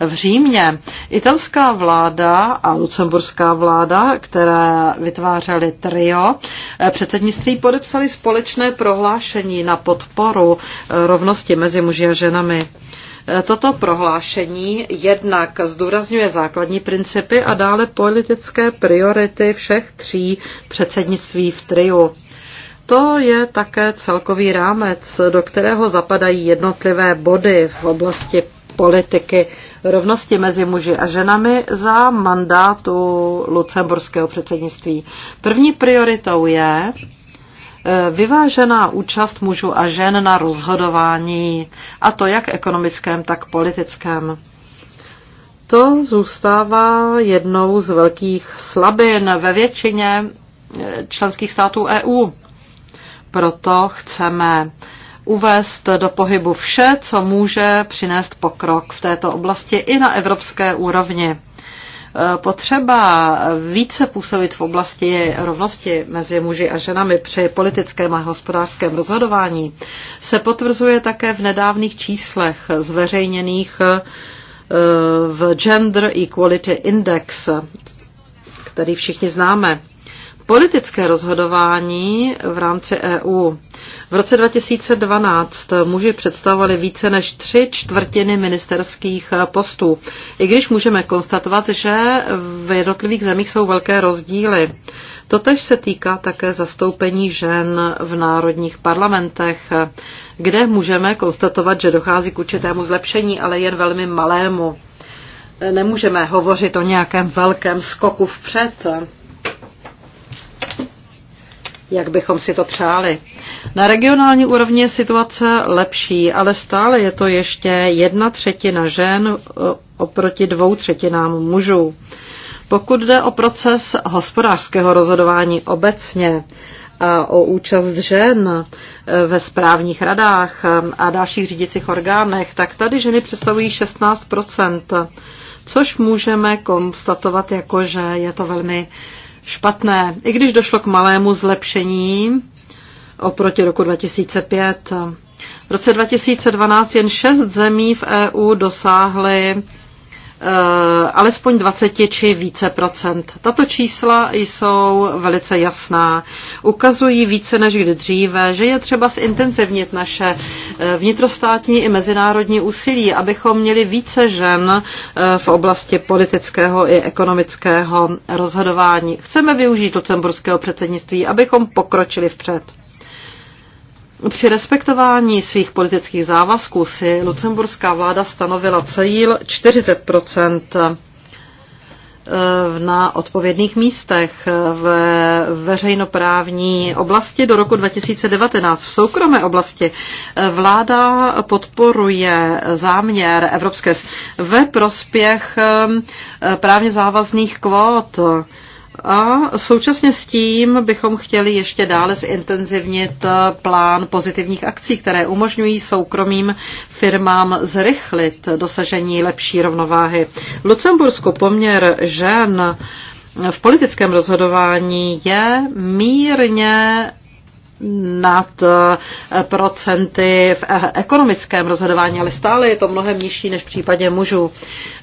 v Římě italská vláda a lucemburská vláda, které vytvářely trio, předsednictví podepsali společné prohlášení na podporu rovnosti mezi muži a ženami. Toto prohlášení jednak zdůrazňuje základní principy a dále politické priority všech tří předsednictví v triu. To je také celkový rámec, do kterého zapadají jednotlivé body v oblasti politiky rovnosti mezi muži a ženami za mandátu lucemburského předsednictví. První prioritou je e, vyvážená účast mužů a žen na rozhodování, a to jak ekonomickém, tak politickém. To zůstává jednou z velkých slabin ve většině e, členských států EU. Proto chceme uvést do pohybu vše, co může přinést pokrok v této oblasti i na evropské úrovni. E, potřeba více působit v oblasti rovnosti mezi muži a ženami při politickém a hospodářském rozhodování se potvrzuje také v nedávných číslech zveřejněných e, v Gender Equality Index, který všichni známe politické rozhodování v rámci EU. V roce 2012 muži představovali více než tři čtvrtiny ministerských postů, i když můžeme konstatovat, že v jednotlivých zemích jsou velké rozdíly. Totež se týká také zastoupení žen v národních parlamentech, kde můžeme konstatovat, že dochází k určitému zlepšení, ale jen velmi malému. Nemůžeme hovořit o nějakém velkém skoku vpřed jak bychom si to přáli. Na regionální úrovni je situace lepší, ale stále je to ještě jedna třetina žen e, oproti dvou třetinám mužů. Pokud jde o proces hospodářského rozhodování obecně a o účast žen e, ve správních radách e, a dalších řídicích orgánech, tak tady ženy představují 16 což můžeme konstatovat jako, že je to velmi špatné, i když došlo k malému zlepšení oproti roku 2005. V roce 2012 jen šest zemí v EU dosáhly Eh, alespoň 20 či více procent. Tato čísla jsou velice jasná. Ukazují více než kdy dříve, že je třeba zintenzivnit naše eh, vnitrostátní i mezinárodní úsilí, abychom měli více žen eh, v oblasti politického i ekonomického rozhodování. Chceme využít lucemburského předsednictví, abychom pokročili vpřed. Při respektování svých politických závazků si lucemburská vláda stanovila cíl 40 eh, na odpovědných místech v veřejnoprávní oblasti do roku 2019. V soukromé oblasti vláda podporuje záměr Evropské ve prospěch eh, právně závazných kvót a současně s tím bychom chtěli ještě dále zintenzivnit eh, plán pozitivních akcí, které umožňují soukromým firmám zrychlit dosažení lepší rovnováhy. V Lucembursku poměr žen v politickém rozhodování je mírně nad eh, procenty v e-, ekonomickém rozhodování, ale stále je to mnohem nižší než v případě mužů.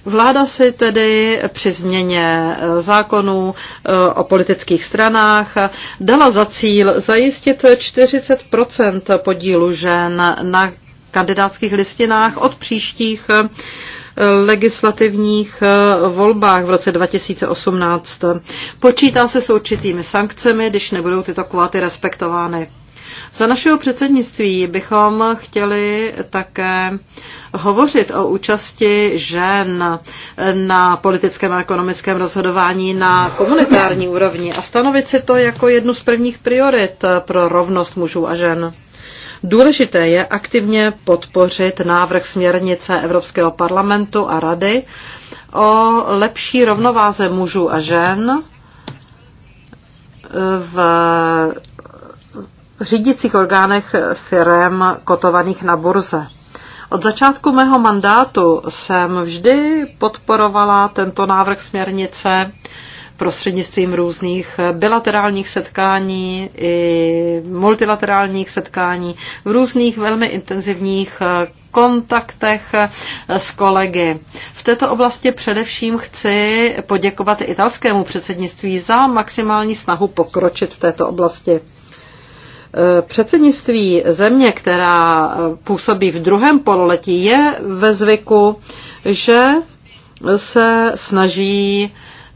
Vláda si tedy při změně eh, zákonů eh, o politických stranách dala za cíl zajistit 40 podílu žen na kandidátských listinách od příštích legislativních eh, volbách v roce 2018. Počítá se s určitými sankcemi, když nebudou tyto kvóty respektovány. Za našeho předsednictví bychom chtěli také hovořit o účasti žen na politickém a ekonomickém rozhodování na komunitární úrovni a stanovit si to jako jednu z prvních priorit pro rovnost mužů a žen. Důležité je aktivně podpořit návrh směrnice Evropského parlamentu a rady o lepší rovnováze mužů a žen v řídících orgánech firm kotovaných na burze. Od začátku mého mandátu jsem vždy podporovala tento návrh směrnice prostřednictvím různých bilaterálních setkání i multilaterálních setkání v různých velmi intenzivních kontaktech s kolegy. V této oblasti především chci poděkovat italskému předsednictví za maximální snahu pokročit v této oblasti. Předsednictví země, která působí v druhém pololetí, je ve zvyku, že se snaží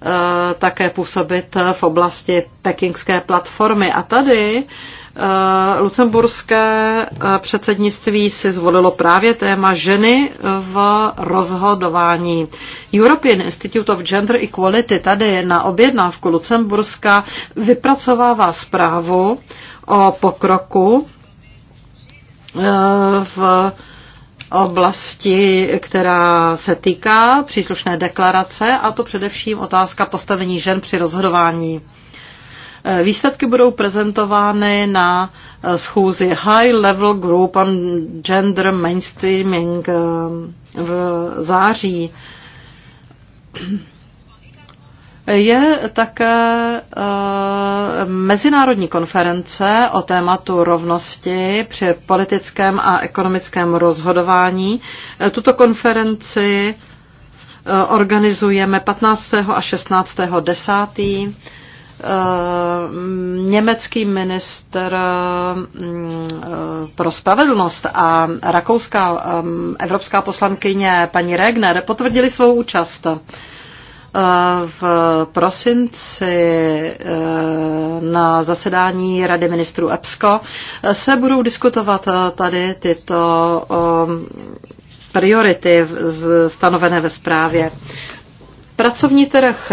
Eh, také působit v oblasti pekingské platformy. A tady eh, lucemburské eh, předsednictví si zvolilo právě téma ženy v rozhodování. European Institute of Gender Equality tady na objednávku Lucemburska vypracovává zprávu o pokroku v oblasti, která se týká příslušné deklarace, a to především otázka postavení žen při rozhodování. Výsledky budou prezentovány na schůzi High Level Group on Gender Mainstreaming eh, v září je také eh, mezinárodní konference o tématu rovnosti při politickém a ekonomickém rozhodování. Eh, tuto konferenci eh, organizujeme 15. a 16. 10. Německý minister mm, pro spravedlnost a rakouská evropská poslankyně paní Regner potvrdili svou účast. V prosinci eh, na zasedání Rady ministrů EPSCO se budou diskutovat eh, tady tyto eh, priority stanovené ve zprávě. Pracovní trh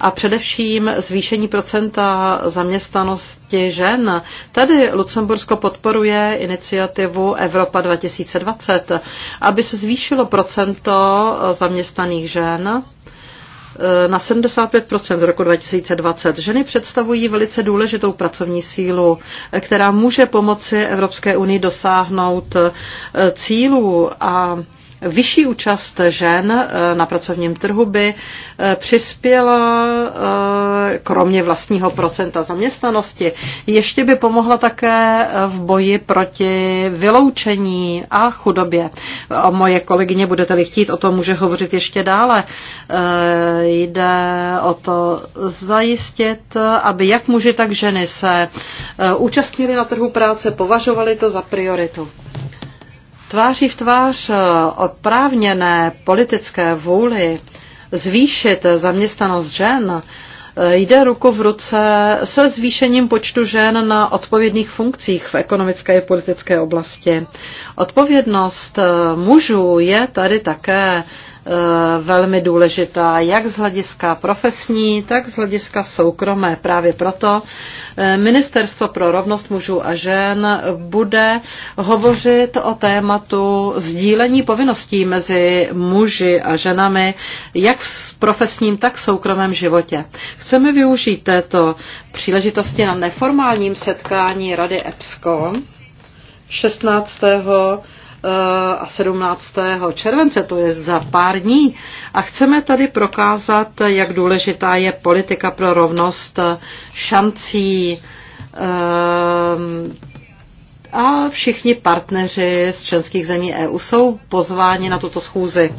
a především zvýšení procenta zaměstnanosti žen. Tady Lucembursko podporuje iniciativu Evropa 2020, aby se zvýšilo procento zaměstnaných žen Eh, na 75 v roku 2020. Ženy představují velice důležitou pracovní sílu, eh, která může pomoci Evropské unii dosáhnout eh, cílů a Vyšší účast žen na pracovním trhu by přispěla kromě vlastního procenta zaměstnanosti. Ještě by pomohla také v boji proti vyloučení a chudobě a moje kolegyně, budete-li chtít, o tom může hovořit ještě dále. E, jde o to zajistit, aby jak muži, tak ženy se e, účastnili na trhu práce, považovali to za prioritu. Tváří v tvář e, oprávněné politické vůli zvýšit zaměstnanost žen, Eh, jde ruku v ruce se zvýšením počtu žen na odpovědných funkcích v ekonomické a politické oblasti. Odpovědnost eh, mužů je tady také Eh, velmi důležitá jak z hlediska profesní, tak z hlediska soukromé. Právě proto eh, Ministerstvo pro rovnost mužů a žen bude hovořit o tématu sdílení povinností mezi muži a ženami, jak v profesním, tak v soukromém životě. Chceme využít této příležitosti na neformálním setkání Rady EPSCO 16 a 17. července, to je za pár dní. A chceme tady prokázat, jak důležitá je politika pro rovnost šancí ehm, a všichni partneři z členských zemí EU jsou pozváni na tuto schůzi.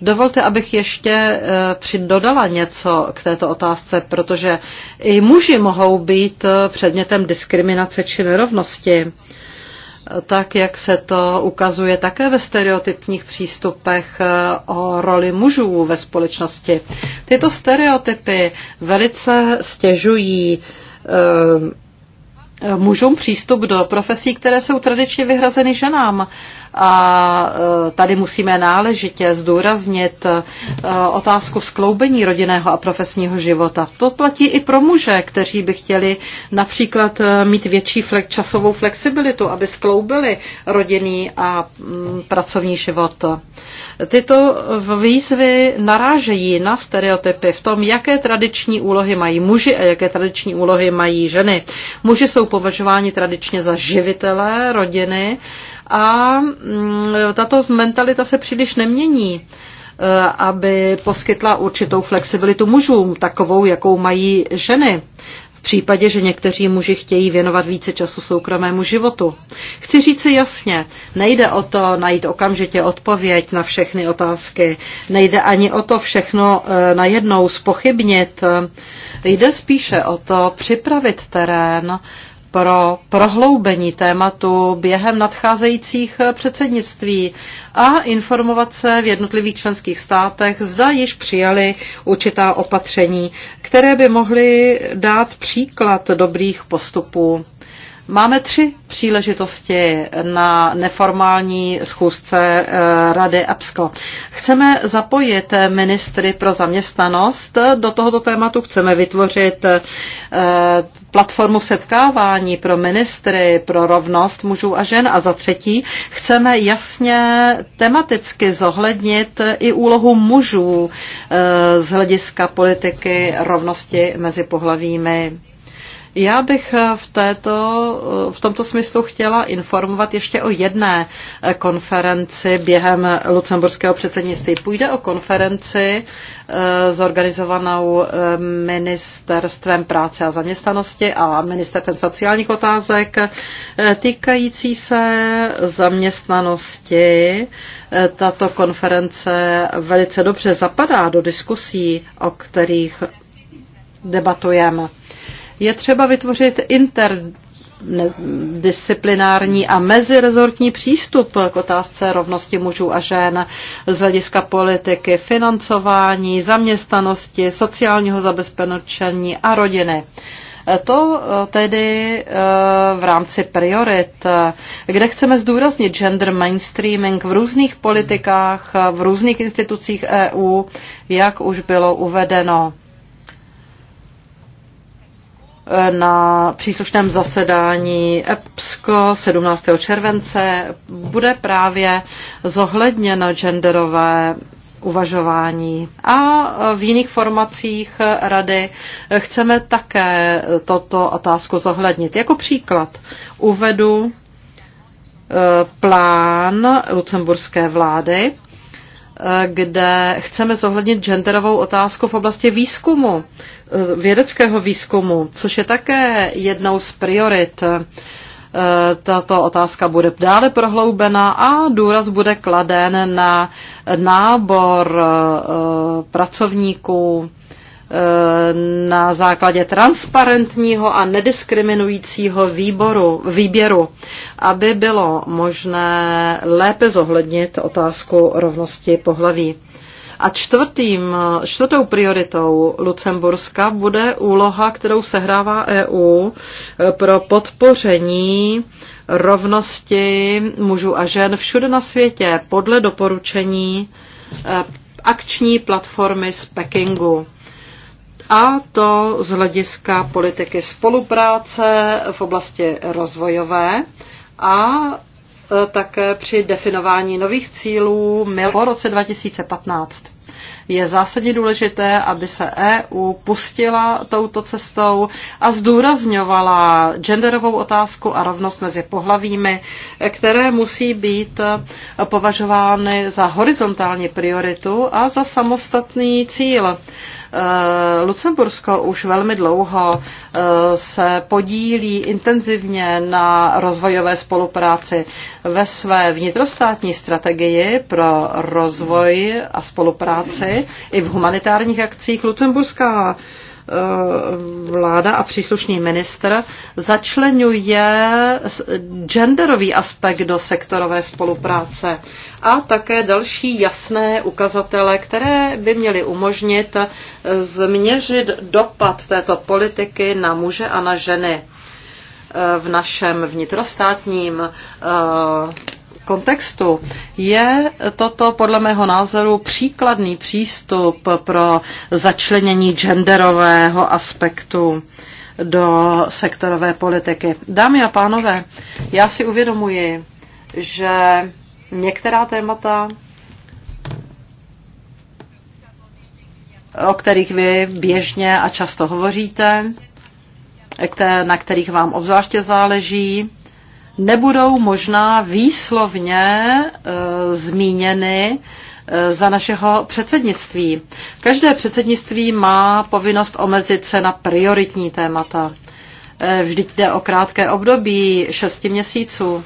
Dovolte, abych ještě eh, přidodala něco k této otázce, protože i muži mohou být eh, předmětem diskriminace či nerovnosti tak jak se to ukazuje také ve stereotypních přístupech eh, o roli mužů ve společnosti. Tyto stereotypy velice stěžují eh, mužům přístup do profesí, které jsou tradičně vyhrazeny ženám. A e, tady musíme náležitě zdůraznit e, otázku skloubení rodinného a profesního života. To platí i pro muže, kteří by chtěli například e, mít větší flek, časovou flexibilitu, aby skloubili rodinný a mm, pracovní život. Tyto výzvy narážejí na stereotypy v tom, jaké tradiční úlohy mají muži a jaké tradiční úlohy mají ženy. Muži jsou považováni tradičně za živitelé rodiny, a mm, tato mentalita se příliš nemění e, aby poskytla určitou flexibilitu mužům, takovou, jakou mají ženy. V případě, že někteří muži chtějí věnovat více času soukromému životu. Chci říci jasně, nejde o to najít okamžitě odpověď na všechny otázky, nejde ani o to všechno e, najednou spochybnit, jde spíše o to připravit terén pro prohloubení tématu během nadcházejících eh, předsednictví a informovat se v jednotlivých členských státech, zda již přijali určitá opatření, které by mohly dát příklad dobrých postupů. Máme tři příležitosti na neformální schůzce eh, Rady EPSCO. Chceme zapojit ministry pro zaměstnanost do tohoto tématu, chceme vytvořit eh, platformu setkávání pro ministry pro rovnost mužů a žen a za třetí chceme jasně tematicky zohlednit i úlohu mužů eh, z hlediska politiky rovnosti mezi pohlavími. Já bych eh, v, této, eh, v tomto smyslu chtěla informovat ještě o jedné eh, konferenci během lucemburského předsednictví. Půjde o konferenci zorganizovanou ministerstvem práce a zaměstnanosti a ministerstvem sociálních otázek týkající se zaměstnanosti. Tato konference velice dobře zapadá do diskusí, o kterých debatujeme. Je třeba vytvořit interdisciplinární a mezirezortní přístup k otázce rovnosti mužů a žen z hlediska politiky, financování, zaměstnanosti, sociálního zabezpečení a rodiny. To tedy eh, v rámci priorit, kde chceme zdůraznit gender mainstreaming v různých politikách, v různých institucích EU, jak už bylo uvedeno na příslušném zasedání EPSCO 17. července bude právě zohledněno genderové uvažování. A v jiných formacích rady chceme také toto otázku zohlednit. Jako příklad uvedu eh, plán lucemburské vlády kde chceme zohlednit genderovou otázku v oblasti výzkumu, vědeckého výzkumu, což je také jednou z priorit. E, tato otázka bude dále prohloubena a důraz bude kladen na nábor e, pracovníků na základě transparentního a nediskriminujícího výboru, výběru, aby bylo možné lépe zohlednit otázku rovnosti pohlaví. A čtvrtým, čtvrtou prioritou Lucemburska bude úloha, kterou sehrává EU pro podpoření rovnosti mužů a žen všude na světě podle doporučení eh, akční platformy z Pekingu a to z hlediska politiky spolupráce v oblasti rozvojové a e, také při definování nových cílů po roce 2015. Je zásadně důležité, aby se EU pustila touto cestou a zdůrazňovala genderovou otázku a rovnost mezi pohlavími, které musí být považovány za horizontální prioritu a za samostatný cíl Eh, Lucembursko už velmi dlouho eh, se podílí intenzivně na rozvojové spolupráci. Ve své vnitrostátní strategii pro rozvoj a spolupráci i v humanitárních akcích Lucemburská Eh, vláda a příslušný ministr začlenuje genderový aspekt do sektorové spolupráce a také další jasné ukazatele, které by měly umožnit eh, změřit dopad této politiky na muže a na ženy eh, v našem vnitrostátním kontextu je toto podle mého názoru příkladný přístup pro začlenění genderového aspektu do sektorové politiky. Dámy a pánové, já si uvědomuji, že některá témata, o kterých vy běžně a často hovoříte, na kterých vám obzvláště záleží, nebudou možná výslovně e, zmíněny e, za našeho předsednictví. Každé předsednictví má povinnost omezit se na prioritní témata. E, vždyť jde o krátké období, šesti měsíců.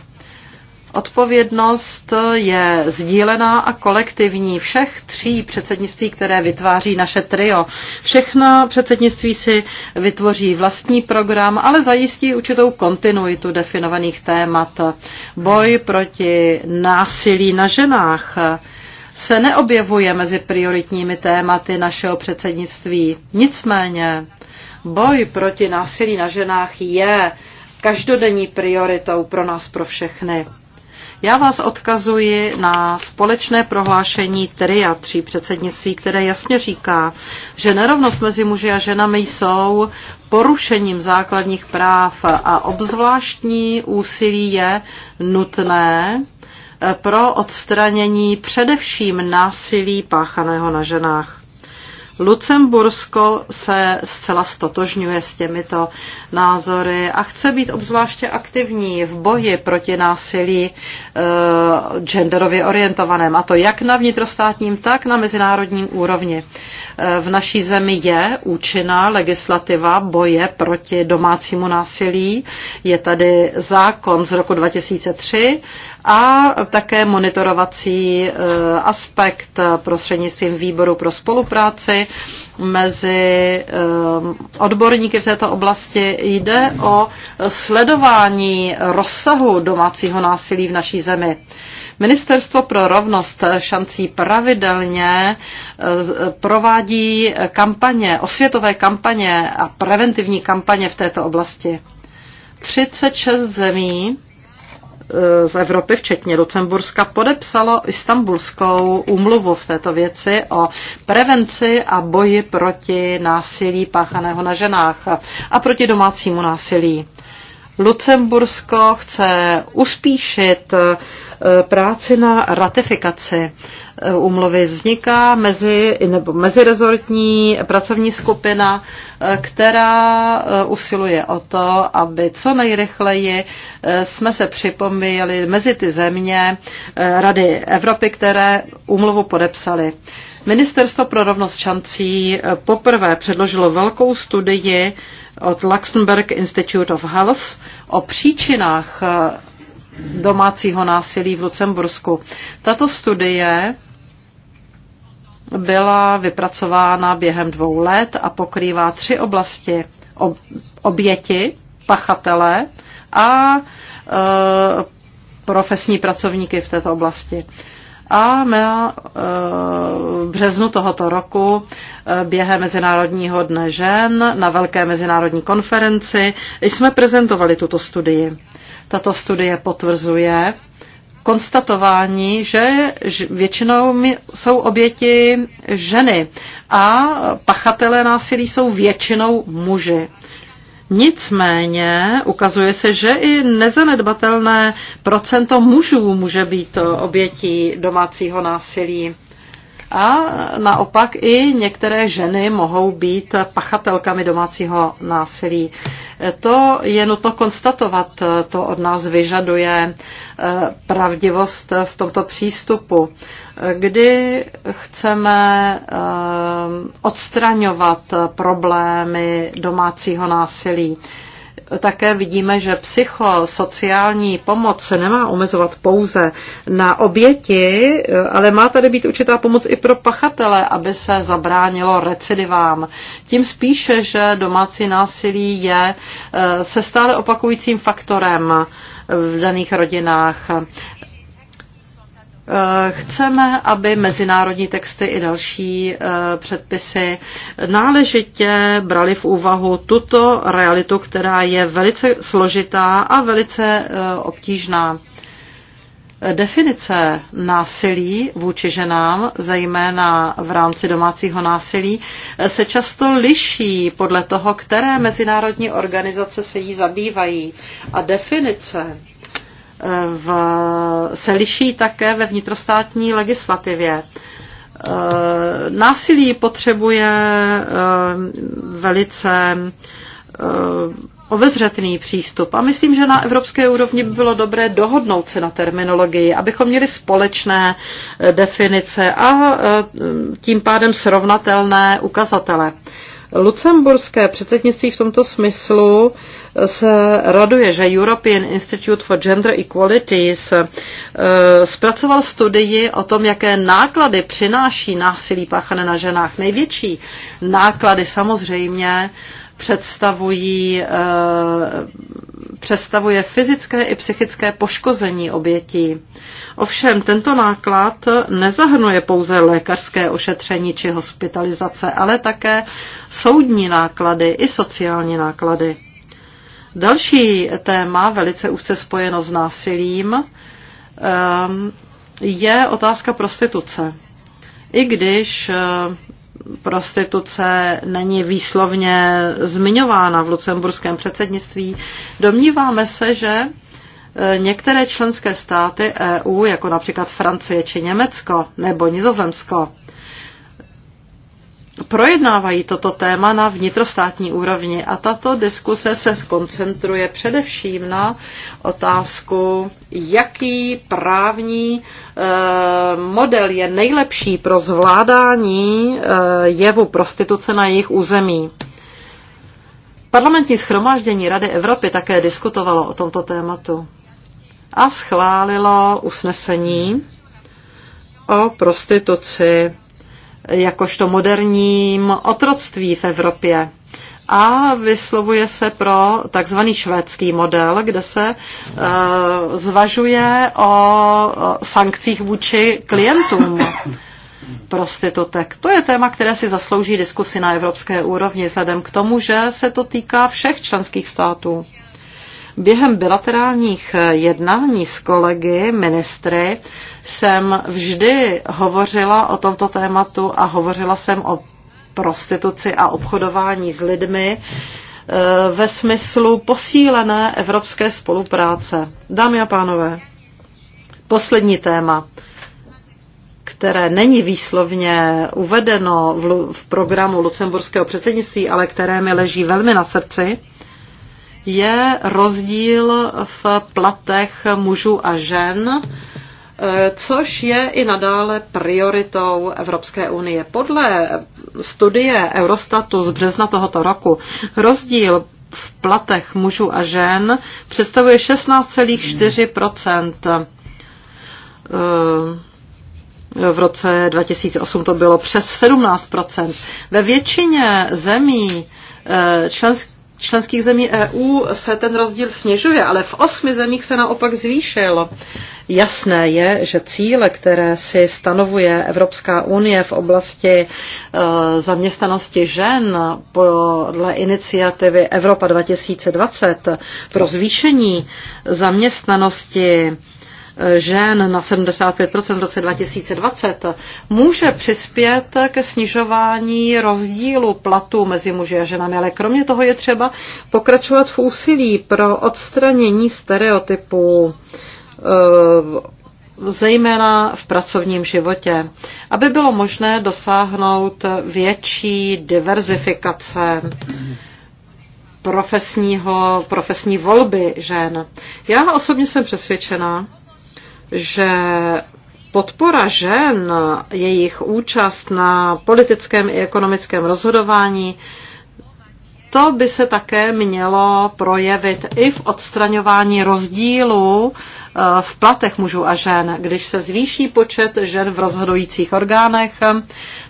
Odpovědnost je sdílená a kolektivní všech tří předsednictví, které vytváří naše trio. Všechna předsednictví si vytvoří vlastní program, ale zajistí určitou kontinuitu definovaných témat. Boj proti násilí na ženách se neobjevuje mezi prioritními tématy našeho předsednictví. Nicméně boj proti násilí na ženách je každodenní prioritou pro nás, pro všechny. Já vás odkazuji na společné prohlášení tria a tří předsednictví, které jasně říká, že nerovnost mezi muži a ženami jsou porušením základních práv a obzvláštní úsilí je nutné eh, pro odstranění především násilí páchaného na ženách. Lucembursko se zcela stotožňuje s těmito názory a chce být obzvláště aktivní v boji proti násilí eh, genderově orientovaném, a to jak na vnitrostátním, tak na mezinárodním úrovni v naší zemi je účinná legislativa boje proti domácímu násilí. Je tady zákon z roku 2003 a také monitorovací eh, aspekt prostřednictvím výboru pro spolupráci mezi eh, odborníky v této oblasti. Jde o sledování rozsahu domácího násilí v naší zemi. Ministerstvo pro rovnost šancí pravidelně eh, eh, provádí kampaně, osvětové kampaně a preventivní kampaně v této oblasti. 36 zemí eh, z Evropy, včetně Lucemburska, podepsalo istambulskou úmluvu v této věci o prevenci a boji proti násilí páchaného na ženách a proti domácímu násilí. Lucembursko chce uspíšit Eh, práci na ratifikaci eh, úmluvy vzniká mezi, nebo mezirezortní pracovní skupina, eh, která usiluje o to, aby co nejrychleji jsme se připomněli mezi ty země Rady Evropy, které úmluvu podepsaly. Ministerstvo pro rovnost šancí poprvé předložilo velkou studii od Luxembourg Institute of Health o příčinách domácího násilí v Lucembursku. Tato studie byla vypracována během dvou let a pokrývá tři oblasti oběti, pachatele a e, profesní pracovníky v této oblasti. A e, v březnu tohoto roku eh, během Mezinárodního dne žen na velké mezinárodní konferenci jsme prezentovali tuto studii. Tato studie potvrzuje konstatování, že většinou jsou oběti ženy a pachatelé násilí jsou většinou muži. Nicméně ukazuje se, že i nezanedbatelné procento mužů může být obětí domácího násilí. A naopak i některé ženy mohou být pachatelkami domácího násilí. To je nutno konstatovat, to od nás vyžaduje eh, pravdivost v tomto přístupu, kdy chceme eh, odstraňovat problémy domácího násilí. Také vidíme, že psychosociální pomoc se nemá omezovat pouze na oběti, ale má tady být určitá pomoc i pro pachatele, aby se zabránilo recidivám. Tím spíše, že domácí násilí je eh, se stále opakujícím faktorem v daných rodinách. Eh, chceme, aby mezinárodní texty i další eh, předpisy náležitě brali v úvahu tuto realitu, která je velice složitá a velice eh, obtížná. Definice násilí vůči ženám, zejména v rámci domácího násilí, se často liší podle toho, které mezinárodní organizace se jí zabývají. A definice v, se liší také ve vnitrostátní legislativě. E, násilí potřebuje e, velice e, obezřetný přístup. A myslím, že na evropské úrovni by bylo dobré dohodnout se na terminologii, abychom měli společné definice a tím pádem srovnatelné ukazatele. Lucemburské předsednictví v tomto smyslu se raduje, že European Institute for Gender Equalities eh, zpracoval studii o tom, jaké náklady přináší násilí páchané na ženách. Největší náklady samozřejmě představují, eh, představuje fyzické i psychické poškození obětí. Ovšem tento náklad nezahrnuje pouze lékařské ošetření či hospitalizace, ale také soudní náklady i sociální náklady. Další téma, velice úzce spojeno s násilím, ehm, je otázka prostituce. I když eh, prostituce není výslovně zmiňována v lucemburském předsednictví, domníváme se, že eh, některé členské státy EU, jako například Francie či Německo nebo Nizozemsko, projednávají toto téma na vnitrostátní úrovni a tato diskuse se koncentruje především na otázku, jaký právní eh, model je nejlepší pro zvládání eh, jevu prostituce na jejich území. Parlamentní schromáždění Rady Evropy také diskutovalo o tomto tématu a schválilo usnesení o prostituci jakožto moderním otroctví v Evropě. A vyslovuje se pro takzvaný švédský model, kde se eh, zvažuje o sankcích vůči klientům prostitutek. To je téma, které si zaslouží diskusy na evropské úrovni, vzhledem k tomu, že se to týká všech členských států. Během bilaterálních jednání s kolegy, ministry, jsem vždy hovořila o tomto tématu a hovořila jsem o prostituci a obchodování s lidmi eh, ve smyslu posílené evropské spolupráce. Dámy a pánové, poslední téma, které není výslovně uvedeno v, v programu lucemburského předsednictví, ale které mi leží velmi na srdci, je rozdíl v platech mužů a žen Eh, což je i nadále prioritou Evropské unie. Podle studie Eurostatu z března tohoto roku rozdíl v platech mužů a žen představuje 16,4 eh, v roce 2008 to bylo přes 17 Ve většině zemí eh, členských členských zemí EU se ten rozdíl snižuje, ale v osmi zemích se naopak zvýšil. Jasné je, že cíle, které si stanovuje Evropská unie v oblasti e, zaměstnanosti žen podle iniciativy Evropa 2020 pro zvýšení zaměstnanosti žen na 75% v roce 2020 může přispět ke snižování rozdílu platu mezi muži a ženami, ale kromě toho je třeba pokračovat v úsilí pro odstranění stereotypů eh, zejména v pracovním životě, aby bylo možné dosáhnout větší diverzifikace profesního, profesní volby žen. Já osobně jsem přesvědčena, že podpora žen, jejich účast na politickém i ekonomickém rozhodování, to by se také mělo projevit i v odstraňování rozdílů eh, v platech mužů a žen. Když se zvýší počet žen v rozhodujících orgánech,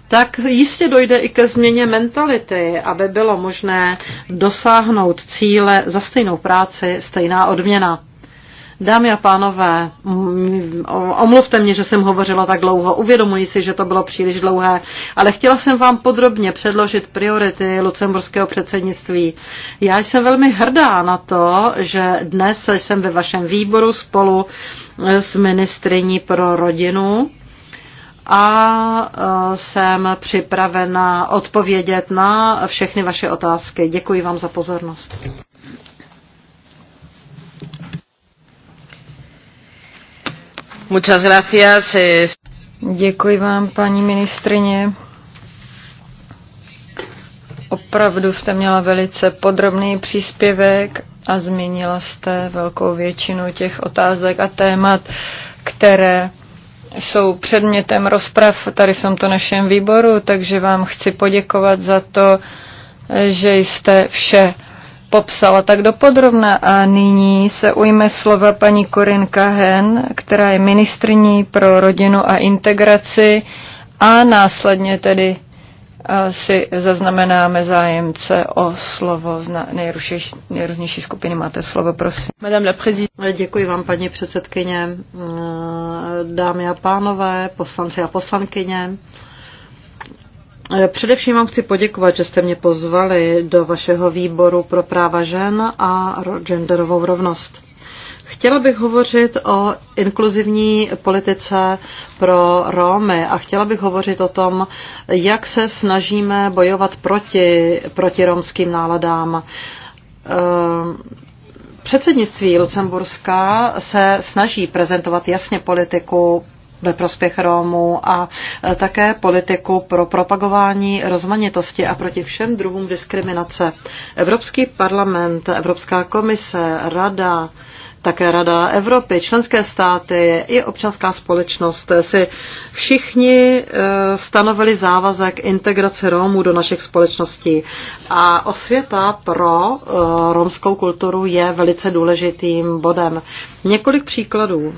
tak jistě dojde i ke změně mentality, aby bylo možné dosáhnout cíle za stejnou práci stejná odměna. Dámy a pánové, mm, omluvte mě, že jsem hovořila tak dlouho. Uvědomuji si, že to bylo příliš dlouhé, ale chtěla jsem vám podrobně předložit priority lucemburského předsednictví. Já jsem velmi hrdá na to, že dnes jsem ve vašem výboru spolu eh, s ministriní pro rodinu a eh, jsem připravena odpovědět na všechny vaše otázky. Děkuji vám za pozornost. Muchas gracias. Děkuji vám, paní ministrině. Opravdu jste měla velice podrobný příspěvek a zmínila jste velkou většinu těch otázek a témat, které jsou předmětem rozprav tady v tomto našem výboru, takže vám chci poděkovat za to, že jste vše popsala tak dopodrobna. A nyní se ujme slova paní Corinne Kahen, která je ministrní pro rodinu a integraci a následně tedy si zaznamenáme zájemce o slovo z nejrůznější skupiny. Máte slovo, prosím. Madame la eh, Děkuji vám, paní předsedkyně, eh, dámy a pánové, poslanci a poslankyně. Eh, především vám chci poděkovat, že jste mě pozvali do vašeho výboru pro práva žen a genderovou rovnost. Chtěla bych hovořit o inkluzivní politice pro Rómy a chtěla bych hovořit o tom, jak se snažíme bojovat proti, proti romským náladám. Eh, předsednictví Lucemburska se snaží prezentovat jasně politiku ve prospěch Rómů a e, také politiku pro propagování rozmanitosti a proti všem druhům diskriminace. Evropský parlament, Evropská komise, Rada, také Rada Evropy, členské státy i občanská společnost si všichni e, stanovili závazek integrace Rómů do našich společností. A osvěta pro e, romskou kulturu je velice důležitým bodem. Několik příkladů.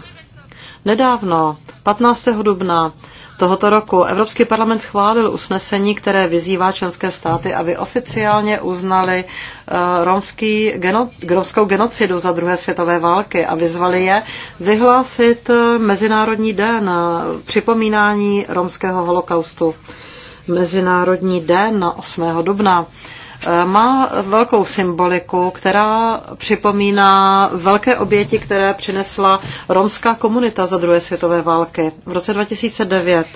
Nedávno, 15. dubna tohoto roku, Evropský parlament schválil usnesení, které vyzývá členské státy, aby oficiálně uznali eh, romský geno, romskou genocidu za druhé světové války a vyzvali je vyhlásit eh, Mezinárodní den eh, připomínání romského holokaustu. Mezinárodní den na 8. dubna Eh, má velkou symboliku, která připomíná velké oběti, které přinesla romská komunita za druhé světové války. V roce 2009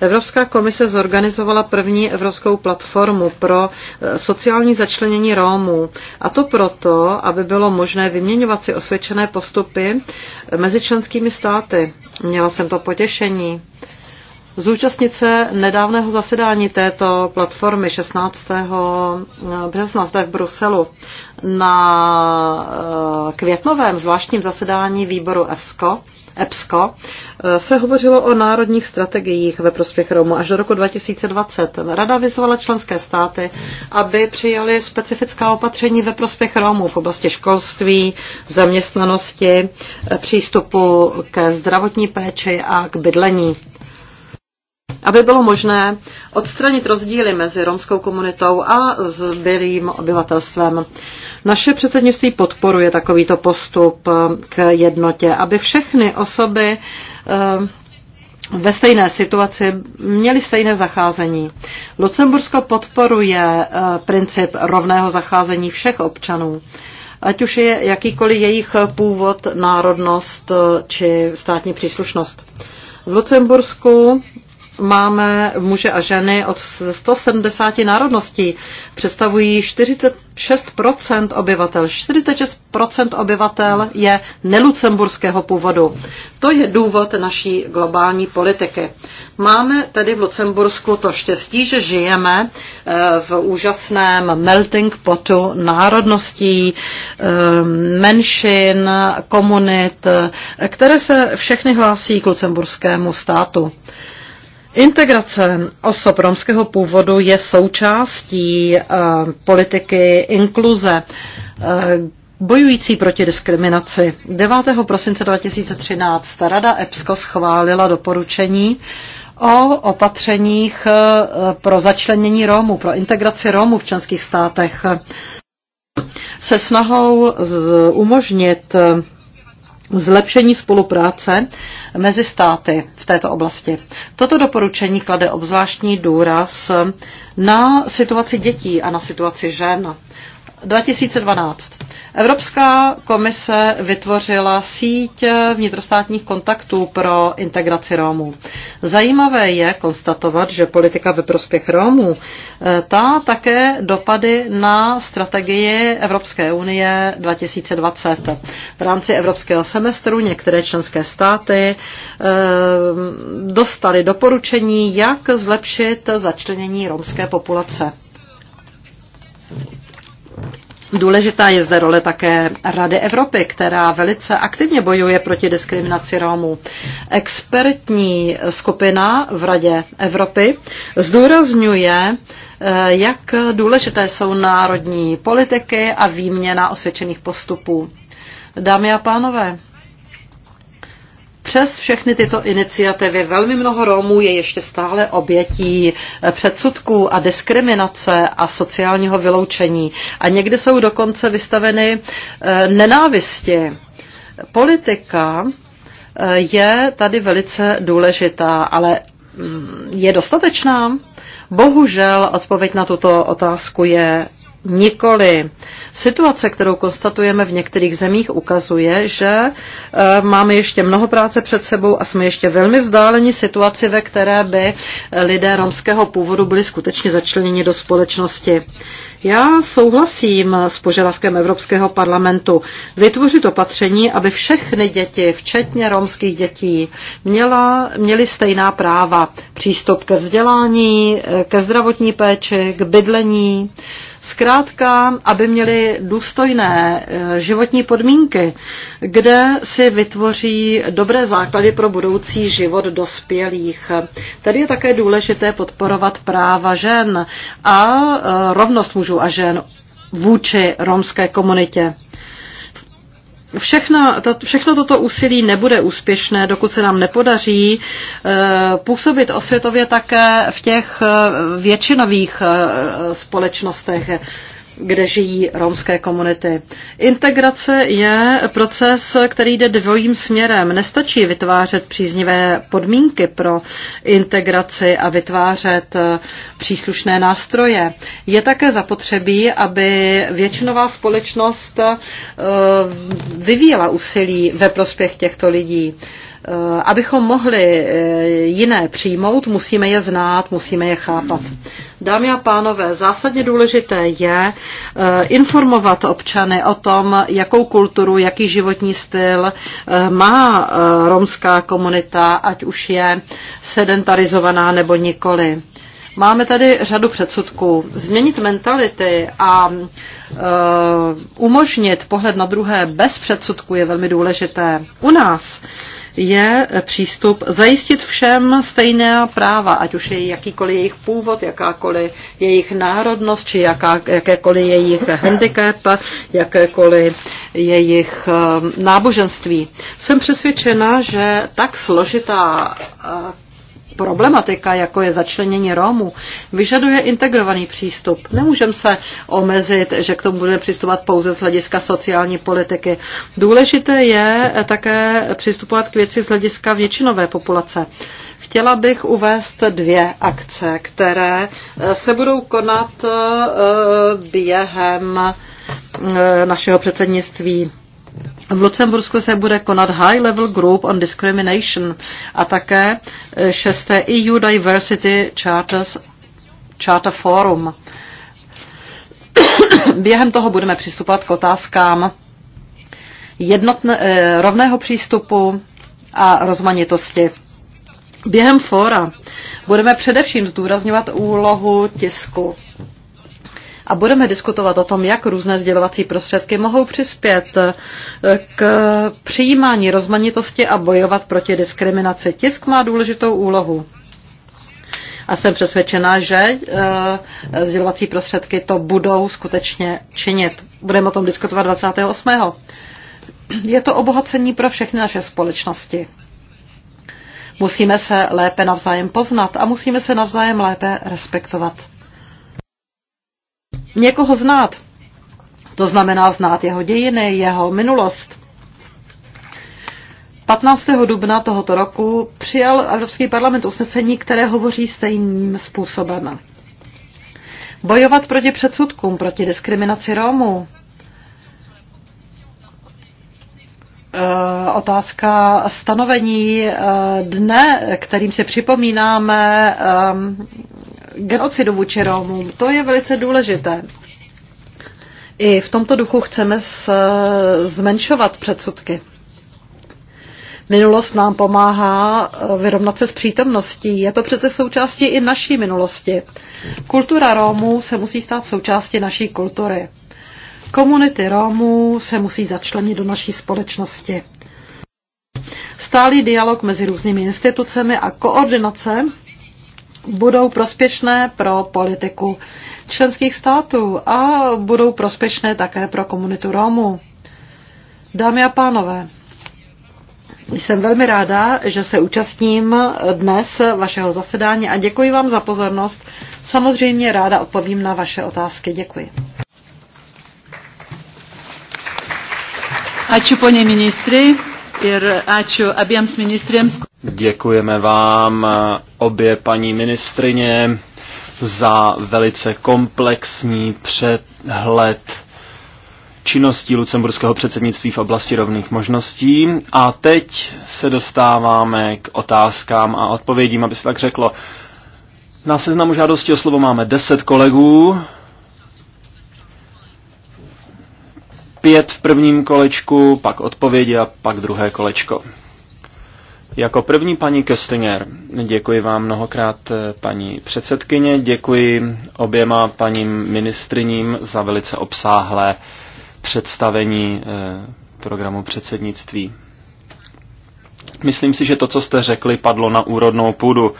Evropská komise zorganizovala první evropskou platformu pro eh, sociální začlenění Rómů. A to proto, aby bylo možné vyměňovat si osvědčené postupy mezi členskými státy. Měla jsem to potěšení zúčastnit se nedávného zasedání této platformy 16. Eh, března zde v Bruselu na eh, květnovém zvláštním zasedání výboru EFSCO EPSCO, eh, se hovořilo o národních strategiích ve prospěch Romů až do roku 2020. Rada vyzvala členské státy, aby přijali specifická opatření ve prospěch Romů v oblasti školství, zaměstnanosti, přístupu ke zdravotní péči a k bydlení aby bylo možné odstranit rozdíly mezi romskou komunitou a zbylým obyvatelstvem. Naše předsednictví podporuje takovýto postup eh, k jednotě, aby všechny osoby eh, ve stejné situaci měli stejné zacházení. Lucembursko podporuje eh, princip rovného zacházení všech občanů, ať už je jakýkoliv jejich původ, národnost či státní příslušnost. V Lucembursku máme muže a ženy od 170 národností. Představují 46 obyvatel. 46 obyvatel je nelucemburského původu. To je důvod naší globální politiky. Máme tedy v Lucembursku to štěstí, že žijeme eh, v úžasném melting potu národností, eh, menšin, komunit, eh, které se všechny hlásí k lucemburskému státu. Integrace osob romského původu je součástí eh, politiky inkluze eh, bojující proti diskriminaci. 9. prosince 2013 Rada EPSCO schválila doporučení o opatřeních eh, pro začlenění Romů, pro integraci Romů v členských státech se snahou umožnit zlepšení spolupráce mezi státy v této oblasti. Toto doporučení klade obzvláštní důraz na situaci dětí a na situaci žen. 2012. Evropská komise vytvořila síť vnitrostátních kontaktů pro integraci Rómů. Zajímavé je konstatovat, že politika ve prospěch Rómů eh, ta také dopady na strategii Evropské unie 2020. V rámci evropského semestru některé členské státy eh, dostaly doporučení, jak zlepšit začlenění romské populace. Důležitá je zde role také Rady Evropy, která velice aktivně bojuje proti diskriminaci Rómů. Expertní skupina v Radě Evropy zdůrazňuje, eh, jak důležité jsou národní politiky a výměna osvědčených postupů. Dámy a pánové, přes všechny tyto iniciativy velmi mnoho Romů je ještě stále obětí eh, předsudků a diskriminace a sociálního vyloučení. A někdy jsou dokonce vystaveny eh, nenávisti. Politika eh, je tady velice důležitá, ale mm, je dostatečná? Bohužel odpověď na tuto otázku je Nikoli. Situace, kterou konstatujeme v některých zemích, ukazuje, že eh, máme ještě mnoho práce před sebou a jsme ještě velmi vzdáleni situaci, ve které by eh, lidé romského původu byli skutečně začleněni do společnosti. Já souhlasím s požadavkem Evropského parlamentu vytvořit opatření, aby všechny děti, včetně romských dětí, měla, měly stejná práva. Přístup ke vzdělání, eh, ke zdravotní péči, k bydlení, Zkrátka, aby měli důstojné eh, životní podmínky, kde si vytvoří dobré základy pro budoucí život dospělých. Tady je také důležité podporovat práva žen a eh, rovnost mužů a žen vůči romské komunitě. Všechno, to, všechno toto úsilí nebude úspěšné, dokud se nám nepodaří eh, působit osvětově také v těch eh, většinových eh, společnostech kde žijí romské komunity. Integrace je proces, který jde dvojím směrem. Nestačí vytvářet příznivé podmínky pro integraci a vytvářet eh, příslušné nástroje. Je také zapotřebí, aby většinová společnost eh, vyvíjela úsilí ve prospěch těchto lidí. Eh, abychom mohli eh, jiné přijmout, musíme je znát, musíme je chápat. Dámy a pánové, zásadně důležité je eh, informovat občany o tom, jakou kulturu, jaký životní styl má romská komunita, ať už je sedentarizovaná nebo nikoli. Máme tady řadu předsudků. Změnit mentality a e, umožnit pohled na druhé bez předsudků je velmi důležité. U nás je přístup zajistit všem stejné práva, ať už je jakýkoliv jejich původ, jakákoliv jejich národnost, či jaká, jakékoliv jejich handicap, jakékoliv jejich eh, náboženství. Jsem přesvědčena, že tak složitá eh, problematika, jako je začlenění Romů, vyžaduje integrovaný přístup. Nemůžeme se omezit, že k tomu budeme přistupovat pouze z hlediska sociální politiky. Důležité je také přistupovat k věci z hlediska většinové populace. Chtěla bych uvést dvě akce, které eh, se budou konat eh, eh, během našeho předsednictví v Lucembursku se bude konat High Level Group on Discrimination a také eh, šesté EU Diversity Charters, Charter Forum. Během toho budeme přistupovat k otázkám jednotné, eh, rovného přístupu a rozmanitosti. Během fóra budeme především zdůrazňovat úlohu tisku a budeme diskutovat o tom, jak různé sdělovací prostředky mohou přispět eh, k přijímání rozmanitosti a bojovat proti diskriminaci. Tisk má důležitou úlohu. A jsem přesvědčena, že uh, sdělovací prostředky to budou skutečně činit. Budeme o tom diskutovat 28. Je to obohacení pro všechny naše společnosti. Musíme se lépe navzájem poznat a musíme se navzájem lépe respektovat někoho znát. To znamená znát jeho dějiny, jeho minulost. 15. dubna tohoto roku přijal Evropský parlament usnesení, které hovoří stejným způsobem. Bojovat proti předsudkům, proti diskriminaci Rómů, Eh, otázka stanovení eh, dne, kterým si připomínáme eh, genocidu vůči Romům. To je velice důležité. I v tomto duchu chceme zmenšovat předsudky. Minulost nám pomáhá vyrovnat se s přítomností. Je to přece součástí i naší minulosti. Kultura Rómů se musí stát součástí naší kultury. Komunity Rómů se musí začlenit do naší společnosti. Stálý dialog mezi různými institucemi a koordinace budou prospěšné pro politiku členských států a budou prospěšné také pro komunitu Rómů. Dámy a pánové, jsem velmi ráda, že se účastním dnes vašeho zasedání a děkuji vám za pozornost. Samozřejmě ráda odpovím na vaše otázky. Děkuji. Ačiū, paní ministrai, ir ačiū abiems ministriems. Děkujeme vám, obě paní ministrině, za velice komplexní přehled činností lucemburského předsednictví v oblasti rovných možností. A teď se dostáváme k otázkám a odpovědím, aby se tak řeklo. Na seznamu žádosti o slovo máme 10 kolegů, pět v prvním kolečku, pak odpovědi a pak druhé kolečko. Jako první paní Köstinger, děkuji vám mnohokrát eh, paní předsedkyně, děkuji oběma paním ministriním za velice obsáhlé představení eh, programu předsednictví. Myslím si, že to, co jste řekli, padlo na úrodnou půdu.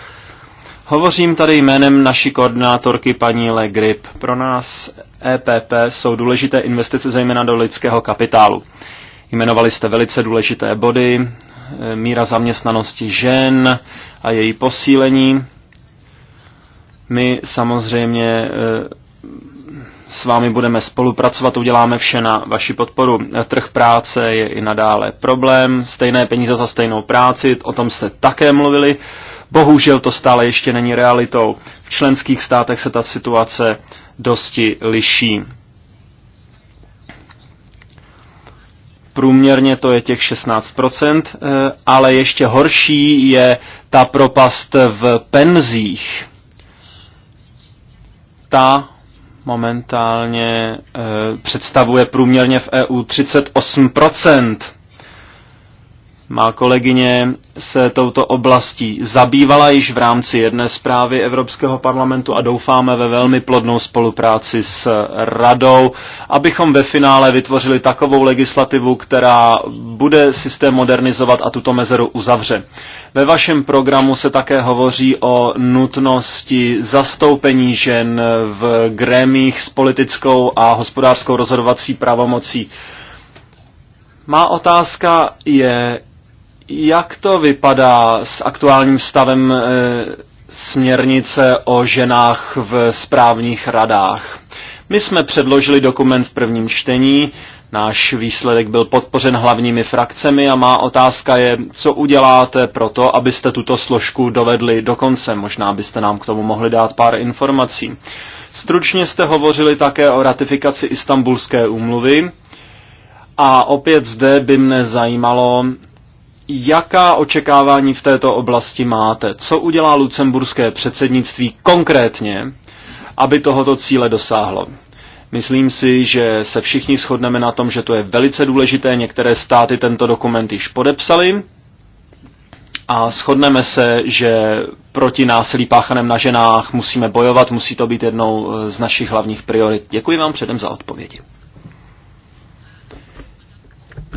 Hovořím tady jménem naší koordinátorky paní Le Grip. Pro nás EPP jsou důležité investice zejména do lidského kapitálu. Jmenovali jste velice důležité body, e, míra zaměstnanosti žen a její posílení. My samozřejmě e, s vámi budeme spolupracovat, uděláme vše na vaši podporu. E, trh práce je i nadále problém, stejné peníze za stejnou práci, o tom jste také mluvili. Bohužel to stále ještě není realitou. V členských státech se ta situace dosti liší. Průměrně to je těch 16%, eh, ale ještě horší je ta propast v penzích. Ta momentálně eh, představuje průměrně v EU 38%. Má kolegyně se touto oblastí zabývala již v rámci jedné zprávy Evropského parlamentu a doufáme ve velmi plodnou spolupráci s radou, abychom ve finále vytvořili takovou legislativu, která bude systém modernizovat a tuto mezeru uzavře. Ve vašem programu se také hovoří o nutnosti zastoupení žen v grémích s politickou a hospodářskou rozhodovací pravomocí. Má otázka je, jak to vypadá s aktuálním stavem e, směrnice o ženách v správních radách? My jsme předložili dokument v prvním čtení, náš výsledek byl podpořen hlavními frakcemi a má otázka je, co uděláte pro to, abyste tuto složku dovedli do konce. Možná byste nám k tomu mohli dát pár informací. Stručně jste hovořili také o ratifikaci Istanbulské úmluvy a opět zde by mne zajímalo, jaká očekávání v této oblasti máte? Co udělá lucemburské předsednictví konkrétně, aby tohoto cíle dosáhlo? Myslím si, že se všichni shodneme na tom, že to je velice důležité. Některé státy tento dokument již podepsali a shodneme se, že proti násilí páchanem na ženách musíme bojovat, musí to být jednou eh, z našich hlavních priorit. Děkuji vám předem za odpovědi.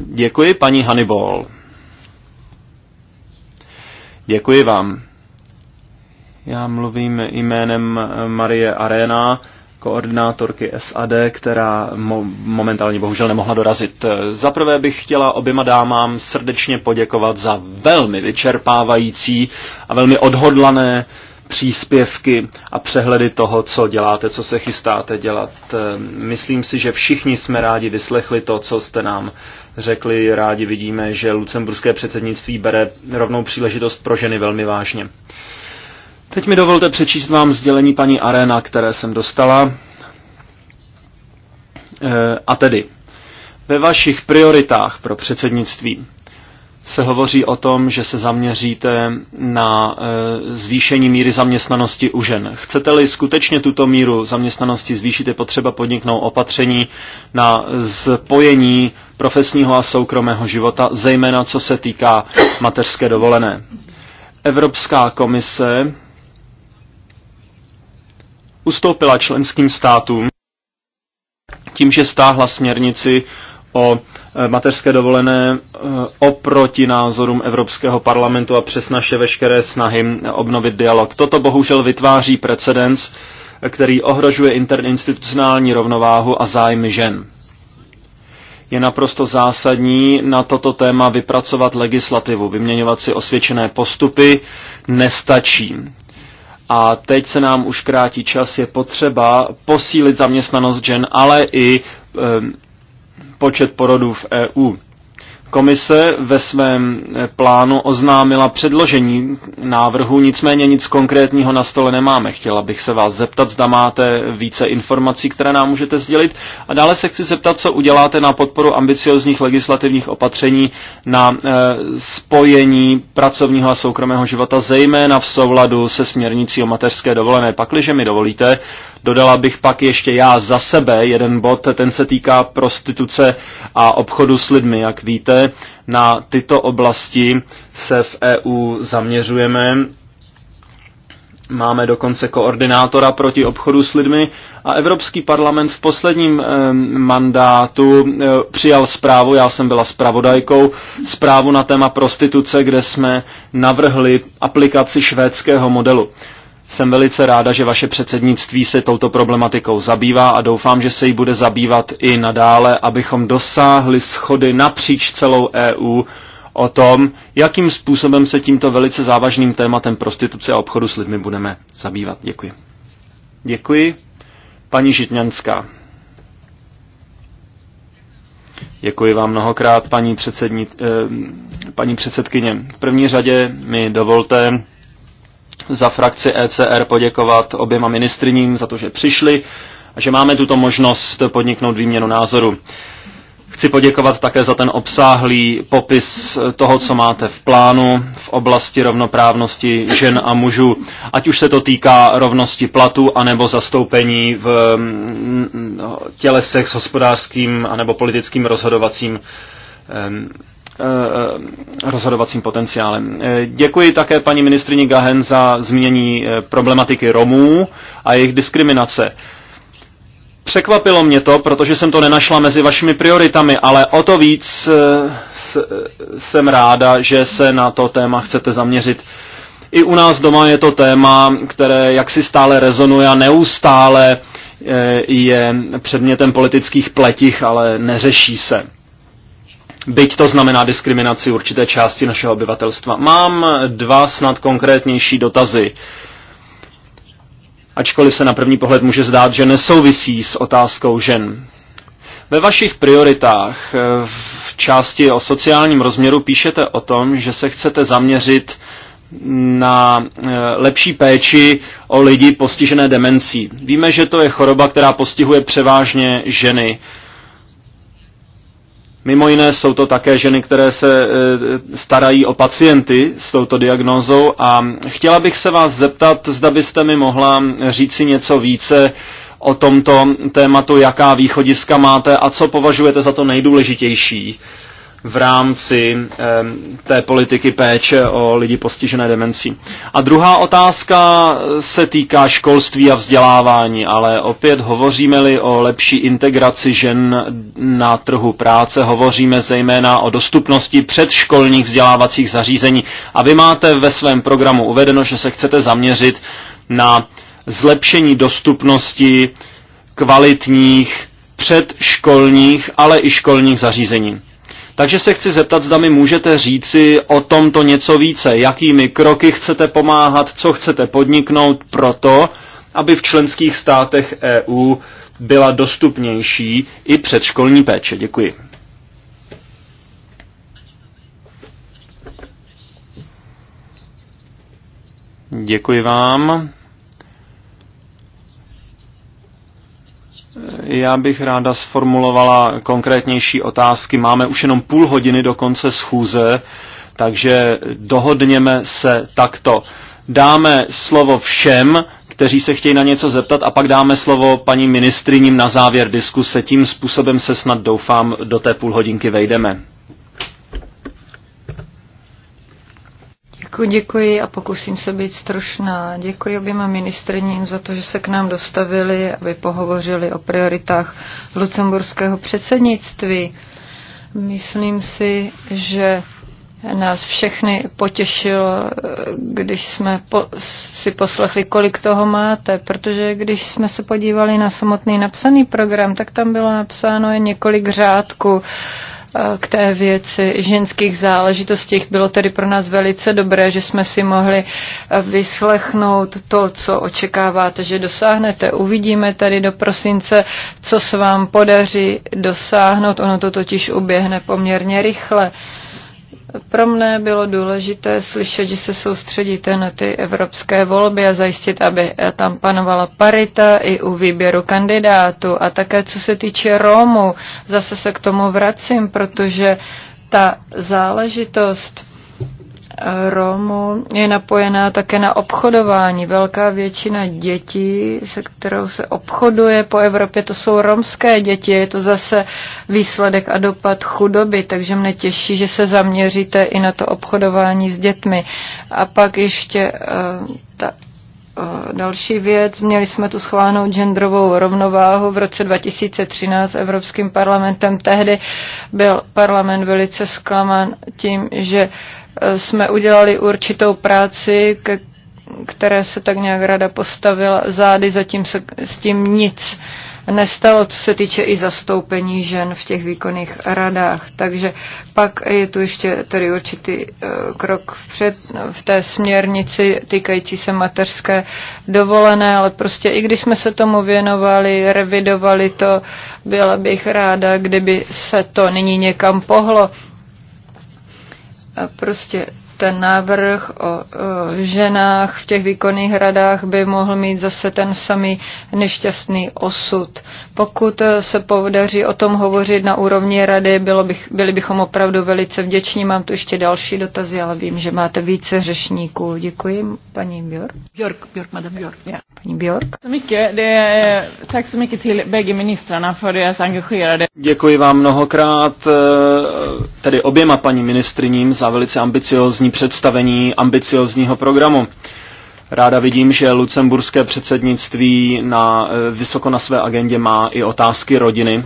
Děkuji paní Hannibal. Děkuji vám. Já mluvím jménem Marie Arena, koordinátorky SAD, která mo- momentálně bohužel nemohla dorazit. Zaprvé bych chtěla oběma dámám srdečně poděkovat za velmi vyčerpávající a velmi odhodlané příspěvky a přehledy toho, co děláte, co se chystáte dělat. Eh, myslím si, že všichni jsme rádi vyslechli to, co jste nám řekli. Rádi vidíme, že lucemburské předsednictví bere rovnou příležitost pro ženy velmi vážně. Teď mi dovolte přečíst vám sdělení paní Arena, které jsem dostala. E, a tedy, ve vašich prioritách pro předsednictví se hovoří o tom, že se zaměříte na e, zvýšení míry zaměstnanosti u žen. Chcete-li skutečně tuto míru zaměstnanosti zvýšit, je potřeba podniknout opatření na spojení profesního a soukromého života, zejména co se týká mateřské dovolené. Evropská komise ustoupila členským státům tím, že stáhla směrnici o Eh, mateřské dovolené eh, oproti názorům Evropského parlamentu a přes naše veškeré snahy eh, obnovit dialog. Toto bohužel vytváří precedens, který ohrožuje interinstitucionální rovnováhu a zájmy žen. Je naprosto zásadní na toto téma vypracovat legislativu. Vyměňovat si osvědčené postupy nestačí. A teď se nám už krátí čas, je potřeba posílit zaměstnanost žen, ale i počet porodů v EU. Komise ve svém eh, plánu oznámila předložení návrhu, nicméně nic konkrétního na stole nemáme. Chtěla bych se vás zeptat, zda máte více informací, které nám můžete sdělit. A dále se chci zeptat, co uděláte na podporu ambiciozních legislativních opatření na eh, spojení pracovního a soukromého života, zejména v souladu se směrnicí o mateřské dovolené. Pakliže mi dovolíte, Dodala bych pak ještě já za sebe jeden bod, ten se týká prostituce a obchodu s lidmi. Jak víte, na tyto oblasti se v EU zaměřujeme. Máme dokonce koordinátora proti obchodu s lidmi a Evropský parlament v posledním eh, mandátu eh, přijal zprávu, já jsem byla zpravodajkou, zprávu na téma prostituce, kde jsme navrhli aplikaci švédského modelu. Jsem velice ráda, že vaše předsednictví se touto problematikou zabývá a doufám, že se jí bude zabývat i nadále, abychom dosáhli schody napříč celou EU o tom, jakým způsobem se tímto velice závažným tématem prostituce a obchodu s lidmi budeme zabývat. Děkuji. Děkuji. Paní Žitňanská. Děkuji vám mnohokrát, paní, eh, paní předsedkyně. V první řadě mi dovolte za frakci ECR poděkovat oběma ministriním za to, že přišli a že máme tuto možnost podniknout výměnu názoru. Chci poděkovat také za ten obsáhlý popis toho, co máte v plánu v oblasti rovnoprávnosti žen a mužů, ať už se to týká rovnosti platu anebo zastoupení v mm, tělesech s hospodářským anebo politickým rozhodovacím Eh, rozhodovacím potenciálem. Eh, děkuji také paní ministrině Gahen za zmínění eh, problematiky Romů a jejich diskriminace. Překvapilo mě to, protože jsem to nenašla mezi vašimi prioritami, ale o to víc jsem ráda, že se na to téma chcete zaměřit. I u nás doma je to téma, které jaksi stále rezonuje a neustále je předmětem politických pletich, ale neřeší se byť to znamená diskriminaci určité části našeho obyvatelstva. Mám dva snad konkrétnější dotazy, ačkoliv se na první pohled může zdát, že nesouvisí s otázkou žen. Ve vašich prioritách eh, v části o sociálním rozměru píšete o tom, že se chcete zaměřit na eh, lepší péči o lidi postižené demencí. Víme, že to je choroba, která postihuje převážně ženy. Mimo jiné jsou to také ženy, které se e, starají o pacienty s touto diagnózou a chtěla bych se vás zeptat, zda byste mi mohla říci něco více o tomto tématu, jaká východiska máte a co považujete za to nejdůležitější v rámci té politiky péče o lidi postižené demencí. A druhá otázka se týká školství a vzdělávání, ale opět hovoříme-li o lepší integraci žen na trhu práce, hovoříme zejména o dostupnosti předškolních vzdělávacích zařízení. A vy máte ve svém programu uvedeno, že se chcete zaměřit na zlepšení dostupnosti kvalitních předškolních, ale i školních zařízení. Takže se chci zeptat, zda mi můžete říci o tomto něco více, jakými kroky chcete pomáhat, co chcete podniknout proto, aby v členských státech EU byla dostupnější i předškolní péče. Děkuji. Děkuji vám. Já bych ráda sformulovala konkrétnější otázky. Máme už jenom půl hodiny do konce schůze, takže dohodněme se takto. Dáme slovo všem, kteří se chtějí na něco zeptat a pak dáme slovo paní ministriním na závěr diskuse. Tím způsobem se snad doufám do té půl hodinky vejdeme. Děkuji, děkuji a pokusím se být stručná. Děkuji oběma ministrním za to, že se k nám dostavili, aby pohovořili o prioritách lucemburského předsednictví. Myslím si, že nás všechny potěšilo, když jsme po, si poslechli, kolik toho máte, protože když jsme se podívali na samotný napsaný program, tak tam bylo napsáno jen několik řádků Eh, k té věci ženských záležitostí. Bylo tedy pro nás velice dobré, že jsme si mohli eh, vyslechnout to, co očekáváte, že dosáhnete. Uvidíme tady do prosince, co se vám podaří dosáhnout. Ono to totiž uběhne poměrně rychle. Pro mne bylo důležité slyšet, že se soustředíte na ty evropské volby a zajistit, aby tam panovala parita i u výběru kandidátů. A také co se týče Rómu, zase se k tomu vracím, protože ta záležitost Romů je napojená také na obchodování. Velká většina dětí, se kterou se obchoduje po Evropě, to jsou romské děti. Je to zase výsledek a dopad chudoby, takže mne těší, že se zaměříte i na to obchodování s dětmi. A pak ještě uh, ta eh, další věc. Měli jsme tu schválnou genderovou rovnováhu v roce 2013 Evropským parlamentem. Tehdy byl parlament velice zklaman tím, že uh, Eh, jsme udělali určitou práci, ke které se tak nějak rada postavila zády, zatím se s tím nic nestalo, co se týče i zastoupení žen v těch výkonných radách. Takže pak je tu ještě tedy určitý eh, krok vpřed no, v té směrnici týkající se mateřské dovolené, ale prostě i když jsme se tomu věnovali, revidovali to, byla bych ráda, kdyby se to nyní někam pohlo prostě ten návrh o, ženách v těch výkonných radách by mohl mít zase ten samý nešťastný osud. Pokud eh, se podaří o tom hovořit na úrovni rady, bylo bych, byli bychom opravdu velice vděční. Mám tu ještě další dotazy, ale vím, že máte více řešníků. Děkuji, paní Björk. Björk, Björk, madame Björk. Yeah. Eh, Děkuji vám mnohokrát, eh, tedy oběma paní ministriním za velice ambiciozní komplexní představení ambiciozního programu. Ráda vidím, že lucemburské předsednictví na, e, vysoko na své agendě má i otázky rodiny.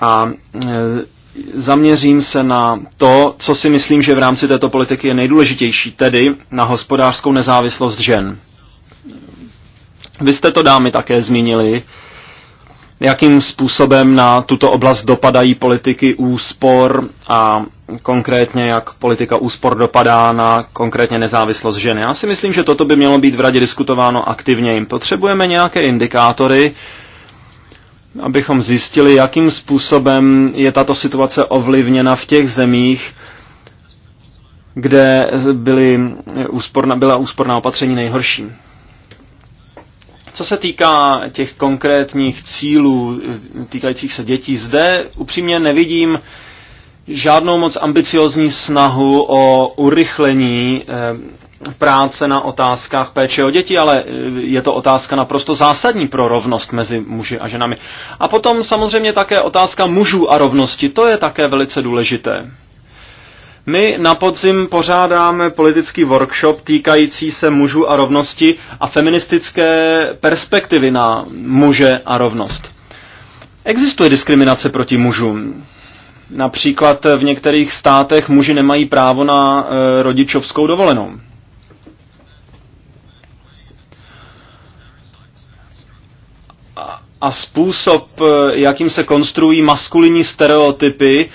A e, zaměřím se na to, co si myslím, že v rámci této politiky je nejdůležitější, tedy na hospodářskou nezávislost žen. Vy jste to dámy také zmínili, jakým způsobem na tuto oblast dopadají politiky úspor a konkrétně jak politika úspor dopadá na konkrétně nezávislost ženy. Já si myslím, že toto by mělo být v radě diskutováno aktivněji. Potřebujeme nějaké indikátory, abychom zjistili, jakým způsobem je tato situace ovlivněna v těch zemích, kde byly úsporna, byla úsporná opatření nejhorší. Co se týká těch konkrétních cílů týkajících se dětí, zde upřímně nevidím žádnou moc ambiciozní snahu o urychlení eh, práce na otázkách péče o děti, ale eh, je to otázka naprosto zásadní pro rovnost mezi muži a ženami. A potom samozřejmě také otázka mužů a rovnosti, to je také velice důležité. My na podzim pořádáme politický workshop týkající se mužů a rovnosti a feministické perspektivy na muže a rovnost. Existuje diskriminace proti mužům. Například v některých státech muži nemají právo na e, rodičovskou dovolenou. A způsob, e, jakým se konstruují maskulinní stereotypy,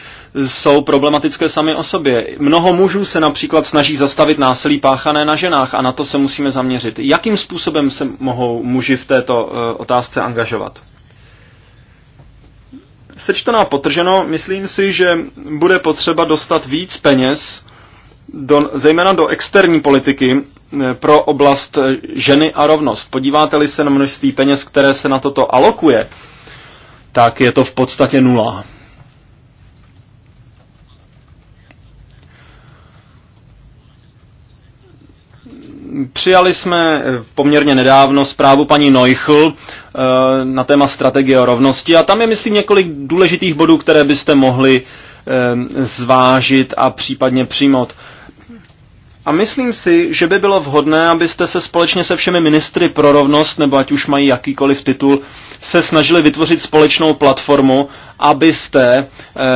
jsou problematické sami o sobě. Mnoho mužů se například snaží zastavit násilí páchané na ženách a na to se musíme zaměřit. Jakým způsobem se mohou muži v této e, otázce angažovat? Sečteno a potrženo, myslím si, že bude potřeba dostat víc peněz, do, zejména do externí politiky, eh, pro oblast eh, ženy a rovnost. Podíváte-li se na množství peněz, které se na toto alokuje, tak je to v podstatě nula. Přijali jsme eh, poměrně nedávno zprávu paní Neuchl Eh, na téma strategie o rovnosti a tam je, myslím, několik důležitých bodů, které byste mohli eh, zvážit a případně přijmout. A myslím si, že by bylo vhodné, abyste se společně se všemi ministry pro rovnost, nebo ať už mají jakýkoliv titul, se snažili vytvořit společnou platformu, abyste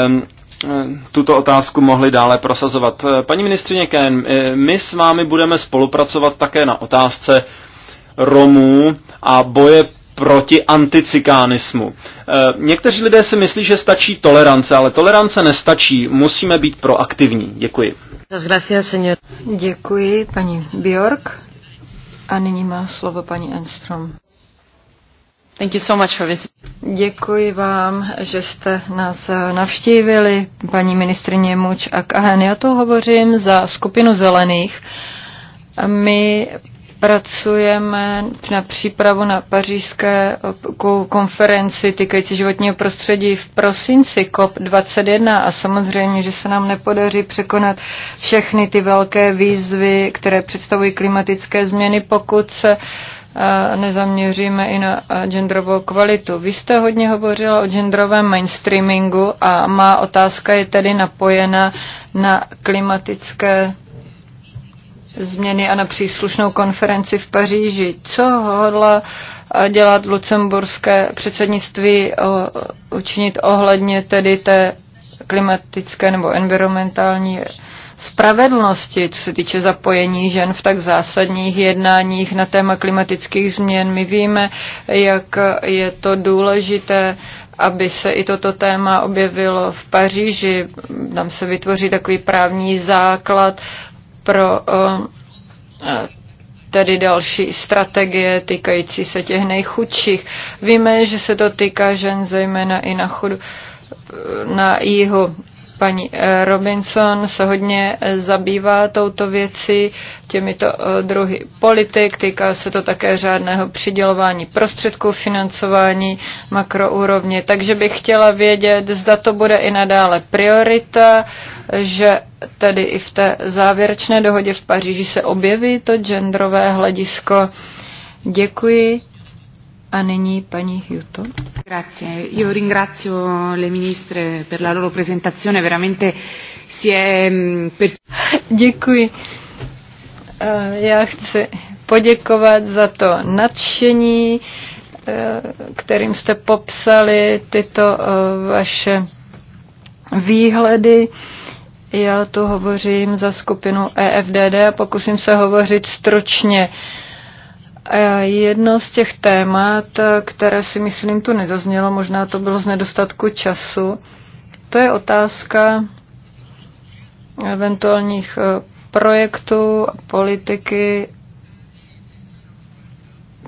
um, tuto otázku mohli dále prosazovat. Paní ministrině Ken, my s vámi budeme spolupracovat také na otázce Romů a boje proti anticikánismu. E, někteří lidé si myslí, že stačí tolerance, ale tolerance nestačí. Musíme být proaktivní. Děkuji. Děkuji, paní Bjork. A nyní má slovo paní Enstrom. Thank you so much for Děkuji vám, že jste nás navštívili, paní ministrině Muč a Kahen. Já tu hovořím za skupinu zelených. My pracujeme na přípravu na pařížské konferenci týkající životního prostředí v prosinci COP21 a samozřejmě, že se nám nepodaří překonat všechny ty velké výzvy, které představují klimatické změny, pokud se eh, nezaměříme i na genderovou kvalitu. Vy jste hodně hovořila o genderovém mainstreamingu a má otázka je tedy napojena na klimatické změny a na příslušnou konferenci v Paříži. Co hodla dělat lucemburské předsednictví, učinit ohledně tedy té klimatické nebo environmentální spravedlnosti, co se týče zapojení žen v tak zásadních jednáních na téma klimatických změn. My víme, jak je to důležité, aby se i toto téma objevilo v Paříži. Tam se vytvoří takový právní základ pro eh, tedy další strategie týkající se těch nejchudších. Víme, že se to týká žen zejména i na chodu na jihu. Paní eh, Robinson se hodně eh, zabývá touto věcí, těmito eh, druhy politik, týká se to také řádného přidělování prostředků, financování makroúrovně. Takže bych chtěla vědět, zda to bude i nadále priorita, že tedy i v té závěrečné dohodě v Paříži se objeví to genderové hledisko. Děkuji. A nyní paní Hjuto. Grazie. Io ringrazio le ministre per la loro presentazione, veramente si è... Mm, per... Děkuji. Eh, já chci poděkovat za to nadšení, eh, kterým jste popsali tyto eh, vaše výhledy. Já tu hovořím za skupinu EFDD a pokusím se hovořit stručně. Uh, Jedno z těch témat, které si myslím tu nezaznělo, možná to bylo z nedostatku času, to je otázka eventuálních e, projektů a politiky,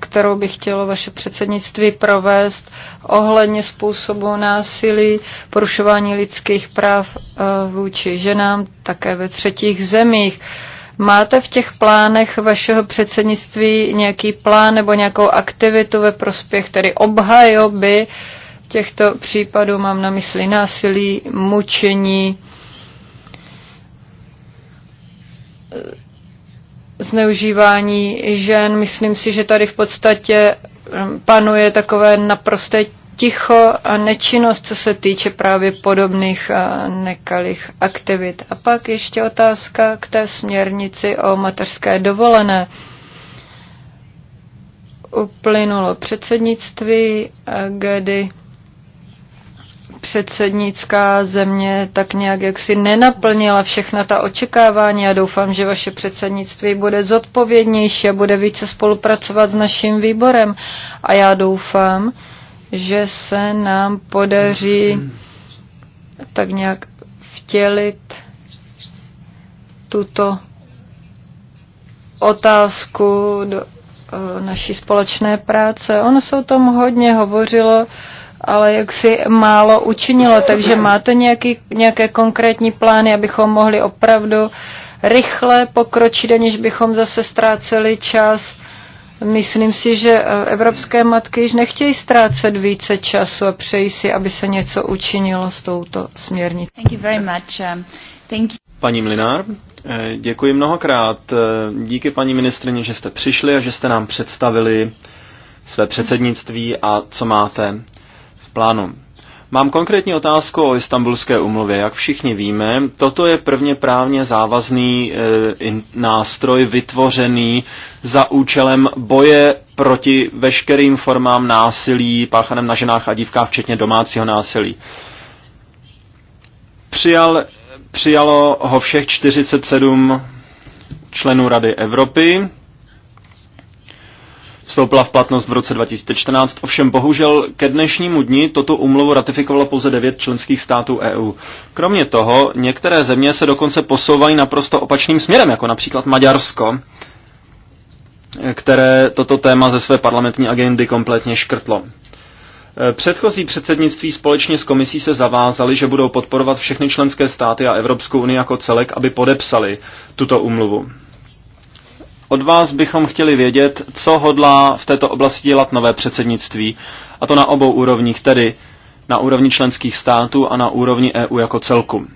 kterou by chtělo vaše předsednictví provést ohledně způsobu násilí, porušování lidských práv e, vůči ženám, také ve třetích zemích. Máte v těch plánech vašeho předsednictví nějaký plán nebo nějakou aktivitu ve prospěch tedy obhajoby těchto případů? Mám na mysli násilí, mučení, zneužívání žen. Myslím si, že tady v podstatě eh, panuje takové naprosté ticho a nečinnost, co se týče právě podobných eh, nekalých aktivit. A pak ještě otázka k té směrnici o mateřské dovolené. Uplynulo předsednictví, eh, kdy předsednická země tak nějak jaksi nenaplnila všechna ta očekávání a doufám, že vaše předsednictví bude zodpovědnější a bude více spolupracovat s naším výborem. A já doufám, že se nám podaří tak nějak vtělit tuto otázku do eh, naší společné práce. Ono se o tom hodně hovořilo, ale jak si málo učinilo, takže máte nějaký, nějaké konkrétní plány, abychom mohli opravdu rychle pokročit, aniž bychom zase ztráceli čas Myslím si, že e, evropské matky již nechtějí ztrácet více času a přeji si, aby se něco učinilo s touto směrnicí. Thank you very much. Um, thank you. Paní Mlinár, e, děkuji mnohokrát. E, díky paní ministrině, že jste přišli a že jste nám představili své předsednictví a co máte v plánu. Mám konkrétní otázku o istambulské umluvě. Jak všichni víme, toto je prvně právně závazný e, nástroj vytvořený za účelem boje proti veškerým formám násilí páchaném na ženách a dívkách, včetně domácího násilí. Přijal, přijalo ho všech 47 členů Rady Evropy vstoupila v platnost v roce 2014, ovšem bohužel ke dnešnímu dni toto umluvu ratifikovalo pouze devět členských států EU. Kromě toho, některé země se dokonce posouvají naprosto opačným směrem, jako například Maďarsko, které toto téma ze své parlamentní agendy kompletně škrtlo. E, předchozí předsednictví společně s komisí se zavázali, že budou podporovat všechny členské státy a Evropskou unii jako celek, aby podepsali tuto umluvu. Od vás bychom chtěli vědět, co hodlá v této oblasti dělat nové předsednictví, a to na obou úrovních, tedy na úrovni členských států a na úrovni EU jako celku.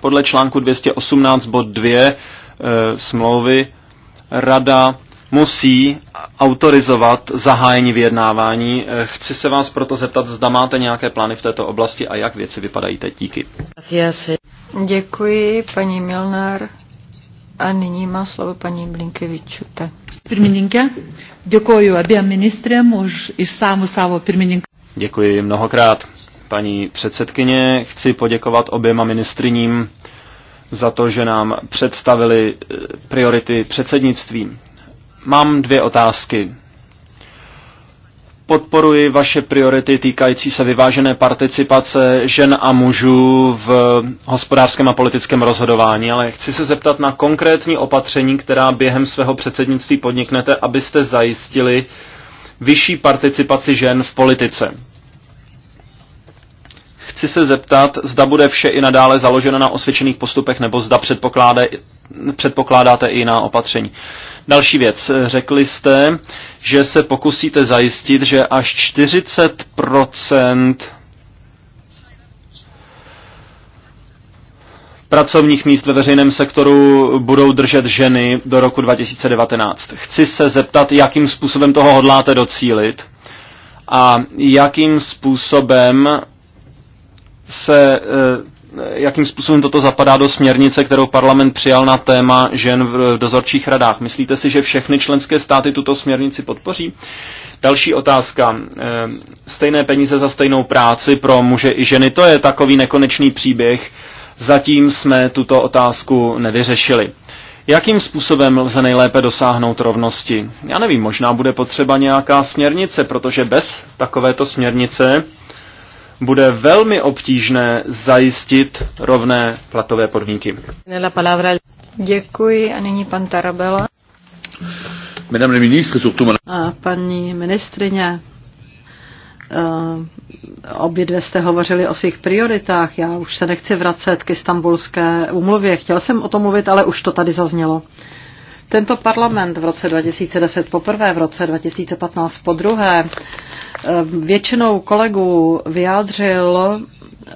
Podle článku 218 bod 2 e, smlouvy Rada musí autorizovat zahájení vyjednávání. E, chci se vás proto zeptat, zda máte nějaké plány v této oblasti a jak věci vypadají teď. Díky. Děkuji, paní Milnár. A nyní má slovo paní Blinkevičute. Pirmininkė, děkuji abiem ministrem už išsamų savo pirmininką. Děkuji mnohokrát. Paní předsedkyně, chci poděkovat oběma ministriním za to, že nám představili eh, priority předsednictví. Mám dvě otázky. Podporuji vaše priority týkající se vyvážené participace žen a mužů v hospodářském a politickém rozhodování, ale chci se zeptat na konkrétní opatření, která během svého předsednictví podniknete, abyste zajistili vyšší participaci žen v politice. Chci se zeptat, zda bude vše i nadále založeno na osvědčených postupech, nebo zda předpokládáte i na opatření. Další věc. Řekli jste, že se pokusíte zajistit, že až 40 pracovních míst ve veřejném sektoru budou držet ženy do roku 2019. Chci se zeptat, jakým způsobem toho hodláte docílit a jakým způsobem se eh, jakým způsobem toto zapadá do směrnice, kterou parlament přijal na téma žen v dozorčích radách. Myslíte si, že všechny členské státy tuto směrnici podpoří? Další otázka. Ehm, stejné peníze za stejnou práci pro muže i ženy, to je takový nekonečný příběh. Zatím jsme tuto otázku nevyřešili. Jakým způsobem lze nejlépe dosáhnout rovnosti? Já nevím, možná bude potřeba nějaká směrnice, protože bez takovéto směrnice bude velmi obtížné zajistit rovné platové podmínky. Děkuji a nyní pan Tarabela. Madame ministre, surtout A paní ministrině, eh, obě dvě jste hovořili o svých prioritách. Já už se nechci vracet k istambulské umluvě. Chtěl jsem o tom mluvit, ale už to tady zaznělo. Tento parlament v roce 2010 poprvé, v roce 2015 podruhé Eh, většinou kolegů vyjádřil eh,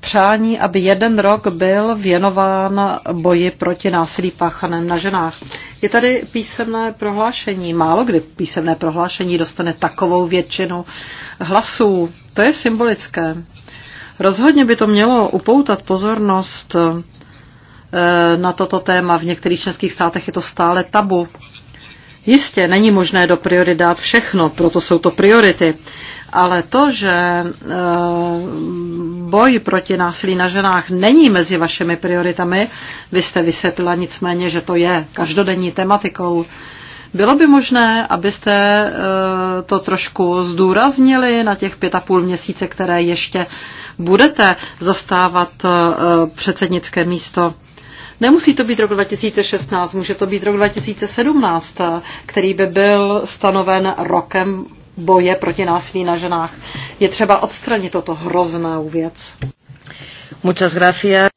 přání, aby jeden rok byl věnován boji proti násilí páchaném na ženách. Je tady písemné prohlášení. Málo kdy písemné prohlášení dostane takovou většinu hlasů. To je symbolické. Rozhodně by to mělo upoutat pozornost eh, na toto téma. V některých českých státech je to stále tabu. Jistě není možné do priorit dát všechno, proto jsou to priority. Ale to, že eh, boj proti násilí na ženách není mezi vašimi prioritami, vy jste vysvětlila nicméně, že to je každodenní tematikou. Bylo by možné, abyste eh, to trošku zdůraznili na těch pět a půl měsíce, které ještě budete zastávat eh, předsednické místo? Nemusí to být rok 2016, může to být rok 2017, který by byl stanoven rokem boje proti násilí na ženách. Je třeba odstranit toto hroznou věc. Muchas gracias.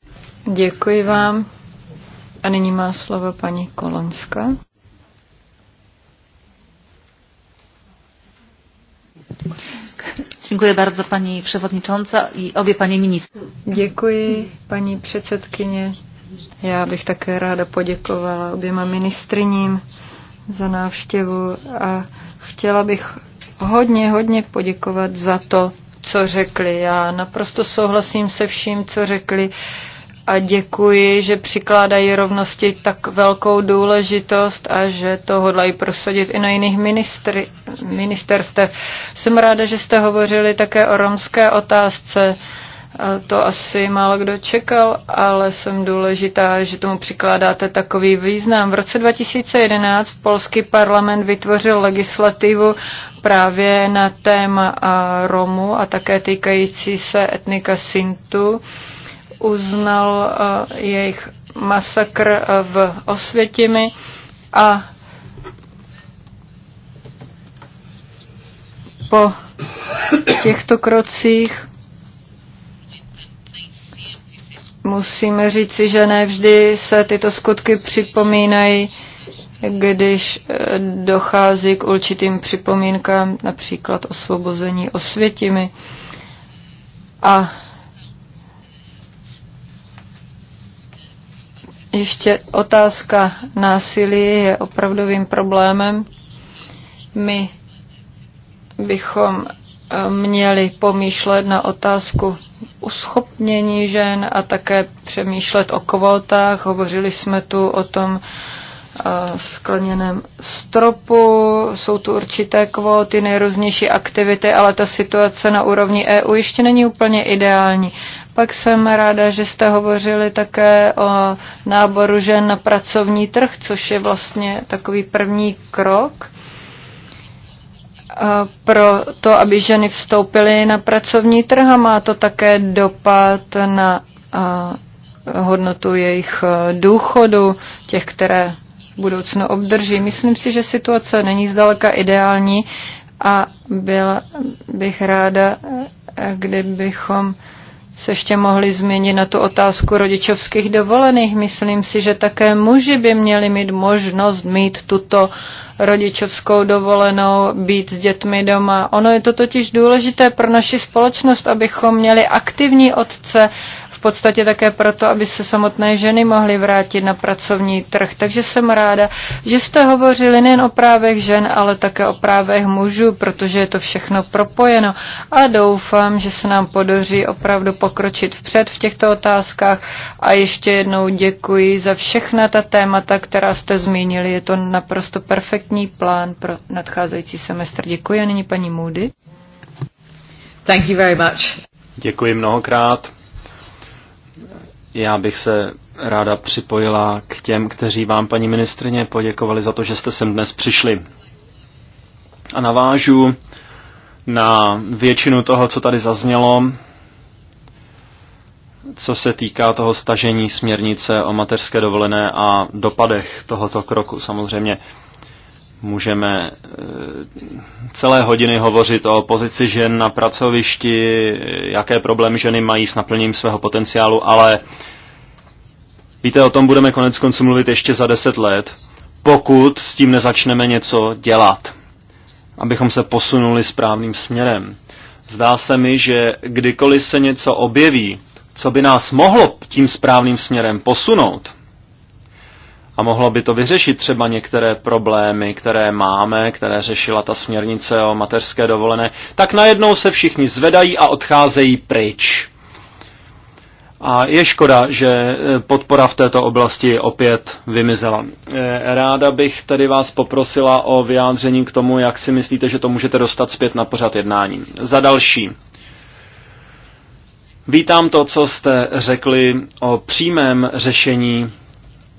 Děkuji vám. A nyní má slovo paní Kolonska. Dziękuję bardzo Pani Przewodnicząca i obie Panie Ministry. Děkuji Pani Předsedkyně, já bych také ráda poděkovala oběma ministriním za návštěvu a chtěla bych hodně, hodně poděkovat za to, co řekli. Já naprosto souhlasím se vším, co řekli a děkuji, že přikládají rovnosti tak velkou důležitost a že to hodlají prosadit i na jiných ministry, ministerstev. Jsem ráda, že jste hovořili také o romské otázce. To asi málo kdo čekal, ale jsem důležitá, že tomu přikládáte takový význam. V roce 2011 polský parlament vytvořil legislativu právě na téma Romu a také týkající se etnika Sintu. Uznal eh, jejich masakr eh, v Osvětimi a po těchto krocích musíme říci, že ne vždy se tyto skutky připomínají, když eh, dochází k určitým připomínkám, například osvobození osvětimi. A ještě otázka násilí je opravdovým problémem. My bychom měli pomýšlet na otázku uschopnění žen a také přemýšlet o kvótách. Hovořili jsme tu o tom eh, skleněném stropu, jsou tu určité kvóty, nejrůznější aktivity, ale ta situace na úrovni EU ještě není úplně ideální. Pak jsem ráda, že jste hovořili také o náboru žen na pracovní trh, což je vlastně takový první krok pro to, aby ženy vstoupily na pracovní trh a má to také dopad na hodnotu jejich důchodu, těch, které budoucno obdrží. Myslím si, že situace není zdaleka ideální a byla bych ráda, kdybychom se ještě mohli změnit na tu otázku rodičovských dovolených. Myslím si, že také muži by měli mít možnost mít tuto uh, rodičovskou dovolenou, být s dětmi doma. Ono je to totiž důležité pro naši společnost, abychom měli aktivní otce v podstatě také proto, aby se samotné ženy mohly vrátit na pracovní trh. Takže jsem ráda, že jste hovořili nejen o právech žen, ale také o právech mužů, protože je to všechno propojeno a doufám, že se nám podaří opravdu pokročit vpřed v těchto otázkách a ještě jednou děkuji za všechna ta témata, která jste zmínili. Je to naprosto perfektní plán pro nadcházející semestr. Děkuji a nyní paní Moody. Thank you very much. Děkuji mnohokrát. Já bych se ráda připojila k těm, kteří vám, paní ministrině, poděkovali za to, že jste sem dnes přišli. A navážu na většinu toho, co tady zaznělo, co se týká toho stažení směrnice o mateřské dovolené a dopadech tohoto kroku. Samozřejmě Můžeme eh, celé hodiny hovořit o pozici žen na pracovišti, jaké problémy ženy mají s naplněním svého potenciálu, ale víte, o tom budeme konec konců mluvit ještě za deset let, pokud s tím nezačneme něco dělat, abychom se posunuli správným směrem. Zdá se mi, že kdykoliv se něco objeví, co by nás mohlo tím správným směrem posunout, a mohlo by to vyřešit třeba některé problémy, které máme, které řešila ta směrnice o mateřské dovolené, tak najednou se všichni zvedají a odcházejí pryč. A je škoda, že e, podpora v této oblasti opět vymizela. E, ráda bych tedy vás poprosila o vyjádření k tomu, jak si myslíte, že to můžete dostat zpět na pořad jednání. Za další. Vítám to, co jste řekli o přímém řešení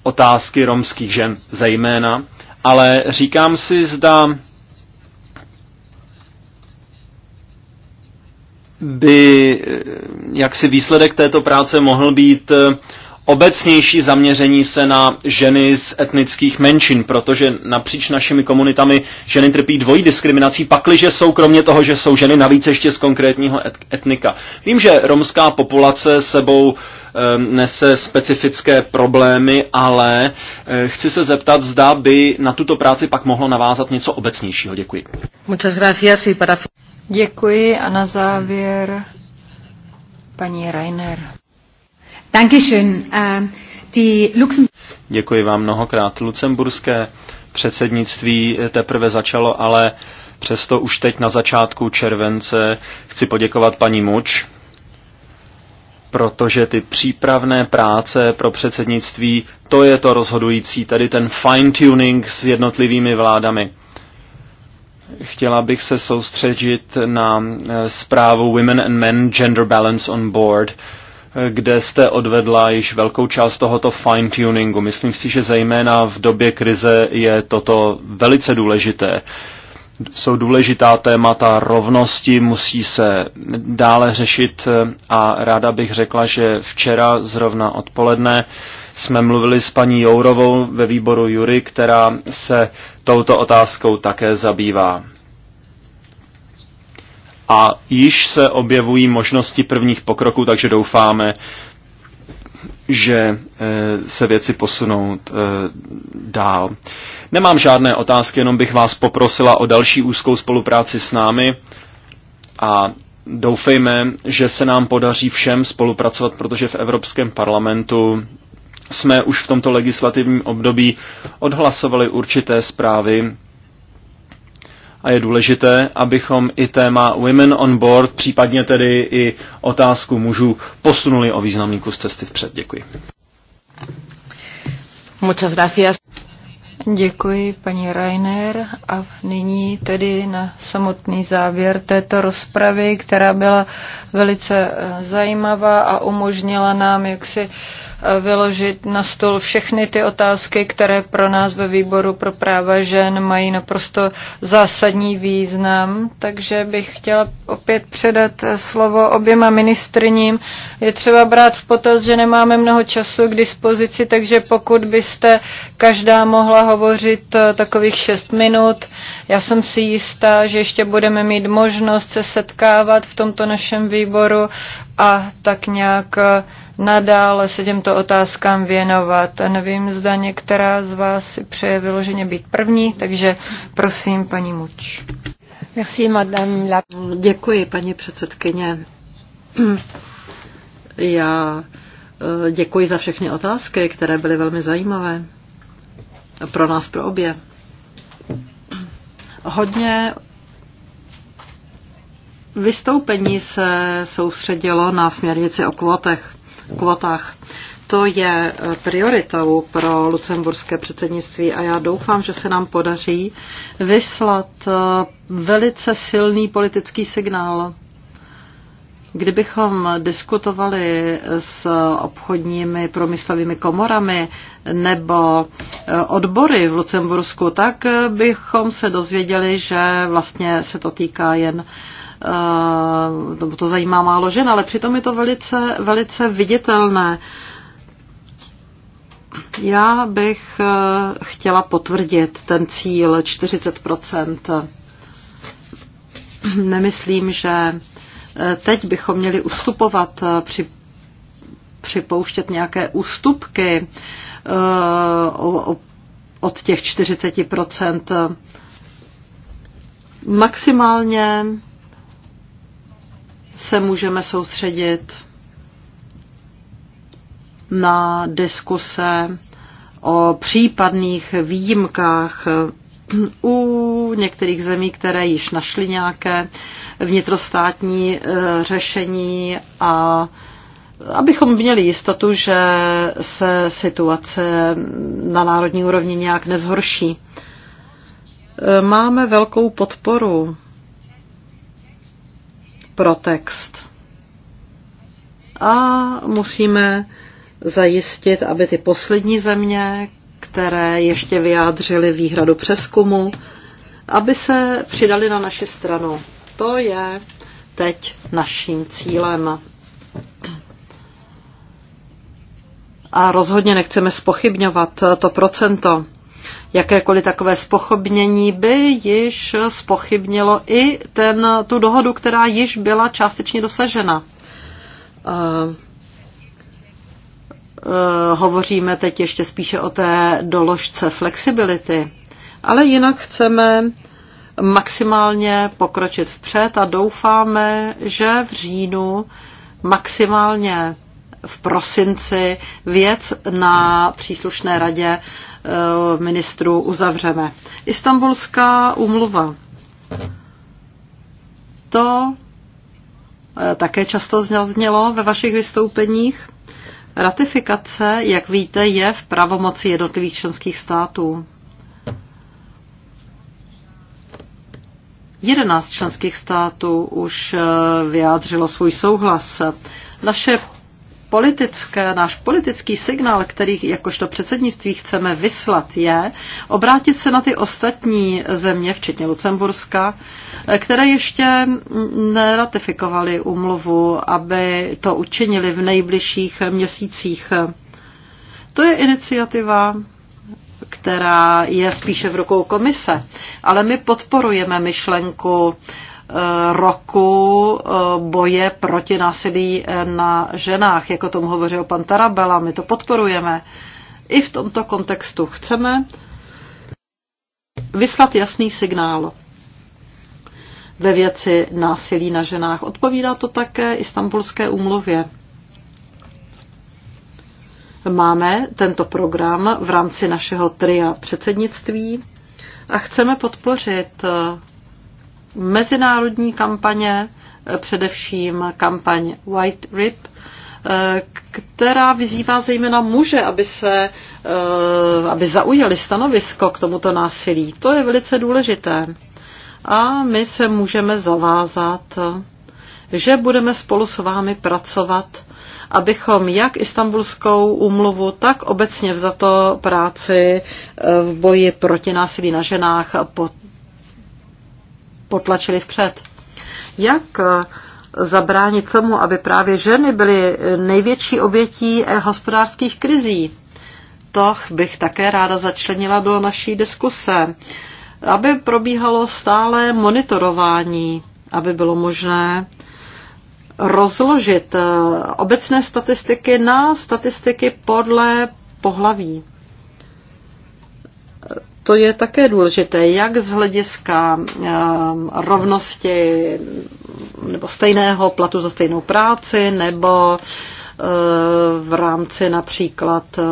otázky romských žen zejména, ale říkám si, zda by eh, jaksi výsledek této práce mohl být eh, obecnější zaměření se na ženy z etnických menšin, protože napříč našimi komunitami ženy trpí dvojí diskriminací, pakliže jsou kromě toho, že jsou ženy, navíc ještě z konkrétního etnika. Vím, že romská populace sebou nese specifické problémy, ale eh, chci se zeptat, zda by na tuto práci pak mohlo navázat něco obecnějšího. Děkuji. Muchas gracias y para... Děkuji a na závěr paní Reiner. Äh, Děkuji vám mnohokrát. Lucemburské předsednictví teprve začalo, ale přesto už teď na začátku července chci poděkovat paní Muč, protože ty přípravné práce pro předsednictví, to je to rozhodující, tady ten fine-tuning s jednotlivými vládami. Chtěla bych se soustředit na eh, zprávu Women and Men Gender Balance on Board, kde jste odvedla již velkou část tohoto fine-tuningu. Myslím si, že zejména v době krize je toto velice důležité. Jsou důležitá témata rovnosti, musí se dále řešit a ráda bych řekla, že včera zrovna odpoledne jsme mluvili s paní Jourovou ve výboru Jury, která se touto otázkou také zabývá a již se objevují možnosti prvních pokroků, takže doufáme, že eh, se věci posunou eh, dál. Nemám žádné otázky, jenom bych vás poprosila o další úzkou spolupráci s námi a doufejme, že se nám podaří všem spolupracovat, protože v Evropském parlamentu jsme už v tomto legislativním období odhlasovali určité zprávy, a je důležité, abychom i téma Women on Board, případně tedy i otázku mužů, posunuli o významný kus cesty vpřed. Děkuji. Muchas gracias. Děkuji, paní Rainer. A nyní tedy na samotný závěr této rozpravy, která byla velice eh, zajímavá a umožnila nám, jak si uh, vyložit na stůl všechny ty otázky, které pro nás ve výboru pro práva žen mají naprosto zásadní význam. Takže bych chtěla opět předat slovo oběma ministrním. Je třeba brát v potaz, že nemáme mnoho času k dispozici, takže pokud byste každá mohla hovořit eh, takových šest minut, já jsem si jistá, že ještě budeme mít možnost se setkávat v tomto našem výboru a tak nějak nadále se těmto otázkám věnovat. Nevím, zda některá z vás si přeje vyloženě být první, takže prosím, paní Muč. Merci, madame. Děkuji, paní předsedkyně. Já eh, děkuji za všechny otázky, které byly velmi zajímavé pro nás, pro obě. Hodně Vystoupení se soustředilo na směrnici o kvotech, kvotách. To je eh, prioritou pro lucemburské předsednictví a já doufám, že se nám podaří vyslat eh, velice silný politický signál. Kdybychom diskutovali s obchodními promyslovými komorami nebo eh, odbory v Lucembursku, tak bychom se dozvěděli, že vlastně se to týká jen uh, Eh, to zajímá málo žen, ale přitom je to velice, velice viditelné. Já bych eh, chtěla potvrdit ten cíl 40 Nemyslím, že eh, teď bychom měli ustupovat, při, připouštět nějaké ústupky od těch 40 maximálně se můžeme soustředit na diskuse o případných výjimkách u některých zemí, které již našly nějaké vnitrostátní eh, řešení a abychom měli jistotu, že se situace na národní úrovni nějak nezhorší. Eh, máme velkou podporu pro text. A musíme zajistit, aby ty poslední země, které ještě vyjádřily výhradu přeskumu, aby se přidali na naši stranu. To je teď naším cílem. A rozhodně nechceme spochybňovat to procento. Jakékoliv takové spochybnění by již spochybnilo i ten, tu dohodu, která již byla částečně dosažena. Uh, uh, hovoříme teď ještě spíše o té doložce flexibility, ale jinak chceme maximálně pokročit vpřed a doufáme, že v říjnu maximálně v prosinci věc na příslušné radě Eh, ministrů uzavřeme. Istanbulská umluva. To eh, také často znělo ve vašich vystoupeních. Ratifikace, jak víte, je v pravomoci jednotlivých členských států. 11 členských států už eh, vyjádřilo svůj souhlas. Naše politické, náš politický signál, který jakožto předsednictví chceme vyslat, je obrátit se na ty ostatní země, včetně Lucemburska, které ještě neratifikovaly umluvu, aby to učinili v nejbližších měsících. To je iniciativa která je spíše v rukou komise. Ale my podporujeme myšlenku roku eh, boje proti násilí eh, na ženách, jako tomu hovořil pan Tarabela. My to podporujeme. I v tomto kontextu chceme vyslat jasný signál ve věci násilí na ženách. Odpovídá to také Istanbulské úmluvě. Máme tento program v rámci našeho tria předsednictví a chceme podpořit eh, mezinárodní kampaně, eh, především kampaň White Rip, eh, která vyzývá zejména muže, aby, se, eh, aby zaujali stanovisko k tomuto násilí. To je velice důležité. A my se můžeme zavázat, že budeme spolu s vámi pracovat, abychom jak istambulskou úmluvu, tak obecně vzato práci v boji proti násilí na ženách potlačili vpřed. Jak eh, zabránit tomu, aby právě ženy byly největší obětí eh, hospodářských krizí? To bych také ráda začlenila do naší diskuse, aby probíhalo stále monitorování, aby bylo možné rozložit eh, obecné statistiky na statistiky podle pohlaví to je také důležité, jak z hlediska ehm, rovnosti nebo stejného platu za stejnou práci, nebo eh, v rámci například eh,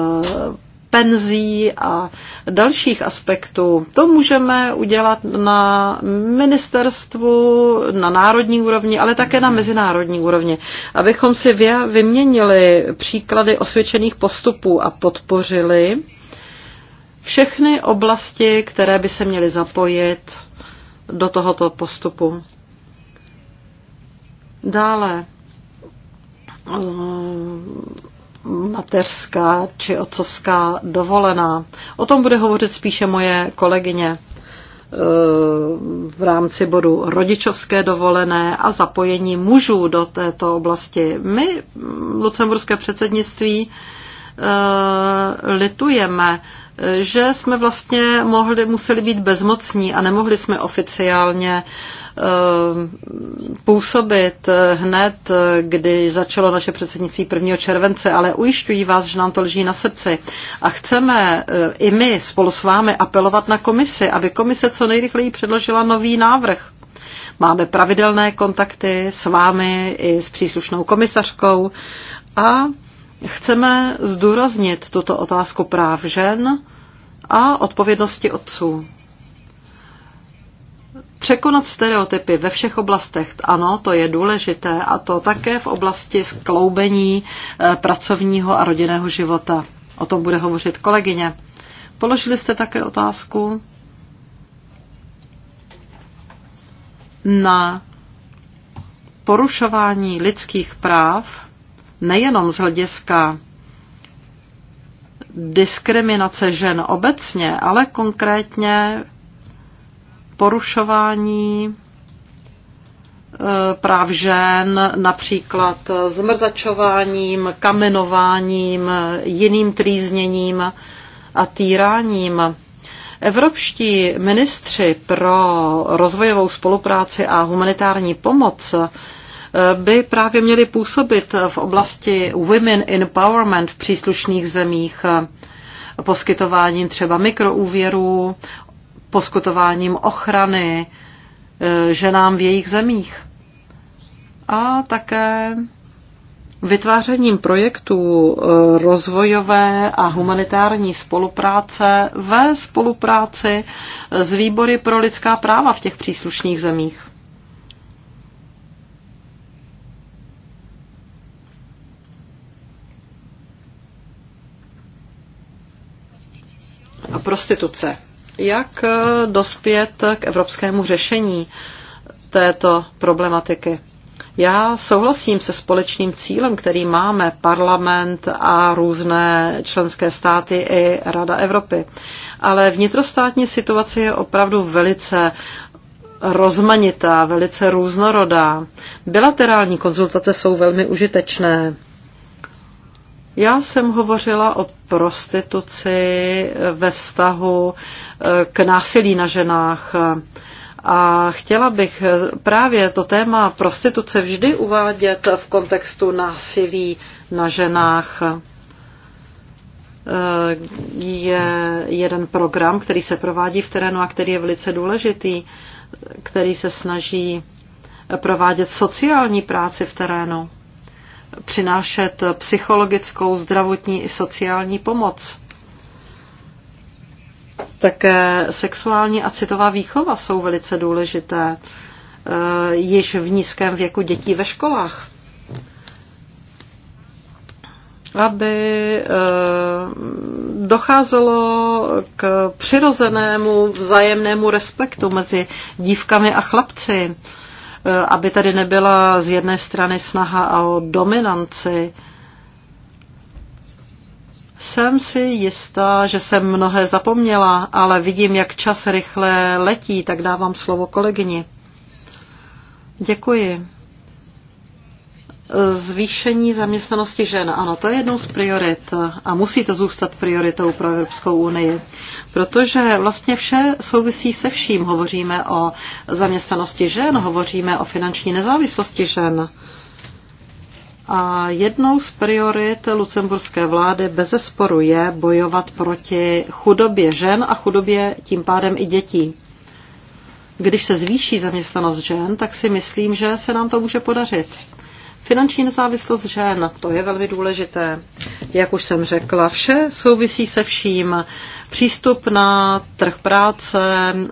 penzí a dalších aspektů. To můžeme udělat na ministerstvu, na národní úrovni, ale také na mezinárodní úrovni, abychom si vyměnili příklady osvědčených postupů a podpořili všechny oblasti, které by se měly zapojit do tohoto postupu. Dále mm, mateřská či otcovská dovolená. O tom bude hovořit spíše moje kolegyně eh, v rámci bodu rodičovské dovolené a zapojení mužů do této oblasti. My, mm, lucemburské předsednictví, eh, litujeme že jsme vlastně mohli, museli být bezmocní a nemohli jsme oficiálně ehm, působit hned, kdy začalo naše předsednictví 1. července, ale ujišťují vás, že nám to leží na srdci. A chceme eh, i my spolu s vámi apelovat na komisi, aby komise co nejrychleji předložila nový návrh. Máme pravidelné kontakty s vámi i s příslušnou komisařkou a Chceme zdůraznit tuto otázku práv žen a odpovědnosti otců. Překonat stereotypy ve všech oblastech, ano, to je důležité a to také v oblasti skloubení eh, pracovního a rodinného života. O tom bude hovořit kolegyně. Položili jste také otázku na porušování lidských práv nejenom z hlediska diskriminace žen obecně, ale konkrétně porušování e, práv žen, například zmrzačováním, kamenováním, jiným trýzněním a týráním. Evropští ministři pro rozvojovou spolupráci a humanitární pomoc Eh, by právě měly působit v oblasti women empowerment v příslušných zemích eh, poskytováním třeba mikroúvěrů, poskytováním ochrany eh, ženám v jejich zemích. A také vytvářením projektů rozvojové a humanitární spolupráce ve spolupráci s výbory pro lidská práva v těch příslušných zemích. a prostituce. Jak eh, dospět k evropskému řešení této problematiky? Já souhlasím se společným cílem, který máme parlament a různé členské státy i Rada Evropy. Ale vnitrostátní situace je opravdu velice rozmanitá, velice různorodá. Bilaterální konzultace jsou velmi užitečné. Já jsem hovořila o prostituci ve vztahu eh, k násilí na ženách. A chtěla bych eh, právě to téma prostituce vždy uvádět v kontextu násilí na ženách. Eh, je jeden program, který se provádí v terénu a který je velice důležitý, který se snaží provádět sociální práci v terénu přinášet psychologickou, zdravotní i sociální pomoc. Také sexuální a citová výchova jsou velice důležité eh, již v nízkém věku dětí ve školách. Aby eh, docházelo k přirozenému vzájemnému respektu mezi dívkami a chlapci Eh, aby tady nebyla z jedné strany snaha o dominanci. Jsem si jistá, že jsem mnohé zapomněla, ale vidím, jak čas rychle letí, tak dávám slovo kolegyni. Děkuji. Zvýšení zaměstnanosti žen, ano, to je jednou z priorit a musí to zůstat prioritou pro Evropskou unii, protože vlastně vše souvisí se vším. Hovoříme o zaměstnanosti žen, hovoříme o finanční nezávislosti žen. A jednou z priorit lucemburské vlády bezesporu je bojovat proti chudobě žen a chudobě tím pádem i dětí. Když se zvýší zaměstnanost žen, tak si myslím, že se nám to může podařit. Finanční nezávislost žen, to je velmi důležité. Jak už jsem řekla, vše souvisí se vším. Přístup na trh práce, eh,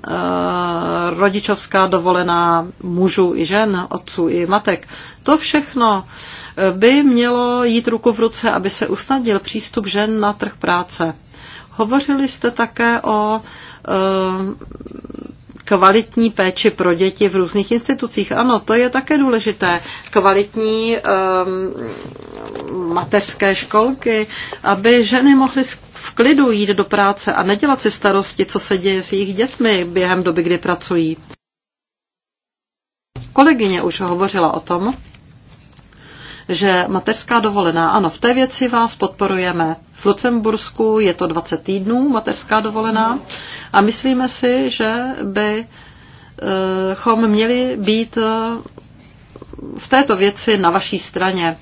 rodičovská dovolená mužů i žen, otců i matek, to všechno eh, by mělo jít ruku v ruce, aby se usnadnil přístup žen na trh práce. Hovořili jste také o eh, kvalitní péči pro děti v různých institucích. Ano, to je také důležité. Kvalitní um, mateřské školky, aby ženy mohly v klidu jít do práce a nedělat si starosti, co se děje s jejich dětmi během doby, kdy pracují. Kolegyně už hovořila o tom, že mateřská dovolená, ano, v té věci vás podporujeme. V Lucembursku je to 20 týdnů mateřská dovolená a myslíme si, že by eh, chom měli být eh, v této věci na vaší straně,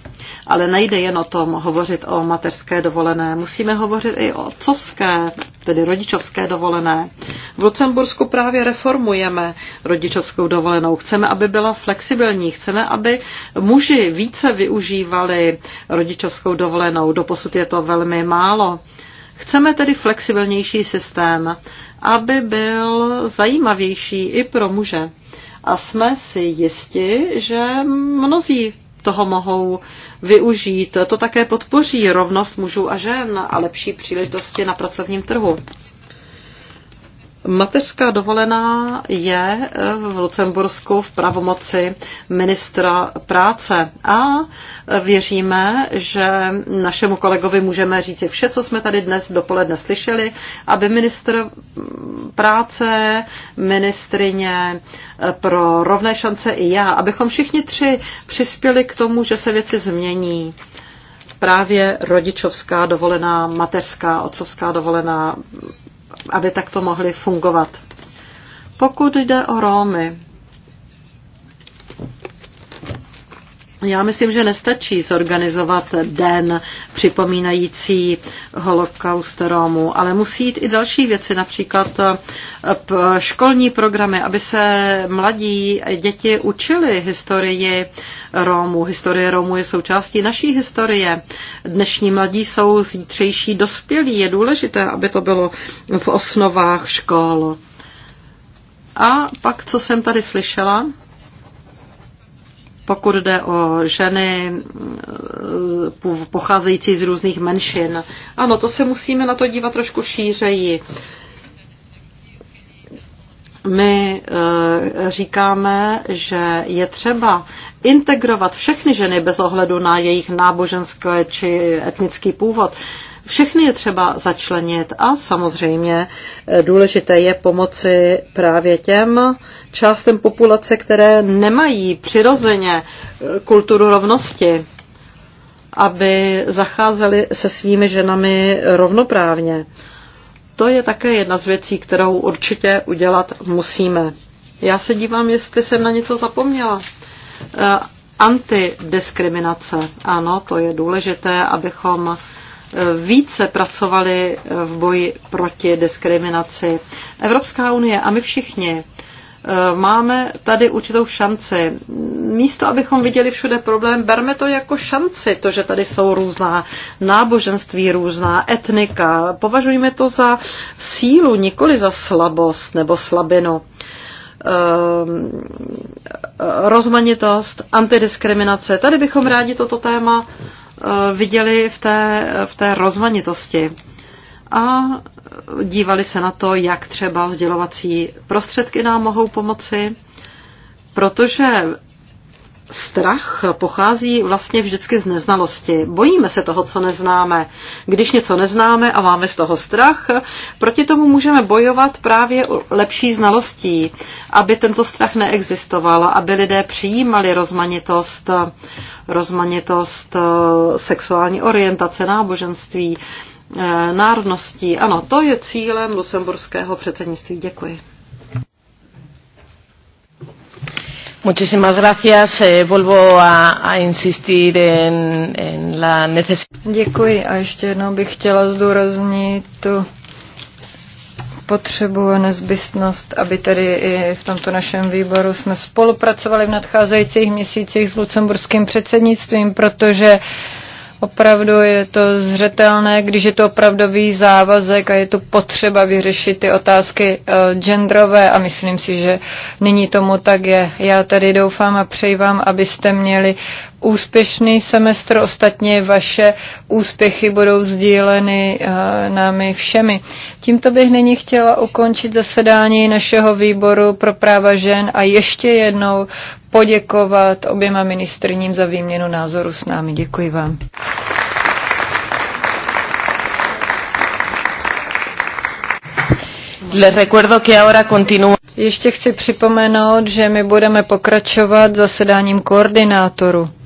ale nejde jen o tom hovořit o mateřské dovolené. Musíme hovořit i o otcovské, tedy rodičovské dovolené. V Lucembursku právě reformujeme rodičovskou dovolenou. Chceme, aby byla flexibilní. Chceme, aby muži více využívali rodičovskou dovolenou. Doposud je to velmi málo. Chceme tedy flexibilnější systém, aby byl zajímavější i pro muže a jsme si jisti, že mnozí toho mohou využít. To také podpoří rovnost mužů a žen a lepší příležitosti na pracovním trhu. Mateřská dovolená je eh, v Lucembursku v pravomoci ministra práce a eh, věříme, že našemu kolegovi můžeme říct vše, co jsme tady dnes dopoledne slyšeli, aby ministr mm, práce, ministrině eh, pro rovné šance i já, abychom všichni tři přispěli k tomu, že se věci změní právě rodičovská dovolená, mateřská, otcovská dovolená aby takto mohli fungovat. Pokud jde o Rómy, Já myslím, že nestačí zorganizovat den připomínající holokaust romů, ale musí jít i další věci, například eh, školní programy, aby se mladí děti učili historii romů. Historie romů je součástí naší historie. Dnešní mladí jsou zítřejší dospělí. Je důležité, aby to bylo v osnovách škol. A pak, co jsem tady slyšela, pokud jde o ženy eh, pocházející z různých menšin, ano, to se musíme na to dívat trošku šířeji. My eh, říkáme, že je třeba integrovat všechny ženy bez ohledu na jejich náboženské či etnický původ. Všechny je třeba začlenit a samozřejmě eh, důležité je pomoci právě těm částem populace, které nemají přirozeně eh, kulturu rovnosti, aby zacházeli se svými ženami rovnoprávně. To je také jedna z věcí, kterou určitě udělat musíme. Já se dívám, jestli jsem na něco zapomněla. Eh, antidiskriminace. Ano, to je důležité, abychom více pracovali v boji proti diskriminaci. Evropská unie a my všichni eh, máme tady určitou šanci. Místo, abychom viděli všude problém, berme to jako šanci, to, že tady jsou různá náboženství, různá etnika. Považujme to za sílu, nikoli za slabost nebo slabinu. Ehm, rozmanitost, antidiskriminace. Tady bychom rádi toto téma Eh, viděli v té, v té rozmanitosti a dívali se na to, jak třeba sdělovací prostředky nám mohou pomoci, protože strach pochází vlastně vždycky z neznalosti. Bojíme se toho, co neznáme. Když něco neznáme a máme z toho strach, proti tomu můžeme bojovat právě lepší znalostí, aby tento strach neexistoval, aby lidé přijímali rozmanitost, rozmanitost eh, sexuální orientace, náboženství, eh, národností. Ano, to je cílem lucemburského předsednictví. Děkuji. Muchísimas gracias. Eh, vuelvo a, a insistir en, en la necesidad. Děkuji a ještě jednou bych chtěla zdůraznit tu potřebu a nezbytnost, aby tady i v tomto našem výboru jsme spolupracovali v nadcházejících měsících s lucemburským předsednictvím, protože eh, Opravdu je to zřetelné, když je to opravdový závazek a je to potřeba vyřešit ty otázky eh, genderové a myslím si, že nyní tomu tak je. Já tady doufám a přeji vám, abyste měli úspěšný semestr. Ostatně vaše úspěchy budou sdíleny eh, námi všemi. Tímto bych nyní chtěla ukončit zasedání našeho výboru pro práva žen a ještě jednou poděkovat oběma ministrním za výměnu názoru s námi. Děkuji vám. Les recuerdo que ahora continúa. Ještě chci připomenout, že my budeme pokračovat zasedáním koordinátoru.